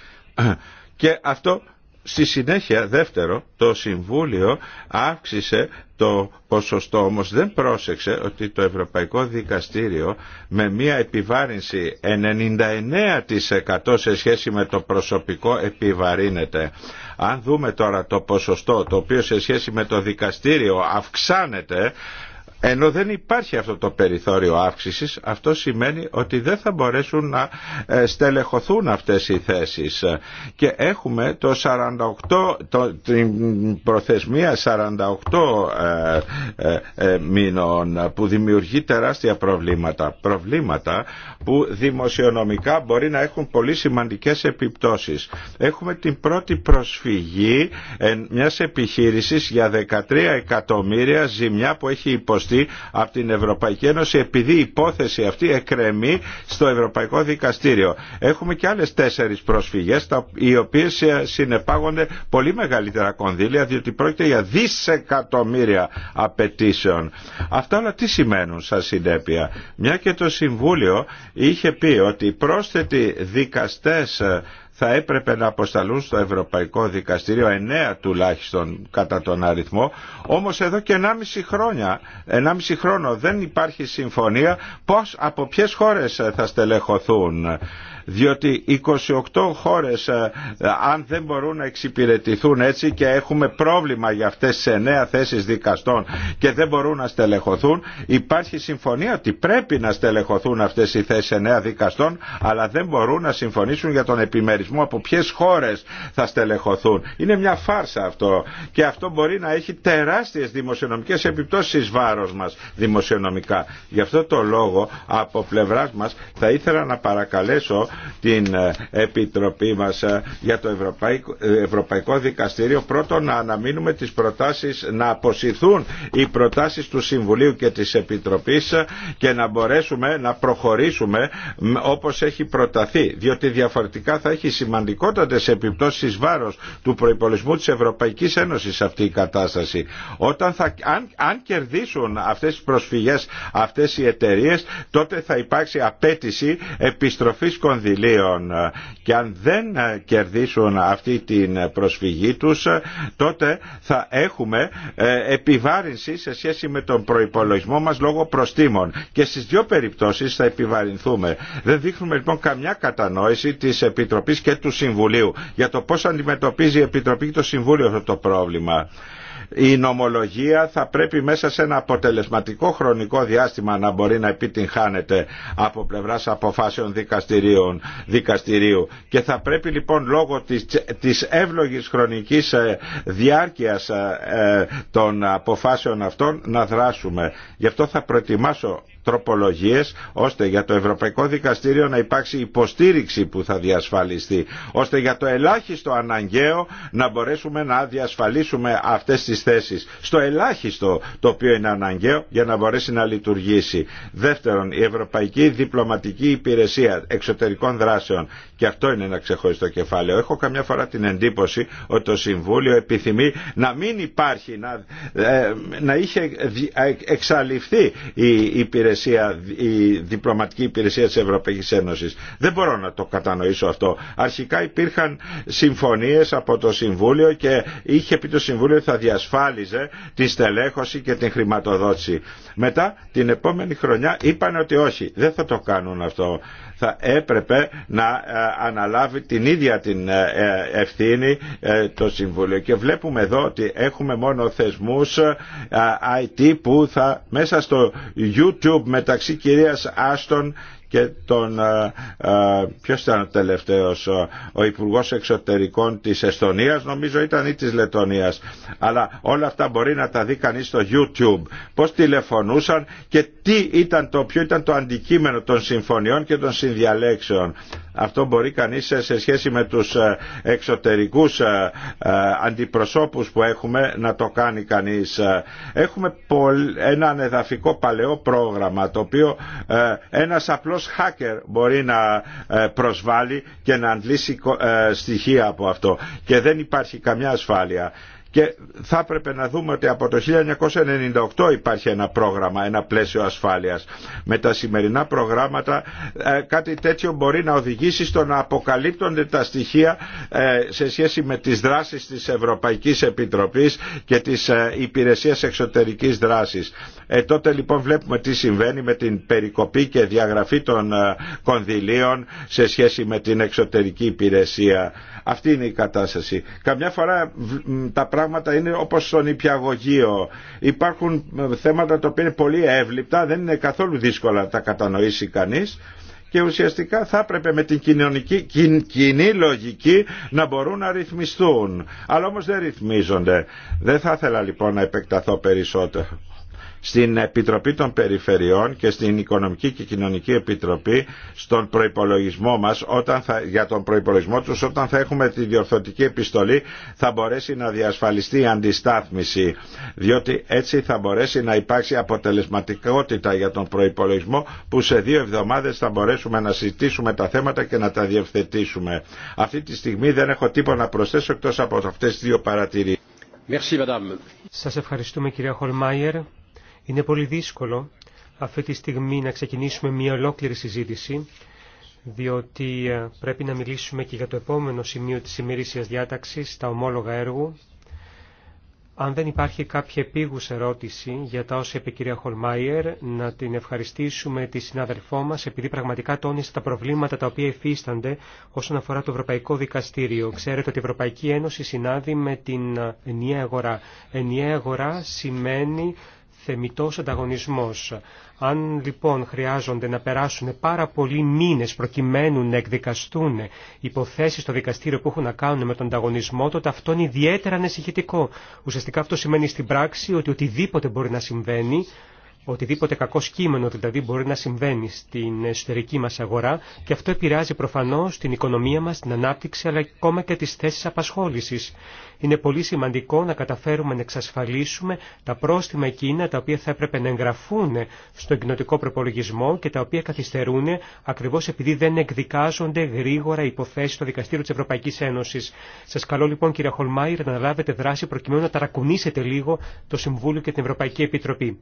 S3: Και αυτό Στη συνέχεια, δεύτερο, το Συμβούλιο αύξησε το ποσοστό, όμως δεν πρόσεξε ότι το Ευρωπαϊκό Δικαστήριο με μια επιβάρυνση 99% σε σχέση με το προσωπικό επιβαρύνεται. Αν δούμε τώρα το ποσοστό, το οποίο σε σχέση με το δικαστήριο αυξάνεται, ενώ δεν υπάρχει αυτό το περιθώριο αύξησης, αυτό σημαίνει ότι δεν θα μπορέσουν να ε, στελεχωθούν αυτές οι θέσεις. Και έχουμε το 48, το, την προθεσμία 48 ε, ε, μήνων που δημιουργεί τεράστια προβλήματα. Προβλήματα που δημοσιονομικά μπορεί να έχουν πολύ σημαντικές επιπτώσεις. Έχουμε την πρώτη προσφυγή μιας επιχείρησης για 13 εκατομμύρια ζημιά που έχει υποστεί από την Ευρωπαϊκή Ένωση επειδή η υπόθεση αυτή εκκρεμεί στο Ευρωπαϊκό Δικαστήριο. Έχουμε και άλλες τέσσερις προσφυγές οι οποίες ε, συνεπάγονται πολύ μεγαλύτερα κονδύλια διότι πρόκειται για δισεκατομμύρια απαιτήσεων. Αυτά όλα τι σημαίνουν σαν συνέπεια. Μια και το Συμβούλιο είχε πει ότι οι πρόσθετοι δικαστές ε, θα έπρεπε να αποσταλούν στο Ευρωπαϊκό Δικαστήριο, εννέα τουλάχιστον κατά τον αριθμό, όμως εδώ και 1,5 χρόνια, 1,5 χρόνο δεν υπάρχει συμφωνία πώς, από ποιες χώρες θα στελεχωθούν διότι 28 χώρες ε, αν δεν μπορούν να εξυπηρετηθούν έτσι και έχουμε πρόβλημα για αυτές τις 9 θέσεις δικαστών και δεν μπορούν να στελεχωθούν υπάρχει συμφωνία ότι πρέπει να στελεχωθούν αυτές οι θέσεις 9 δικαστών αλλά δεν μπορούν να συμφωνήσουν για τον επιμερισμό από ποιε χώρες θα στελεχωθούν. Είναι μια φάρσα αυτό και αυτό μπορεί να έχει τεράστιες δημοσιονομικές επιπτώσεις βάρος μας δημοσιονομικά. Γι' αυτό το λόγο από πλευράς μας θα ήθελα να παρακαλέσω την ε, Επιτροπή μας ε, για το ε, Ευρωπαϊκό, Δικαστήριο πρώτον να αναμείνουμε τις προτάσεις να αποσυρθούν οι προτάσεις του Συμβουλίου και της Επιτροπής και να μπορέσουμε να προχωρήσουμε όπως έχει προταθεί διότι διαφορετικά θα έχει σημαντικότατες επιπτώσεις βάρος του προϋπολισμού της Ευρωπαϊκής Ένωσης αυτή η κατάσταση. Όταν θα, αν, κερδίσουν αυτές τις προσφυγές αυτές οι εταιρείε, τότε θα υπάρξει απέτηση επιστροφής κονδυλίων ε, και αν δεν ε, κερδίσουν αυτή την προσφυγή τους ε, τότε θα έχουμε επιβάρυνση σε σχέση με τον προϋπολογισμό μας λόγω προστήμων και στις δύο περιπτώσεις θα επιβαρυνθούμε. Δεν δείχνουμε λοιπόν καμιά κατανόηση της Επιτροπής και του Συμβουλίου για το πώς αντιμετωπίζει η Επιτροπή και το Συμβούλιο αυτό το πρόβλημα η νομολογία θα πρέπει μέσα σε ένα αποτελεσματικό χρονικό διάστημα να μπορεί να επιτυγχάνεται από πλευράς αποφάσεων δικαστηρίων, δικαστηρίου και θα πρέπει λοιπόν λόγω της, της εύλογης χρονικής ε, διάρκειας ε, ε, των αποφάσεων αυτών να δράσουμε. Γι' αυτό θα προετοιμάσω τροπολογίες ώστε για το Ευρωπαϊκό Δικαστήριο να υπάρξει υποστήριξη που θα διασφαλιστεί ώστε για το ελάχιστο αναγκαίο να μπορέσουμε να διασφαλίσουμε αυτές τις θέσεις στο ελάχιστο το οποίο είναι αναγκαίο για να μπορέσει να λειτουργήσει. Δεύτερον, η Ευρωπαϊκή Διπλωματική Υπηρεσία Εξωτερικών Δράσεων και αυτό είναι ένα ξεχωριστό κεφάλαιο. Έχω καμιά φορά την εντύπωση ότι το Συμβούλιο επιθυμεί να μην υπάρχει, να, ε, να είχε ε, εξαλειφθεί η υπηρεσία υπηρεσία, η διπλωματική υπηρεσία της Ευρωπαϊκής Ένωσης. Δεν μπορώ να το κατανοήσω αυτό. Αρχικά υπήρχαν συμφωνίες από το Συμβούλιο και είχε πει το Συμβούλιο ότι θα διασφάλιζε τη στελέχωση και την χρηματοδότηση. Μετά την επόμενη χρονιά είπαν ότι όχι, δεν θα το κάνουν αυτό θα έπρεπε να ε, αναλάβει την ίδια την ε, ε, ευθύνη το Συμβούλιο. Και βλέπουμε εδώ ότι έχουμε μόνο θεσμούς IT που θα μέσα στο YouTube μεταξύ κυρίας Άστον και τον ε, ε, ποιος ήταν ο τελευταίος ο Υπουργός Εξωτερικών της Εστονίας νομίζω ήταν ή της Λετωνίας αλλά όλα αυτά μπορεί να τα δει κανείς στο YouTube πως τηλεφωνούσαν και τι ήταν το, ποιο ήταν το αντικείμενο των συμφωνιών και των συνδιαλέξεων αυτό μπορεί κανείς σε σχέση με τους ε, εξωτερικούς ε, ε, αντιπροσώπους που έχουμε να το κάνει κανείς. Έχουμε ένα ανεδαφικό παλαιό πρόγραμμα το οποίο ένας απλός hacker μπορεί να προσβάλλει και να αντλήσει στοιχεία από αυτό και δεν υπάρχει καμιά ασφάλεια. Και θα έπρεπε να δούμε ότι από το 1998 υπάρχει ένα πρόγραμμα, ένα πλαίσιο ασφάλειας. Με τα σημερινά προγράμματα ε, κάτι τέτοιο μπορεί να οδηγήσει στο να αποκαλύπτονται τα στοιχεία ε, σε σχέση με τις δράσεις της Ευρωπαϊκής Επιτροπής και της ε, Υπηρεσίας Εξωτερικής Δράσης. Ε, τότε λοιπόν βλέπουμε τι συμβαίνει με την περικοπή και διαγραφή των κονδυλίων σε σχέση με την εξωτερική υπηρεσία. Αυτή είναι η κατάσταση. Καμιά φορά τα πράγματα είναι όπως στο νηπιαγωγείο. Υπάρχουν ε, θέματα τα οποία είναι πολύ εύληπτα, δεν είναι καθόλου δύσκολα να τα κατανοήσει κανείς και ουσιαστικά θα έπρεπε με την κοινωνική, κοιν, κοινή λογική να μπορούν να ρυθμιστούν. Αλλά όμως δεν ρυθμίζονται. Δεν θα ήθελα λοιπόν να επεκταθώ περισσότερο στην Επιτροπή των Περιφερειών και στην Οικονομική και Κοινωνική Επιτροπή στον προϋπολογισμό μας, για τον προϋπολογισμό τους όταν θα έχουμε τη διορθωτική επιστολή θα μπορέσει να διασφαλιστεί η αντιστάθμιση διότι έτσι θα μπορέσει να υπάρξει αποτελεσματικότητα για τον προϋπολογισμό που σε δύο εβδομάδες θα μπορέσουμε να συζητήσουμε τα θέματα και να τα διευθετήσουμε. Αυτή τη στιγμή δεν έχω τίποτα να προσθέσω εκτός από αυτές τις δύο παρατηρήσεις. Merci,
S1: ευχαριστούμε κυρία Χολμάιερ. Είναι πολύ δύσκολο αυτή τη στιγμή να ξεκινήσουμε μια ολόκληρη συζήτηση, διότι ε, πρέπει να μιλήσουμε και για το επόμενο σημείο της ημερήσιας διάταξης, τα ομόλογα έργου. Αν δεν υπάρχει κάποια επίγουσα ερώτηση για τα όσα είπε η κυρία Χολμάιερ, να την ευχαριστήσουμε τη συνάδελφό μας, επειδή πραγματικά τόνισε τα προβλήματα τα οποία υφίστανται όσον αφορά το Ευρωπαϊκό Δικαστήριο. Ξέρετε ότι η Ευρωπαϊκή Ένωση συνάδει με την ε, ενιαία αγορά. Ενιαία αγορά σημαίνει θεμητός ανταγωνισμός. Αν λοιπόν χρειάζονται να περάσουν πάρα πολλοί μήνες προκειμένου να εκδικαστούν υποθέσεις στο δικαστήριο που έχουν να κάνουν με τον ανταγωνισμό, τότε αυτό είναι ιδιαίτερα ανησυχητικό. Ουσιαστικά αυτό σημαίνει στην πράξη ότι οτιδήποτε μπορεί να συμβαίνει οτιδήποτε κακό κείμενο δηλαδή μπορεί να συμβαίνει στην εσωτερική μας αγορά και αυτό επηρεάζει προφανώς την οικονομία μας, την ανάπτυξη αλλά ακόμα και τις θέσεις απασχόλησης. Είναι πολύ σημαντικό να καταφέρουμε να εξασφαλίσουμε τα πρόστιμα εκείνα τα οποία θα έπρεπε να εγγραφούν στον κοινοτικό προπολογισμό και τα οποία καθυστερούν ακριβώς επειδή δεν εκδικάζονται γρήγορα υποθέσεις στο Δικαστήριο της Ευρωπαϊκής Ένωσης. Σας καλώ λοιπόν κύριε Χολμάιρ να λάβετε δράση προκειμένου να ταρακουνήσετε λίγο το Συμβούλιο και την Ευρωπαϊκή Επιτροπή.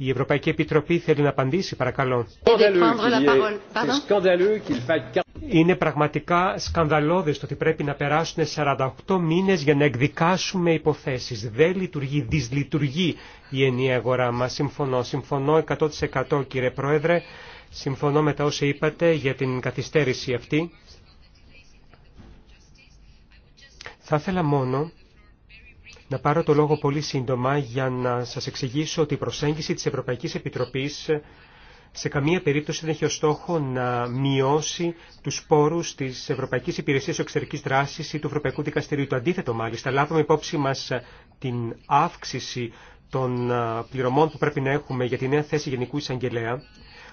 S1: Η Ευρωπαϊκή Επιτροπή θέλει να απαντήσει, παρακαλώ. Είναι πραγματικά σκανδαλώδε το ότι πρέπει να περάσουν 48 μήνες για να εκδικάσουμε υποθέσεις. Δεν λειτουργεί, δυσλειτουργεί η ενιαία αγορά μα. Συμφωνώ, συμφωνώ 100% κύριε Πρόεδρε. Συμφωνώ με τα όσα είπατε για την καθυστέρηση αυτή. Θα ήθελα μόνο να πάρω το λόγο πολύ σύντομα για να σας εξηγήσω ότι η προσέγγιση της Ευρωπαϊκής Επιτροπής σε καμία περίπτωση δεν έχει ως στόχο να μειώσει τους πόρους της Ευρωπαϊκής Υπηρεσίας Εξωτερικής Δράσης ή του Ευρωπαϊκού Δικαστηρίου. Το αντίθετο μάλιστα, λάβουμε υπόψη μας ε, την αύξηση των ε, πληρωμών που πρέπει να έχουμε για τη νέα θέση Γενικού Εισαγγελέα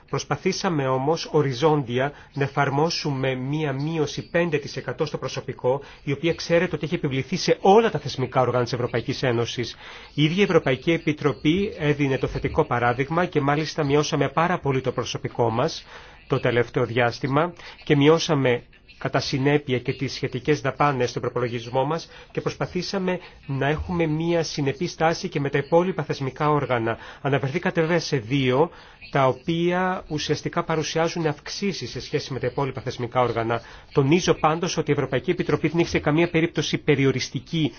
S1: Προσπαθήσαμε όμως οριζόντια να εφαρμόσουμε μία μείωση 5% στο προσωπικό, η οποία ξέρετε ότι έχει επιβληθεί σε όλα τα θεσμικά όργανα της Ευρωπαϊκής Ένωσης. Η ίδια η Ευρωπαϊκή Επιτροπή έδινε το θετικό παράδειγμα και μάλιστα μειώσαμε πάρα πολύ το προσωπικό μας το τελευταίο διάστημα και μειώσαμε κατά συνέπεια και τις σχετικές δαπάνες στον προπολογισμό μας και προσπαθήσαμε να έχουμε μία συνεπή στάση και με τα υπόλοιπα θεσμικά όργανα. Αναφερθήκατε βέβαια σε δύο, τα οποία ουσιαστικά παρουσιάζουν αυξήσεις σε σχέση με τα υπόλοιπα θεσμικά όργανα. Τονίζω πάντως ότι η Ευρωπαϊκή Επιτροπή δεν έχει σε καμία περίπτωση περιοριστική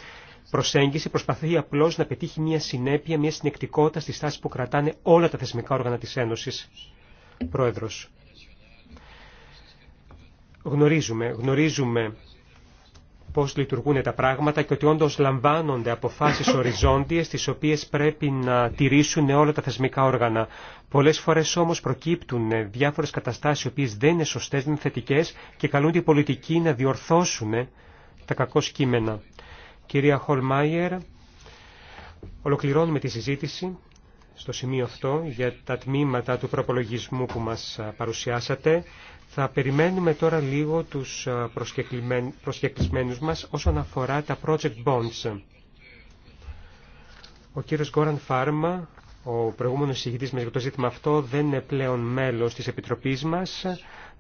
S1: προσέγγιση προσπαθεί απλώς να πετύχει μια συνέπεια, μια συνεκτικότητα στη στάση που κρατάνε όλα τα θεσμικά όργανα της Ένωσης. Πρόεδρος γνωρίζουμε. Γνωρίζουμε πώς λειτουργούν τα πράγματα και ότι όντως λαμβάνονται αποφάσεις οριζόντιες τις οποίες πρέπει να τηρήσουν όλα τα θεσμικά όργανα. Πολλές φορές όμως προκύπτουν διάφορες καταστάσεις οι οποίες δεν είναι σωστές, δεν είναι θετικές και καλούνται οι πολιτικοί να διορθώσουν τα κακό κείμενα. Κυρία Χολμάιερ, ολοκληρώνουμε τη συζήτηση στο σημείο αυτό για τα τμήματα του προπολογισμού που μας παρουσιάσατε. Θα περιμένουμε τώρα λίγο τους ε, προσκεκλισμένους μας όσον αφορά τα project bonds. Ο κύριος Γκόραν Φάρμα, ο προηγούμενος συγητής μας για το ζήτημα αυτό, δεν είναι πλέον μέλος της Επιτροπής μας.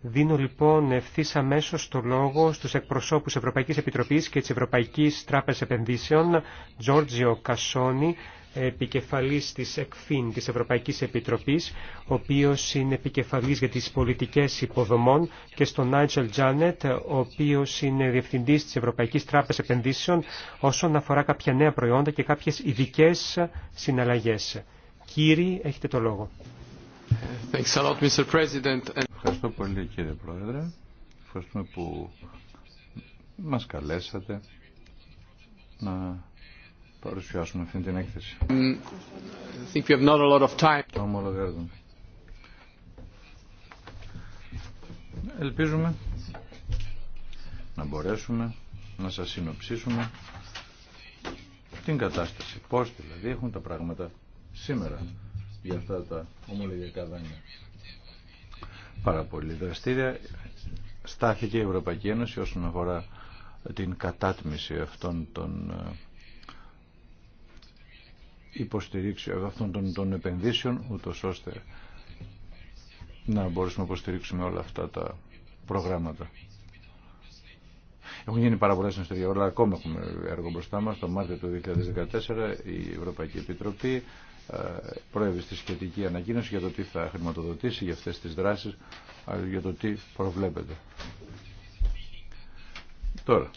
S1: Δίνω λοιπόν ευθύ αμέσω το λόγο στους εκπροσώπους Ευρωπαϊκής Επιτροπής και της Ευρωπαϊκής Τράπεζας Επενδύσεων, Τζόρτζιο Κασόνη, επικεφαλής της ΕΚΦΗΝ της Ευρωπαϊκής Επιτροπής, ο οποίος είναι επικεφαλής για τις πολιτικές υποδομών, και στον Νάιτζελ Τζάνετ, ο οποίος είναι διευθυντής της Ευρωπαϊκής Τράπεζας Επενδύσεων, όσον αφορά κάποια νέα προϊόντα και κάποιες ειδικέ συναλλαγές. Κύριοι, έχετε το λόγο. Ευχαριστώ
S2: πολύ κύριε Πρόεδρε. Ευχαριστούμε που μας καλέσατε να παρουσιάσουν αυτή την έκθεση. Ελπίζουμε να μπορέσουμε να σας συνοψίσουμε την κατάσταση. Πώς δηλαδή έχουν τα πράγματα σήμερα για αυτά τα ομολογιακά δάνεια. Πάρα πολύ δραστήρια στάθηκε η Ευρωπαϊκή Ένωση όσον αφορά την κατάτμιση αυτών των ε, υποστηρίξει αυτών των, των επενδύσεων, ούτω ώστε να μπορέσουμε να υποστηρίξουμε όλα αυτά τα προγράμματα. Έχουν γίνει πάρα πολλά συνεργασίε, αλλά ακόμα έχουμε έργο μπροστά μα. Το Μάρτιο του 2014 η Ευρωπαϊκή Επιτροπή ε, προέβη στη σχετική ανακοίνωση για το τι θα χρηματοδοτήσει για αυτές τις δράσεις, ε, για το τι προβλέπεται. Τώρα,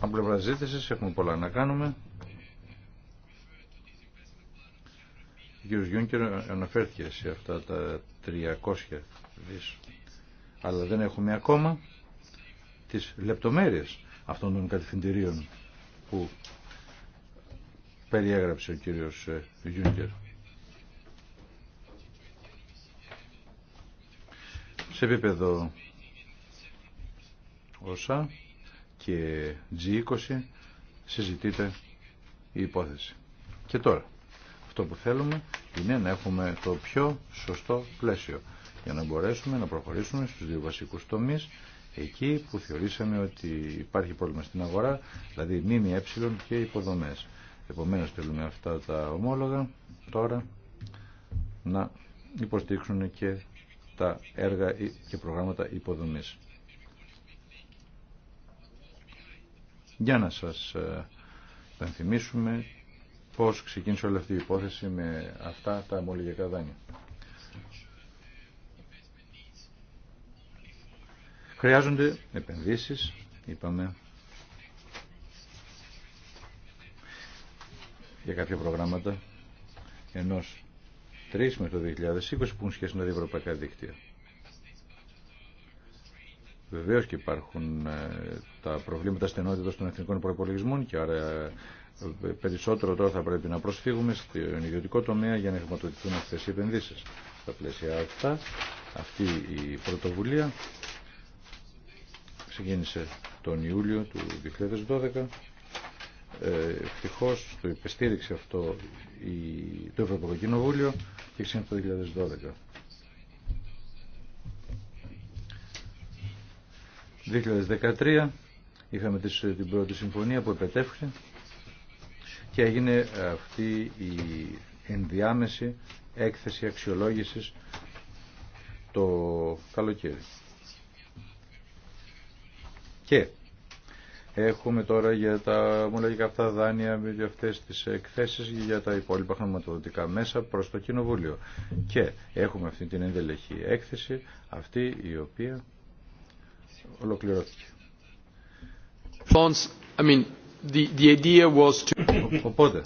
S2: Από πλευρά ζήτηση έχουμε πολλά να κάνουμε. Ο κ. Γιούνκερ αναφέρθηκε σε αυτά τα 300 δις. Αλλά δεν έχουμε ακόμα τις λεπτομέρειες αυτών των κατευθυντηρίων που περιέγραψε ο κύριος ε, Γιούνκερ. Σε επίπεδο όσα και G20 συζητείται η υπόθεση. Και τώρα, αυτό που θέλουμε είναι να έχουμε το πιο σωστό πλαίσιο για να μπορέσουμε να προχωρήσουμε στους δύο βασικούς τομείς εκεί που θεωρήσαμε ότι υπάρχει πρόβλημα στην αγορά, δηλαδή μήμη ε και υποδομές. Επομένως θέλουμε αυτά τα ομόλογα τώρα να υποστήξουν και τα έργα και προγράμματα υποδομής. Για να σας ε, υπενθυμίσουμε πώς ξεκίνησε όλη αυτή η υπόθεση με αυτά τα μολυγιακά δάνεια. Χρειάζονται επενδύσεις, είπαμε, για κάποια προγράμματα ενός 3 με το 2020 που έχουν σχέση με τα ευρωπαϊκά δίκτυα. Βεβαίως και υπάρχουν ε, τα προβλήματα στενότητα των εθνικών προπολογισμών και άρα ε, περισσότερο τώρα θα πρέπει να προσφύγουμε στον ιδιωτικό τομέα για να χρηματοδοτηθούν αυτέ οι επενδύσει. Στα πλαίσια αυτά, αυτή η πρωτοβουλία ξεκίνησε τον Ιούλιο του 2012. Ε, Ευτυχώ το υπεστήριξε αυτό το Ευρωπαϊκό Κοινοβούλιο και ξεκίνησε το 2012. 2013 Είχαμε ε, την πρώτη συμφωνία που επετεύχθη και έγινε ε, αυτή η ενδιάμεση έκθεση αξιολόγησης το καλοκαίρι. Και έχουμε τώρα για τα ομολογικά αυτά δάνεια για αυτές τις εκθέσεις για τα υπόλοιπα χρηματοδοτικά μέσα προς το Κοινοβούλιο. Και έχουμε αυτή την ενδελεχή έκθεση, αυτή η οποία ολοκληρώθηκε. Οπότε,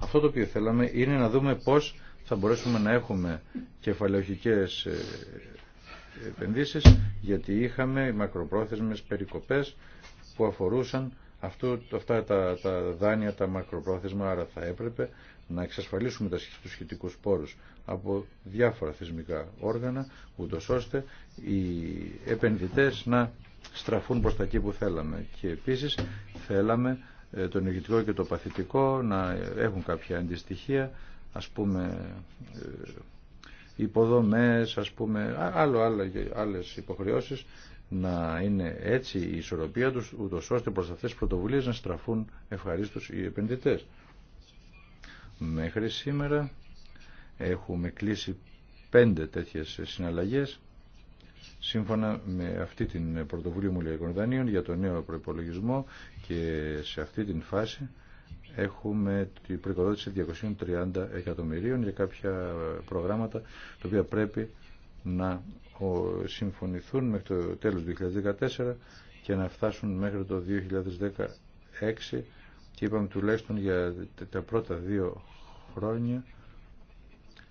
S2: αυτό το οποίο θέλαμε είναι να δούμε πώς θα μπορέσουμε να έχουμε κεφαλαιοχικέ ε, επενδύσει, γιατί είχαμε μακροπρόθεσμε περικοπές που αφορούσαν αυτά τα, τα δάνεια, τα μακροπρόθεσμα, άρα θα έπρεπε να εξασφαλίσουμε τα, τους σχετικούς πόρους από διάφορα θεσμικά όργανα, ούτω ώστε οι επενδυτέ να στραφούν προς τα εκεί που θέλαμε. Και επίσης θέλαμε ε, το νοηγητικό και το παθητικό να έχουν κάποια αντιστοιχεία, ας πούμε ε, υποδομές, ας πούμε άλλο, άλλο, άλλες υποχρεώσεις να είναι έτσι η ισορροπία τους, ούτως ώστε προς αυτές τις πρωτοβουλίες να στραφούν ευχαρίστως οι επενδυτές. Μέχρι σήμερα έχουμε κλείσει πέντε τέτοιες συναλλαγές σύμφωνα με αυτή την πρωτοβουλία μουλιακών δανείων για το νέο προπολογισμό και σε αυτή την φάση έχουμε την προϋποδότηση 230 εκατομμυρίων για κάποια προγράμματα τα οποία πρέπει να συμφωνηθούν μέχρι το τέλος του 2014 και να φτάσουν μέχρι το 2016 και είπαμε τουλάχιστον για τα πρώτα δύο χρόνια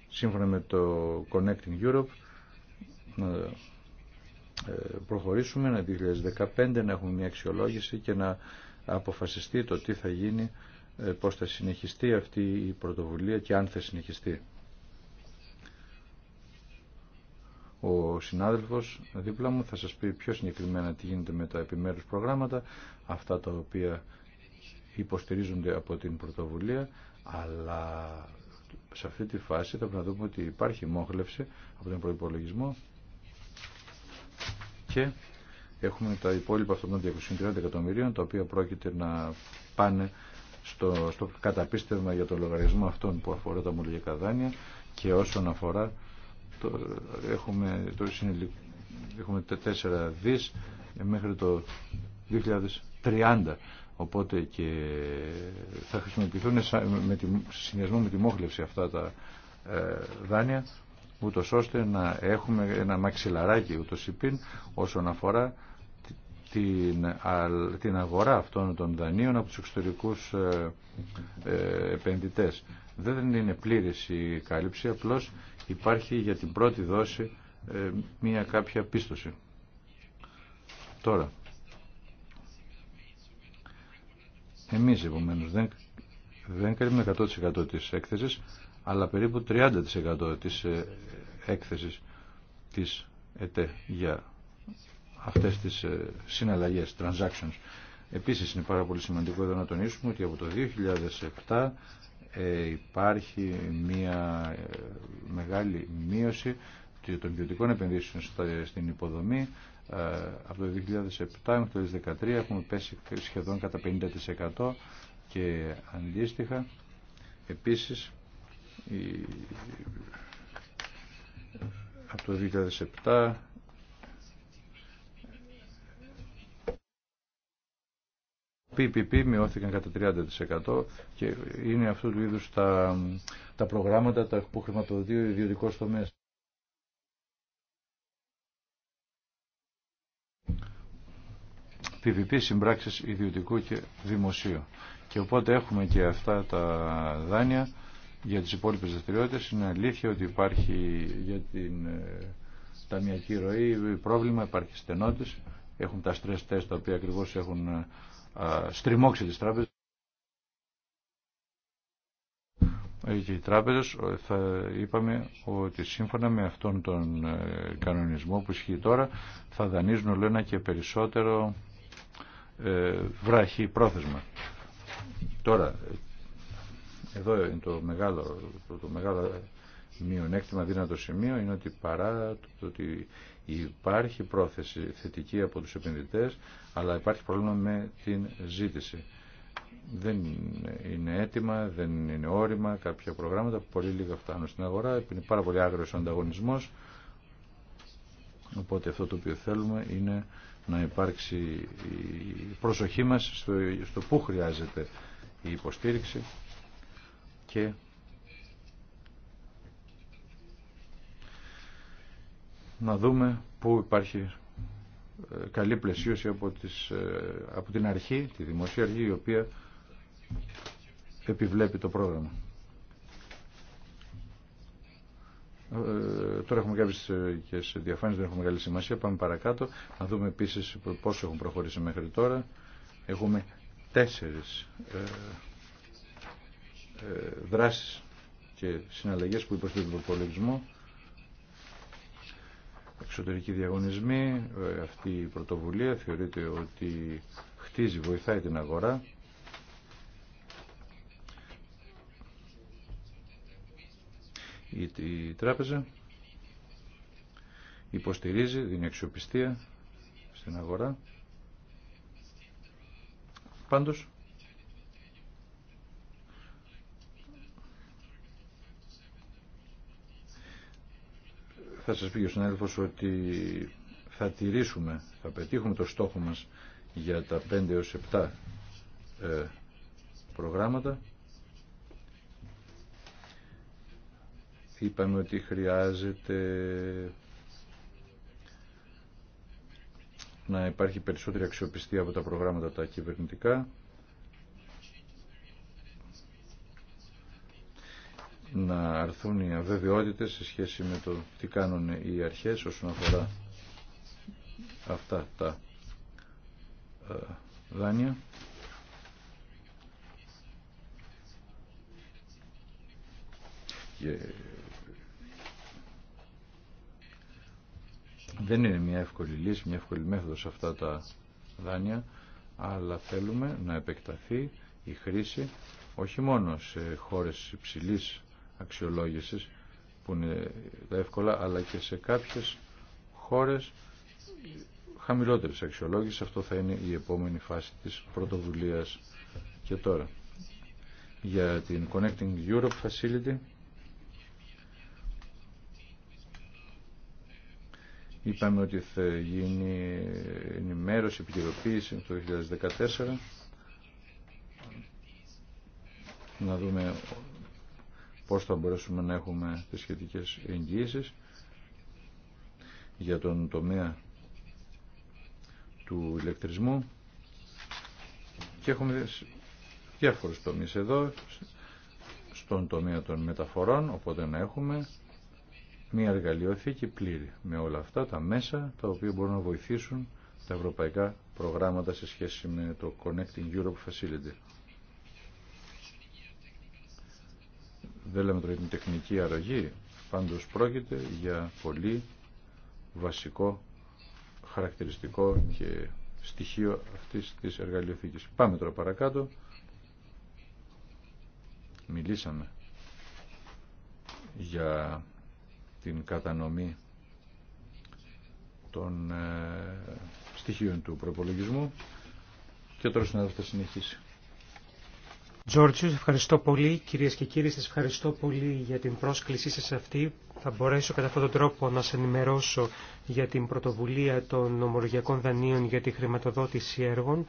S2: σύμφωνα με το Connecting Europe προχωρήσουμε, να 2015 να έχουμε μια αξιολόγηση και να αποφασιστεί το τι θα γίνει, ε, πώς θα συνεχιστεί αυτή η πρωτοβουλία και αν θα συνεχιστεί. Ο συνάδελφος δίπλα μου θα σας πει πιο συγκεκριμένα τι γίνεται με τα επιμέρους προγράμματα, αυτά τα οποία υποστηρίζονται από την πρωτοβουλία, αλλά σε αυτή τη φάση θα πρέπει να δούμε ότι υπάρχει μόχλευση από τον προϋπολογισμό και έχουμε τα υπόλοιπα αυτών των 230 εκατομμυρίων τα οποία πρόκειται να πάνε στο, στο καταπίστευμα για το λογαριασμό αυτών που αφορά τα μολογικά δάνεια και όσον αφορά το, έχουμε, το συνελ, έχουμε 4 δις μέχρι το 2030 οπότε και θα χρησιμοποιηθούν σε συνδυασμό με τη μόχλευση αυτά τα ε, δάνεια ούτως ώστε να έχουμε ένα μαξιλαράκι ούτως υπήν όσον αφορά την, αγορά αυτών των δανείων από τους εξωτερικούς ε, ε, επενδυτές. Δεν είναι πλήρης η κάλυψη, απλώς υπάρχει για την πρώτη δόση ε, μία κάποια πίστοση. Τώρα, εμείς επομένως δεν, δεν 100% της έκθεσης, αλλά περίπου 30% της ε, έκθεσης της ΕΤΕ για αυτές τις ε, συναλλαγές, transactions. Επίσης είναι πάρα πολύ σημαντικό εδώ να τονίσουμε ότι από το 2007 ε, υπάρχει μια μεγάλη μείωση των ποιοτικών επενδύσεων στην υποδομή. από το 2007 μέχρι το 2013 έχουμε πέσει σχεδόν κατά 50% και αντίστοιχα επίσης από το 2007 PPP μειώθηκαν κατά 30% και είναι αυτού του είδους τα, τα προγράμματα τα που χρηματοδοτεί ο ιδιωτικός τομέας. PPP συμπράξεις ιδιωτικού και δημοσίου. Και οπότε έχουμε και αυτά τα δάνεια για τις υπόλοιπες δραστηριότητε είναι αλήθεια ότι υπάρχει για την ε, ταμιακή ροή πρόβλημα, υπάρχει στενότητα. έχουν τα stress test τα οποία ακριβώς έχουν ε, στριμώξει τις τράπεζες. Ε, και οι τράπεζες θα είπαμε ότι σύμφωνα με αυτόν τον κανονισμό που ισχύει τώρα θα δανείζουν όλο και περισσότερο βράχη πρόθεσμα. Τώρα, εδώ είναι το μεγάλο, το, μεγάλο μειονέκτημα δύνατο σημείο είναι ότι παρά το ότι υπάρχει πρόθεση θετική από τους επενδυτές αλλά υπάρχει πρόβλημα με την ζήτηση. Δεν είναι έτοιμα, δεν είναι όριμα κάποια προγράμματα που πολύ λίγα φτάνουν στην αγορά, είναι πάρα πολύ άγριος ο ανταγωνισμός οπότε αυτό το οποίο θέλουμε είναι να υπάρξει η προσοχή μας στο, στο πού χρειάζεται η υποστήριξη και να δούμε πού υπάρχει ε, καλή πλαισίωση από, τις, ε, από την αρχή, τη δημοσία αρχή η οποία επιβλέπει το πρόγραμμα. Ε, τώρα έχουμε κάποιες ε, και σε διαφάνειε, δεν έχουμε μεγάλη σημασία. Πάμε παρακάτω. Να δούμε επίσης πόσο έχουν προχωρήσει μέχρι τώρα. Έχουμε τέσσερις ε, ε, δράσεις και συναλλαγές που υποστηρίζουν τον πολιτισμό εξωτερικοί διαγωνισμοί, ε, αυτή η πρωτοβουλία θεωρείται ότι χτίζει, βοηθάει την αγορά. Η, η τράπεζα υποστηρίζει, δίνει αξιοπιστία στην αγορά. Πάντως, θα σας πει ο συνάδελφος ότι θα τηρήσουμε, θα πετύχουμε το στόχο μας για τα 5 έως 7 ε, προγράμματα. Είπαμε ότι χρειάζεται να υπάρχει περισσότερη αξιοπιστία από τα προγράμματα τα κυβερνητικά. να αρθούν οι αβεβαιότητες σε σχέση με το τι κάνουν οι αρχές όσον αφορά αυτά τα ε, δάνεια. δεν είναι μια εύκολη λύση, μια εύκολη μέθοδος αυτά τα δάνεια, αλλά θέλουμε να επεκταθεί η χρήση όχι μόνο σε χώρες υψηλής αξιολόγησης που είναι εύκολα αλλά και σε κάποιες χώρες χαμηλότερες αξιολόγησης. Αυτό θα είναι η επόμενη φάση της πρωτοβουλίας και τώρα. Για την Connecting Europe Facility είπαμε ότι θα γίνει ενημέρωση, επικαιροποίηση το 2014 να δούμε πώς θα μπορέσουμε να έχουμε τις σχετικές εγγύησεις για τον τομέα του ηλεκτρισμού και έχουμε διάφορους τομείς εδώ στον τομέα των μεταφορών οπότε να έχουμε μια εργαλειοθήκη πλήρη με όλα αυτά τα μέσα τα οποία μπορούν να βοηθήσουν τα ευρωπαϊκά προγράμματα σε σχέση με το Connecting Europe Facility. Δεν λέμε τώρα την τεχνική αρρωγή, πάντως πρόκειται για πολύ βασικό χαρακτηριστικό και στοιχείο αυτής της εργαλειοθήκης. Πάμε τώρα παρακάτω. Μιλήσαμε για την κατανομή των ε, στοιχείων του προπολογισμού και τώρα συνάδελφος θα συνεχίσει.
S1: Τζόρτζιου, ευχαριστώ πολύ. Κυρίε και κύριοι, σα ευχαριστώ πολύ για την πρόσκλησή σας αυτή. Θα μπορέσω κατά αυτόν τον τρόπο να σα ενημερώσω για την πρωτοβουλία των ομολογιακών δανείων για τη χρηματοδότηση έργων.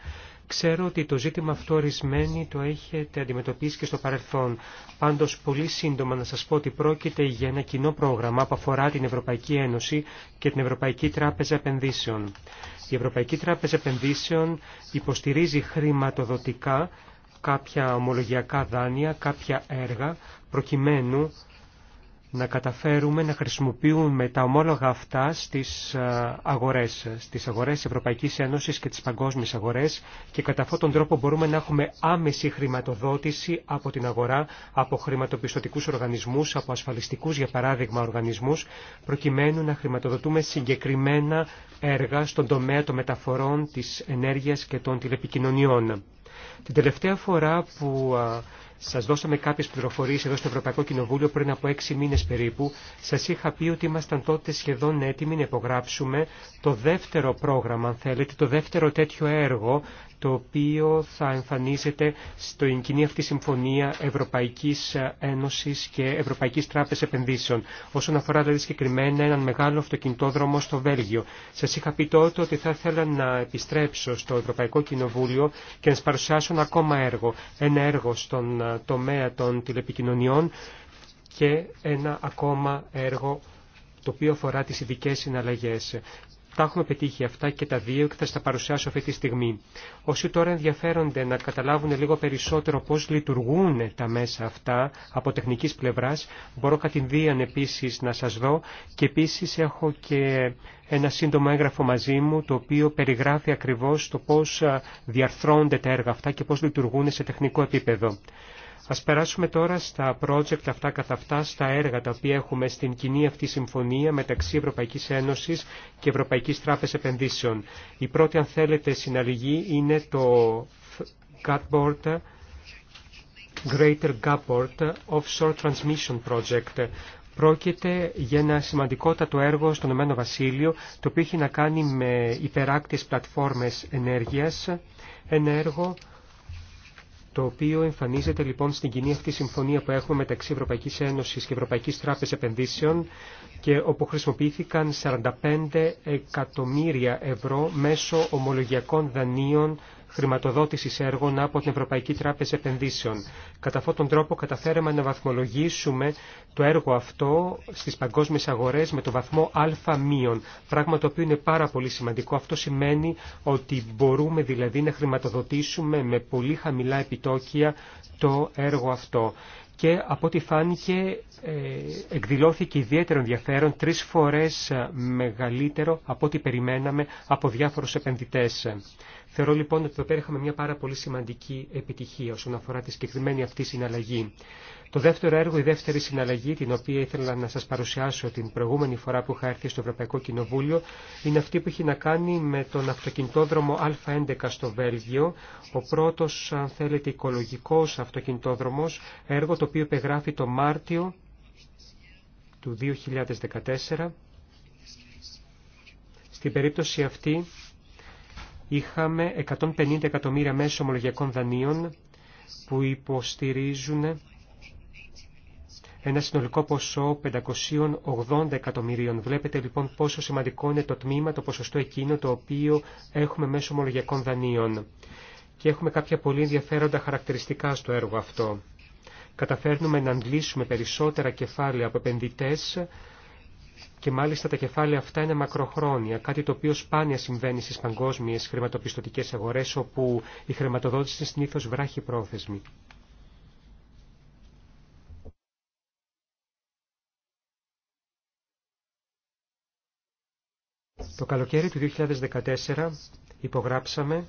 S1: Ξέρω ότι το ζήτημα αυτό ορισμένοι το έχετε αντιμετωπίσει και στο παρελθόν. Πάντω, πολύ σύντομα να σα πω ότι πρόκειται για ένα κοινό πρόγραμμα που αφορά την Ευρωπαϊκή Ένωση και την Ευρωπαϊκή Τράπεζα Επενδύσεων. Η Ευρωπαϊκή Τράπεζα Επενδύσεων υποστηρίζει χρηματοδοτικά κάποια ομολογιακά δάνεια, κάποια έργα, προκειμένου να καταφέρουμε να χρησιμοποιούμε τα ομόλογα αυτά στις ε, αγορές, στις αγορές της Ευρωπαϊκής Ένωσης και τις παγκόσμιες αγορές και κατά αυτόν τον τρόπο μπορούμε να έχουμε άμεση χρηματοδότηση από την αγορά, από χρηματοπιστωτικούς οργανισμούς, από ασφαλιστικούς για παράδειγμα οργανισμούς, προκειμένου να χρηματοδοτούμε συγκεκριμένα έργα στον τομέα των μεταφορών, της ενέργειας και των τηλεπικοινωνιών. Την τελευταία φορά που σα δώσαμε κάποιε πληροφορίε εδώ στο Ευρωπαϊκό Κοινοβούλιο πριν από έξι μήνε περίπου, σα είχα πει ότι ήμασταν τότε σχεδόν έτοιμοι να υπογράψουμε το δεύτερο πρόγραμμα, αν θέλετε, το δεύτερο τέτοιο έργο το οποίο θα εμφανίζεται στην κοινή αυτή συμφωνία Ευρωπαϊκής Ένωσης και Ευρωπαϊκής Τράπεζας Επενδύσεων. Όσον αφορά δηλαδή συγκεκριμένα έναν μεγάλο αυτοκινητόδρομο στο Βέλγιο. Σας είχα πει τότε ότι θα ήθελα να επιστρέψω στο Ευρωπαϊκό Κοινοβούλιο και να σας παρουσιάσω ένα ακόμα έργο. Ένα έργο στον τομέα των τηλεπικοινωνιών και ένα ακόμα έργο το οποίο αφορά τις ειδικές συναλλαγές. Τα έχουμε πετύχει αυτά και τα δύο και θα στα παρουσιάσω αυτή τη στιγμή. Όσοι τώρα ενδιαφέρονται να καταλάβουν λίγο περισσότερο πώς λειτουργούν τα μέσα αυτά από τεχνικής πλευράς, μπορώ κατηνδίαν επίσης να σας δω και επίσης έχω και ένα σύντομο έγγραφο μαζί μου το οποίο περιγράφει ακριβώς το πώς διαρθρώνται τα έργα αυτά και πώς λειτουργούν σε τεχνικό επίπεδο. Ας περάσουμε τώρα στα project αυτά καθ' αυτά, στα έργα τα οποία έχουμε στην κοινή αυτή συμφωνία μεταξύ Ευρωπαϊκής Ένωσης και Ευρωπαϊκής Τράπεζας Επενδύσεων. Η πρώτη, αν θέλετε, συναλλαγή είναι το Greater Gatboard Offshore Transmission Project, Πρόκειται για ένα σημαντικότατο έργο στον Ηνωμένο Βασίλειο, το οποίο έχει να κάνει με υπεράκτιες πλατφόρμες ενέργειας, ένα έργο το οποίο εμφανίζεται λοιπόν στην κοινή αυτή συμφωνία που έχουμε μεταξύ Ευρωπαϊκής Ένωσης και Ευρωπαϊκής Τράπεζα Επενδύσεων και όπου χρησιμοποιήθηκαν 45 εκατομμύρια ευρώ μέσω ομολογιακών δανείων χρηματοδότηση έργων από την Ευρωπαϊκή Τράπεζα Επενδύσεων. Κατά αυτόν τον τρόπο καταφέραμε να βαθμολογήσουμε το έργο αυτό στις παγκόσμιες αγορές με το βαθμό α πράγμα το οποίο είναι πάρα πολύ σημαντικό. Αυτό σημαίνει ότι μπορούμε δηλαδή να χρηματοδοτήσουμε με πολύ χαμηλά επιτόκια το έργο αυτό και από ό,τι φάνηκε ε, εκδηλώθηκε ιδιαίτερο ενδιαφέρον, τρεις φορές ε, μεγαλύτερο από ό,τι περιμέναμε από διάφορους επενδυτές. Θεωρώ λοιπόν ότι εδώ πέρα είχαμε μια πάρα πολύ σημαντική επιτυχία όσον αφορά τη συγκεκριμένη αυτή συναλλαγή. Το δεύτερο έργο, η δεύτερη συναλλαγή, την οποία ήθελα να σας παρουσιάσω την προηγούμενη φορά που είχα έρθει στο Ευρωπαϊκό Κοινοβούλιο, είναι αυτή που έχει να κάνει με τον αυτοκινητόδρομο Α11 στο Βέλγιο, ο πρώτος, αν θέλετε, οικολογικός αυτοκινητόδρομος, έργο το οποίο υπεγράφει το Μάρτιο του 2014. Στην περίπτωση αυτή είχαμε 150 εκατομμύρια μέσω ομολογιακών δανείων που υποστηρίζουν ένα συνολικό ποσό 580 εκατομμυρίων. Βλέπετε λοιπόν πόσο σημαντικό είναι το τμήμα, το ποσοστό εκείνο το οποίο έχουμε μέσω ομολογιακών δανείων. Και έχουμε κάποια πολύ ενδιαφέροντα χαρακτηριστικά στο έργο αυτό. Καταφέρνουμε να αντλήσουμε περισσότερα κεφάλαια από επενδυτές και μάλιστα τα κεφάλαια αυτά είναι μακροχρόνια, κάτι το οποίο σπάνια συμβαίνει στις παγκόσμιες χρηματοπιστωτικές αγορές, όπου η χρηματοδότηση είναι συνήθως βράχη πρόθεσμη. Το καλοκαίρι του 2014 υπογράψαμε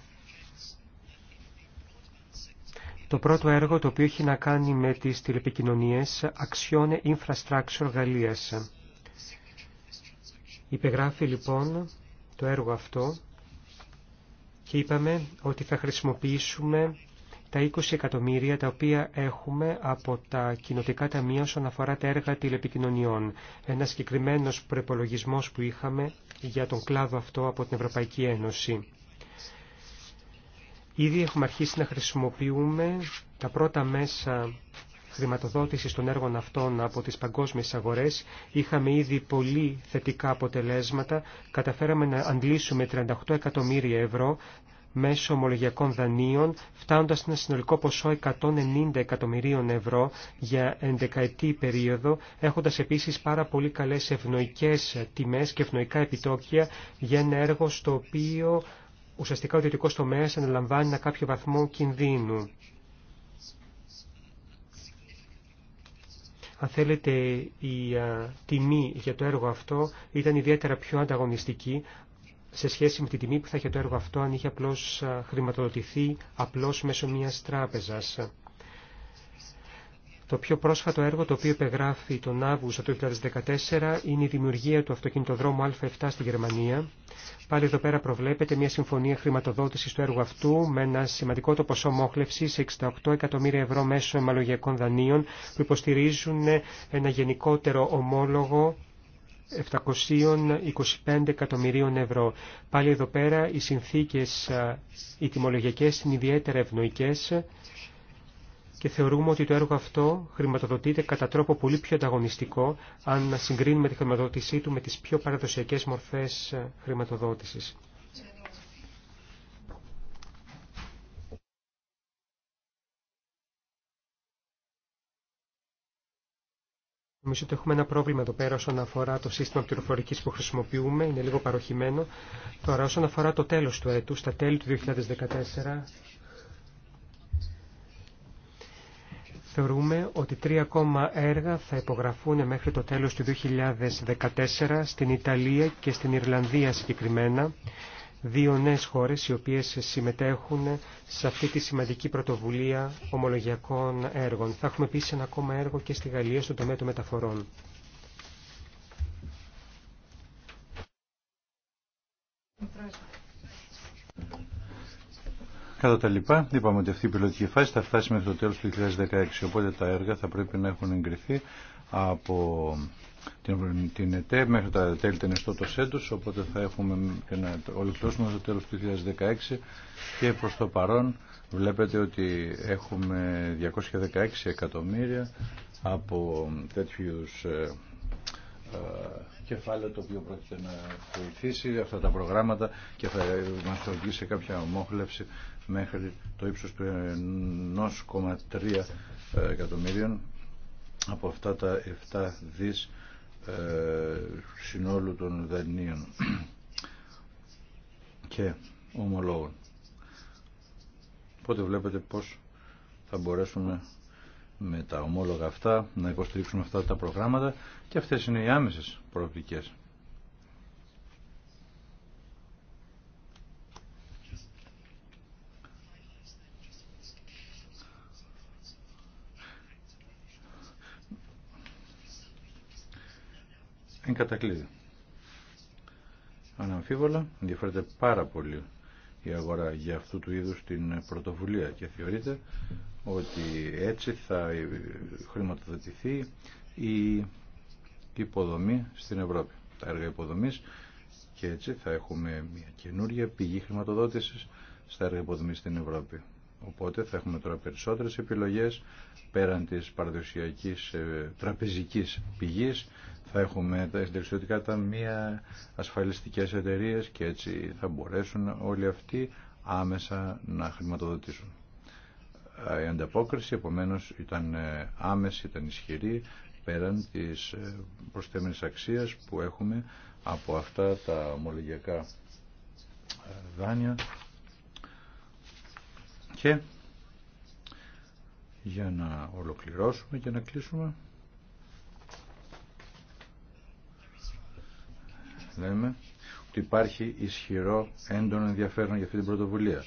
S1: το πρώτο έργο το οποίο έχει να κάνει με τις τηλεπικοινωνίες Αξιώνε Infrastructure Γαλλίας. Υπεγράφει λοιπόν το έργο αυτό και είπαμε ότι θα χρησιμοποιήσουμε τα 20 εκατομμύρια τα οποία έχουμε από τα κοινοτικά ταμεία όσον αφορά τα έργα τηλεπικοινωνιών. Ένα συγκεκριμένο προπολογισμό που είχαμε για τον κλάδο αυτό από την Ευρωπαϊκή Ένωση. Ήδη έχουμε αρχίσει να χρησιμοποιούμε τα πρώτα μέσα Χρηματοδότηση των έργων αυτών από τις παγκόσμιες αγορές είχαμε ήδη πολύ θετικά αποτελέσματα. Καταφέραμε να αντλήσουμε 38 εκατομμύρια ευρώ μέσω ομολογιακών δανείων, φτάνοντας ένα συνολικό ποσό 190 εκατομμυρίων ευρώ για ενδεκαετή περίοδο, έχοντας επίσης πάρα πολύ καλές ευνοϊκές τιμές και ευνοϊκά επιτόκια για ένα έργο στο οποίο ουσιαστικά ο ιδιωτικός τομέα αναλαμβάνει ένα κάποιο βαθμό κινδύνου. αν θέλετε, η τιμή για το έργο αυτό ήταν ιδιαίτερα πιο ανταγωνιστική σε σχέση με τη τιμή που θα είχε το έργο αυτό αν είχε απλώς χρηματοδοτηθεί απλώς μέσω μιας τράπεζας. Το πιο πρόσφατο έργο το οποίο υπεγράφει τον Αύγουστο του 2014 είναι η δημιουργία του αυτοκινητοδρόμου Α7 στη Γερμανία. Πάλι εδώ πέρα προβλέπεται μια συμφωνία χρηματοδότηση του έργου αυτού με ένα σημαντικό το ποσό μόχλευση 68 εκατομμύρια ευρώ μέσω εμαλογιακών δανείων που υποστηρίζουν ένα γενικότερο ομόλογο 725 εκατομμυρίων ευρώ. Πάλι εδώ πέρα οι συνθήκε οι τιμολογιακέ είναι ιδιαίτερα ευνοϊκές και θεωρούμε ότι το έργο αυτό χρηματοδοτείται κατά τρόπο πολύ πιο ανταγωνιστικό αν να συγκρίνουμε τη χρηματοδότησή του με τις πιο παραδοσιακές μορφές ε, χρηματοδότησης. Νομίζω ότι έχουμε ένα πρόβλημα εδώ πέρα όσον αφορά το σύστημα πληροφορική που χρησιμοποιούμε, είναι λίγο παροχημένο. Τώρα όσον αφορά το τέλο του έτου, στα τέλη του 2014, Θεωρούμε ότι τρία ακόμα έργα θα υπογραφούν μέχρι το τέλος του 2014 στην Ιταλία και στην Ιρλανδία συγκεκριμένα, δύο νέες χώρες οι οποίες συμμετέχουν σε αυτή τη σημαντική πρωτοβουλία ομολογιακών έργων. Θα έχουμε επίσης ένα ακόμα έργο και στη Γαλλία στον τομέα των μεταφορών.
S2: Κατά τα λοιπά, είπαμε ότι αυτή η πιλωτική φάση θα φτάσει μέχρι το τέλος του 2016, οπότε τα έργα θα πρέπει να έχουν εγκριθεί από την, την ΕΤΕ μέχρι τα τέλη των εστώτος έτους, οπότε θα έχουμε και να ολοκληρώσουμε το τέλος του 2016 και προς το παρόν βλέπετε ότι έχουμε 216 εκατομμύρια από τέτοιου κεφάλαια ε, κεφάλαιο το οποίο πρόκειται να βοηθήσει αυτά τα προγράμματα και θα μας οδηγήσει σε κάποια ομόχλευση μέχρι το ύψος του 1,3 ε, εκατομμύριων από αυτά τα 7 δις ε, συνόλου των δανείων και ομολόγων. Οπότε βλέπετε πώς θα μπορέσουμε με τα ομόλογα αυτά να υποστηρίξουμε αυτά τα προγράμματα και αυτές είναι οι άμεσες προοπτικές. εν κατακλείδη. Αναμφίβολα ενδιαφέρεται πάρα πολύ η αγορά για αυτού του είδους την πρωτοβουλία και θεωρείται ότι έτσι θα χρηματοδοτηθεί η υποδομή στην Ευρώπη. Τα έργα υποδομής και έτσι θα έχουμε μια καινούργια πηγή χρηματοδότησης στα έργα υποδομής στην Ευρώπη. Οπότε θα έχουμε τώρα περισσότερες επιλογές πέραν της παραδοσιακής ε, τραπεζικής πηγής θα έχουμε τα τα ταμεία, ασφαλιστικές εταιρείες και έτσι θα μπορέσουν όλοι αυτοί άμεσα να χρηματοδοτήσουν. Η ανταπόκριση επομένως ήταν ε, άμεση, ήταν ισχυρή πέραν της ε, προσθέμενης αξίας που έχουμε από αυτά τα ομολογιακά ε, δάνεια και για να ολοκληρώσουμε και να κλείσουμε Λέμε ότι υπάρχει ισχυρό έντονο ενδιαφέρον για αυτή την πρωτοβουλία.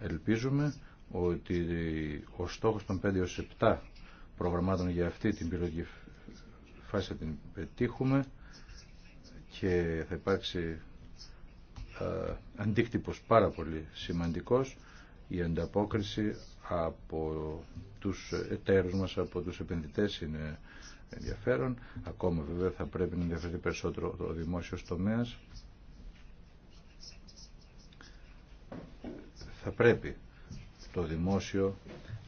S2: Ελπίζουμε ότι ο στόχος των 5 7 προγραμμάτων για αυτή την πυρογική φάση θα την πετύχουμε και θα υπάρξει αντίκτυπος πάρα πολύ σημαντικός η ανταπόκριση από τους εταίρους μας, από τους επενδυτές είναι ενδιαφέρον. Ακόμα βέβαια θα πρέπει να ενδιαφερθεί περισσότερο το δημόσιο τομέα. Θα πρέπει το δημόσιο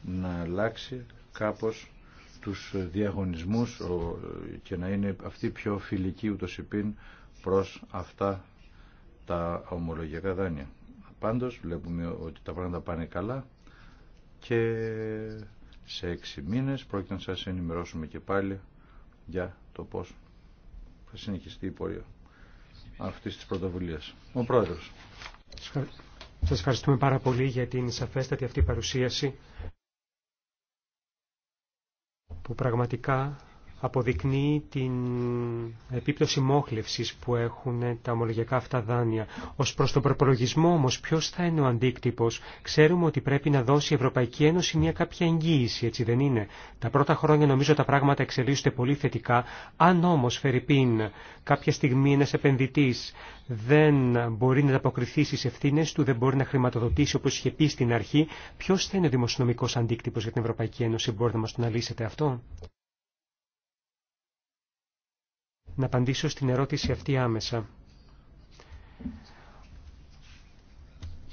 S2: να αλλάξει κάπως τους διαγωνισμούς και να είναι αυτή πιο φιλική ούτως υπήν προς αυτά τα ομολογιακά δάνεια. Πάντως βλέπουμε ότι τα πράγματα πάνε καλά και σε έξι μήνες πρόκειται να σας ενημερώσουμε και πάλι για το πώς θα συνεχιστεί η πορεία αυτής της πρωτοβουλίας. Ο Πρόεδρος.
S1: Σας ευχαριστούμε πάρα πολύ για την σαφέστατη αυτή παρουσίαση που πραγματικά αποδεικνύει την επίπτωση μόχλευσης που έχουν τα ομολογιακά αυτά δάνεια. Ως προς τον προπολογισμό όμως ποιος θα είναι ο αντίκτυπος. Ξέρουμε ότι πρέπει να δώσει η Ευρωπαϊκή Ένωση μια κάποια εγγύηση, έτσι δεν είναι. Τα πρώτα χρόνια νομίζω τα πράγματα εξελίσσονται πολύ θετικά. Αν όμως, Φερρυπίν, κάποια στιγμή ένας επενδυτής δεν μπορεί να ανταποκριθεί στις ευθύνες του, δεν μπορεί να χρηματοδοτήσει όπως είχε πει στην αρχή, ποιος θα είναι ο δημοσιονομικός αντίκτυπος για την Ευρωπαϊκή Ένωση, μπορείτε να μας το αυτό να απαντήσω στην ερώτηση αυτή άμεσα.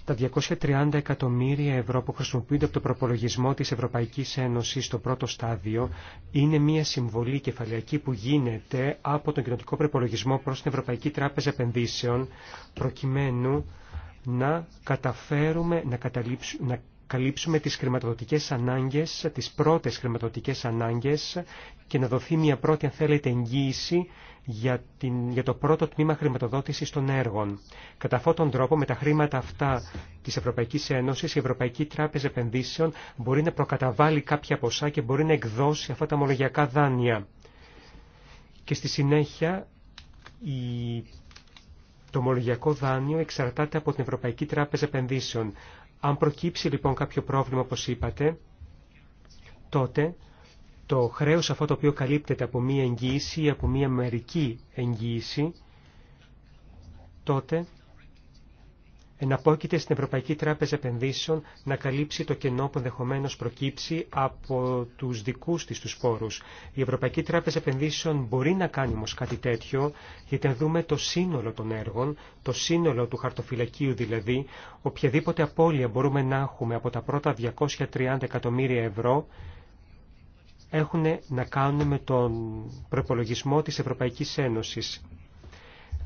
S1: Τα 230 εκατομμύρια ευρώ που χρησιμοποιούνται από το προπολογισμό της Ευρωπαϊκής Ένωσης στο πρώτο στάδιο είναι μια συμβολή κεφαλαιακή που γίνεται από τον κοινοτικό προπολογισμό προς την Ευρωπαϊκή Τράπεζα Επενδύσεων προκειμένου να καταφέρουμε να, καλύψουμε τις χρηματοδοτικές ανάγκες, τις πρώτες χρηματοδοτικές ανάγκες και να δοθεί μια πρώτη, αν θέλετε, εγγύηση για, την, για το πρώτο τμήμα χρηματοδότησης των έργων. Κατά αυτόν τον τρόπο, με τα χρήματα αυτά της Ευρωπαϊκής Ένωσης, η Ευρωπαϊκή Τράπεζα Επενδύσεων μπορεί να προκαταβάλει κάποια ποσά και μπορεί να εκδώσει αυτά τα ομολογιακά δάνεια. Και στη συνέχεια, η το ομολογιακό δάνειο εξαρτάται από την Ευρωπαϊκή Τράπεζα Επενδύσεων. Αν προκύψει λοιπόν κάποιο πρόβλημα όπως είπατε, τότε το χρέος αυτό το οποίο καλύπτεται από μία εγγύηση ή από μία μερική εγγύηση, τότε εναπόκειται στην Ευρωπαϊκή Τράπεζα Επενδύσεων να καλύψει το κενό που ενδεχομένω προκύψει από του δικού τη του πόρου. Η Ευρωπαϊκή Τράπεζα Επενδύσεων μπορεί να κάνει όμω κάτι τέτοιο, γιατί αν δούμε το σύνολο των έργων, το σύνολο του χαρτοφυλακίου δηλαδή, οποιαδήποτε απώλεια μπορούμε να έχουμε από τα πρώτα 230 εκατομμύρια ευρώ, έχουν να κάνουν με τον προπολογισμό της Ευρωπαϊκής Ένωσης.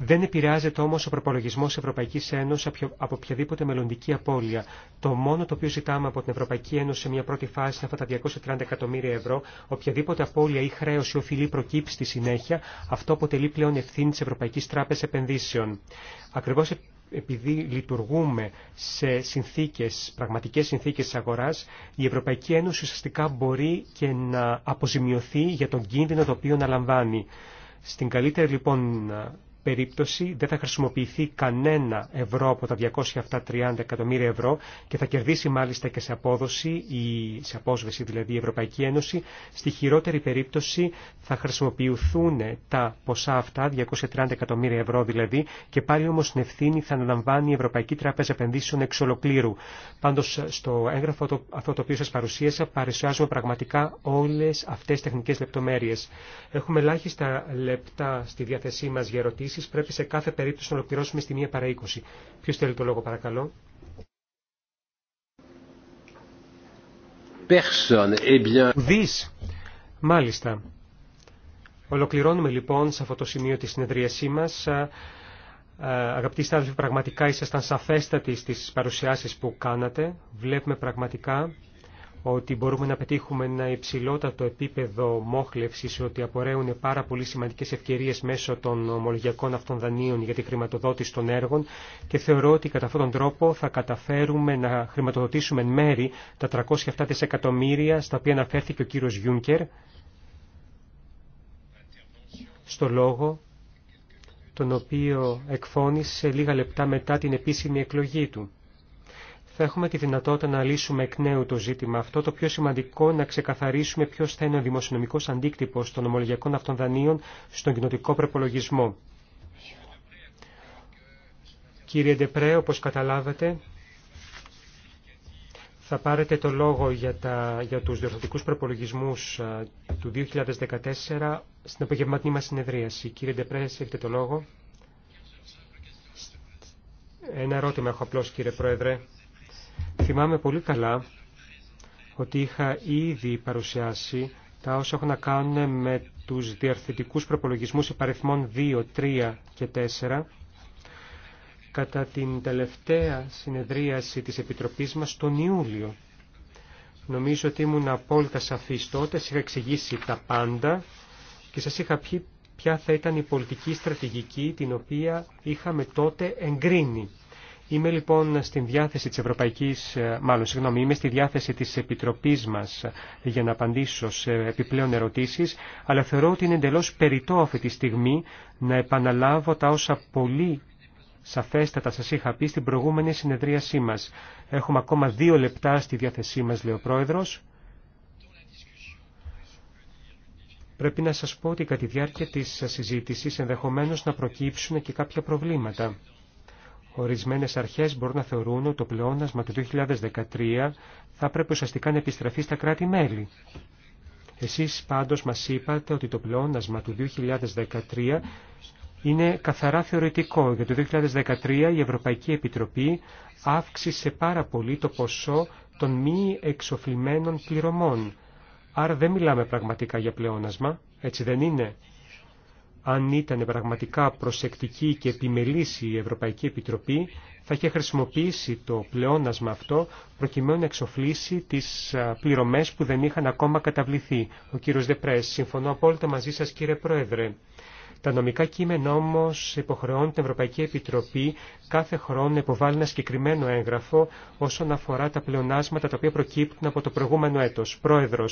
S1: Δεν επηρεάζεται όμω ο προπολογισμό Ευρωπαϊκή Ένωση από οποιαδήποτε μελλοντική απώλεια. Το μόνο το οποίο ζητάμε από την Ευρωπαϊκή Ένωση σε μια πρώτη φάση είναι αυτά τα 230 εκατομμύρια ευρώ. Οποιαδήποτε απώλεια ή χρέωση οφειλεί προκύψει στη συνέχεια, αυτό αποτελεί πλέον ευθύνη τη Ευρωπαϊκή Τράπεζα Επενδύσεων. Ακριβώ επειδή λειτουργούμε σε συνθήκες, πραγματικές συνθήκες της αγοράς, η Ευρωπαϊκή Ένωση επειδη λειτουργουμε σε συνθηκες πραγματικες συνθηκες μπορεί και να αποζημιωθεί για τον κίνδυνο το οποίο αναλαμβάνει. Στην καλύτερη λοιπόν περίπτωση δεν θα χρησιμοποιηθεί κανένα ευρώ από τα 230 εκατομμύρια ευρώ και θα κερδίσει μάλιστα και σε απόδοση, η, σε απόσβεση δηλαδή η Ευρωπαϊκή Ένωση. Στη χειρότερη περίπτωση θα χρησιμοποιηθούν τα ποσά αυτά, 230 εκατομμύρια ευρώ δηλαδή, και πάλι όμως την ευθύνη θα αναλαμβάνει η Ευρωπαϊκή Τράπεζα Επενδύσεων εξ ολοκλήρου. Πάντως στο έγγραφο το, αυτό το οποίο σας παρουσίασα παρουσιάζουμε πραγματικά όλες αυτές τις τεχνικές λεπτομέρειες. Έχουμε ελάχιστα λεπτά στη διάθεσή μας για πρέπει σε κάθε περίπτωση να ολοκληρώσουμε στη μία παρά 20. Ποιο θέλει το λόγο παρακαλώ. Ουδής. Eh Μάλιστα. Ολοκληρώνουμε λοιπόν σε αυτό το σημείο τη συνεδρίασή μα. Αγαπητοί συνάδελφοι, πραγματικά ήσασταν σαφέστατοι στις παρουσιάσεις που κάνατε. Βλέπουμε πραγματικά ότι μπορούμε να πετύχουμε ένα υψηλότατο επίπεδο μόχλευσης, ότι απορρέουν πάρα πολύ σημαντικές ευκαιρίες μέσω των ομολογιακών αυτών δανείων για τη χρηματοδότηση των έργων και θεωρώ ότι κατά αυτόν τον τρόπο θα καταφέρουμε να χρηματοδοτήσουμε εν μέρη τα 307 δισεκατομμύρια στα οποία αναφέρθηκε ο κύριος Γιούνκερ στο λόγο τον οποίο εκφώνησε λίγα λεπτά μετά την επίσημη εκλογή του θα έχουμε τη δυνατότητα να λύσουμε εκ νέου το ζήτημα αυτό, το πιο σημαντικό να ξεκαθαρίσουμε ποιο θα είναι ο δημοσιονομικό αντίκτυπο των ομολογιακών αυτών δανείων στον κοινοτικό προπολογισμό. Κύριε Ντεπρέ, όπως καταλάβατε, θα πάρετε το λόγο για, τα, για τους διορθωτικούς προπολογισμούς του 2014 στην απογευματινή μας συνεδρίαση. Κύριε Ντεπρέ, έχετε το λόγο. Ένα ερώτημα έχω απλώς, κύριε Πρόεδρε. Θυμάμαι πολύ καλά ότι είχα ήδη παρουσιάσει τα όσα έχουν να κάνουν με τους διαρθετικούς προπολογισμούς υπαριθμών 2, 3 και 4 κατά την τελευταία συνεδρίαση της Επιτροπής μας τον Ιούλιο. Νομίζω ότι ήμουν απόλυτα σαφής τότε, είχα εξηγήσει τα πάντα και σας είχα πει ποια θα ήταν η πολιτική στρατηγική την οποία είχαμε τότε εγκρίνει. Είμαι λοιπόν στην διάθεση της Ευρωπαϊκής, ε, μάλλον συγγνώμη, είμαι στη διάθεση της Επιτροπής μας για να απαντήσω σε επιπλέον ερωτήσεις, αλλά θεωρώ ότι είναι εντελώς περιττό αυτή τη στιγμή να επαναλάβω τα όσα πολύ σαφέστατα σας είχα πει στην προηγούμενη συνεδρίασή μας. Έχουμε ακόμα δύο λεπτά στη διάθεσή μας, λέει ο Πρόεδρος. Πρέπει να σας πω ότι κατά τη διάρκεια της συζήτησης ενδεχομένως να προκύψουν και κάποια προβλήματα. Ορισμένες αρχές μπορούν να θεωρούν ότι το πλεόνασμα του 2013 θα πρέπει ουσιαστικά να επιστραφεί στα κράτη-μέλη. Εσείς πάντως μας είπατε ότι το πλεόνασμα του 2013 είναι καθαρά θεωρητικό. Για το 2013 η Ευρωπαϊκή Επιτροπή αύξησε πάρα πολύ το ποσό των μη εξοφλημένων πληρωμών. Άρα δεν μιλάμε πραγματικά για πλεόνασμα, έτσι δεν είναι αν ήταν πραγματικά προσεκτική και επιμελής η Ευρωπαϊκή Επιτροπή, θα είχε χρησιμοποιήσει το πλεόνασμα αυτό προκειμένου να εξοφλήσει τις πληρωμές που δεν είχαν ακόμα καταβληθεί. Ο κύριος Δεπρές, συμφωνώ απόλυτα μαζί σας κύριε Πρόεδρε. Τα νομικά κείμενα όμω υποχρεώνουν την Ευρωπαϊκή Επιτροπή κάθε χρόνο να υποβάλει ένα συγκεκριμένο έγγραφο όσον αφορά τα πλεονάσματα τα οποία προκύπτουν από το προηγούμενο έτο. Πρόεδρο,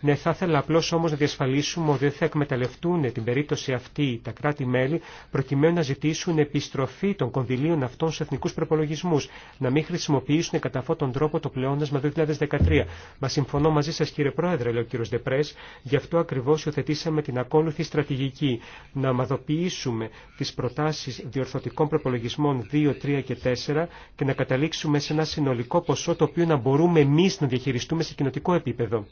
S1: ναι, θα ήθελα απλώ όμω να διασφαλίσουμε ότι δεν θα εκμεταλλευτούν την περίπτωση αυτή τα κράτη-μέλη προκειμένου να ζητήσουν επιστροφή των κονδυλίων αυτών στου εθνικού προπολογισμού, να μην χρησιμοποιήσουν κατά αυτόν τον τρόπο το πλεόνασμα 2013. Μα συμφωνώ μαζί σα, κύριε Πρόεδρε, λέει ο κύριο Δεπρέ, γι' αυτό ακριβώ υιοθετήσαμε την ακόλουθη στρατηγική. Να ομαδοποιήσουμε τις προτάσεις διορθωτικών προπολογισμών 2, 3 και 4 και να καταλήξουμε σε ένα συνολικό ποσό το οποίο να μπορούμε εμείς να διαχειριστούμε σε κοινοτικό επίπεδο.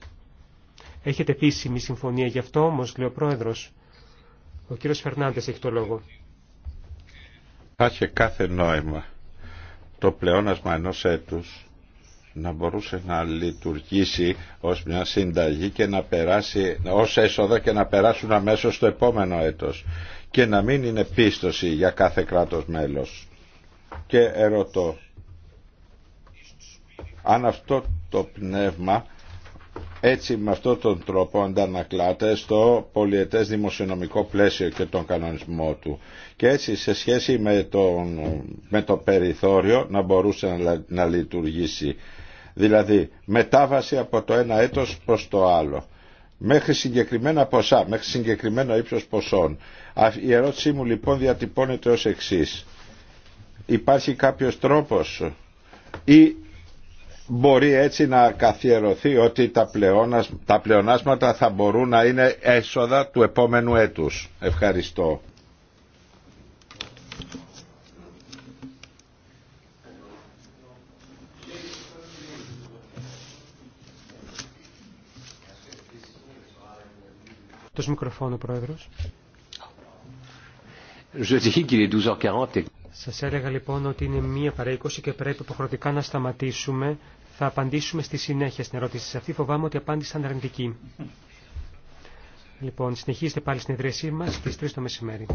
S1: Έχετε επίσημη συμφωνία γι' αυτό όμως, λέει ο Πρόεδρος. Ο κύριος Φερνάντες έχει το λόγο.
S3: Υπάρχει κάθε νόημα το πλεόνασμα ενός έτους να μπορούσε να λειτουργήσει ως μια συνταγή και να περάσει ως έσοδα και να περάσουν αμέσως στο επόμενο έτος και να μην είναι πίστοση για κάθε κράτος μέλος. Και ερωτώ, αν αυτό το πνεύμα έτσι με αυτόν τον τρόπο αντανακλάται στο πολιετές δημοσιονομικό πλαίσιο και τον κανονισμό του. Και έτσι σε σχέση με, τον, με το περιθώριο να μπορούσε να, να λειτουργήσει δηλαδή μετάβαση από το ένα έτος προς το άλλο μέχρι συγκεκριμένα ποσά, μέχρι συγκεκριμένο ύψος ποσών. Η ερώτησή μου λοιπόν διατυπώνεται ως εξής. Υπάρχει κάποιος τρόπος ή μπορεί έτσι να καθιερωθεί ότι τα, πλεονάσματα θα μπορούν να είναι έσοδα του επόμενου έτους. Ευχαριστώ.
S1: Το μικροφόνο Πρόεδρος. Σας έλεγα λοιπόν ότι είναι μία παρά 20 και πρέπει υποχρεωτικά να σταματήσουμε. Θα απαντήσουμε στη συνέχεια στην ερώτηση σε αυτή. Φοβάμαι ότι απάντησαν αρνητική. Λοιπόν, συνεχίζετε πάλι στην ιδρύσή μας στις 3 το μεσημέρι.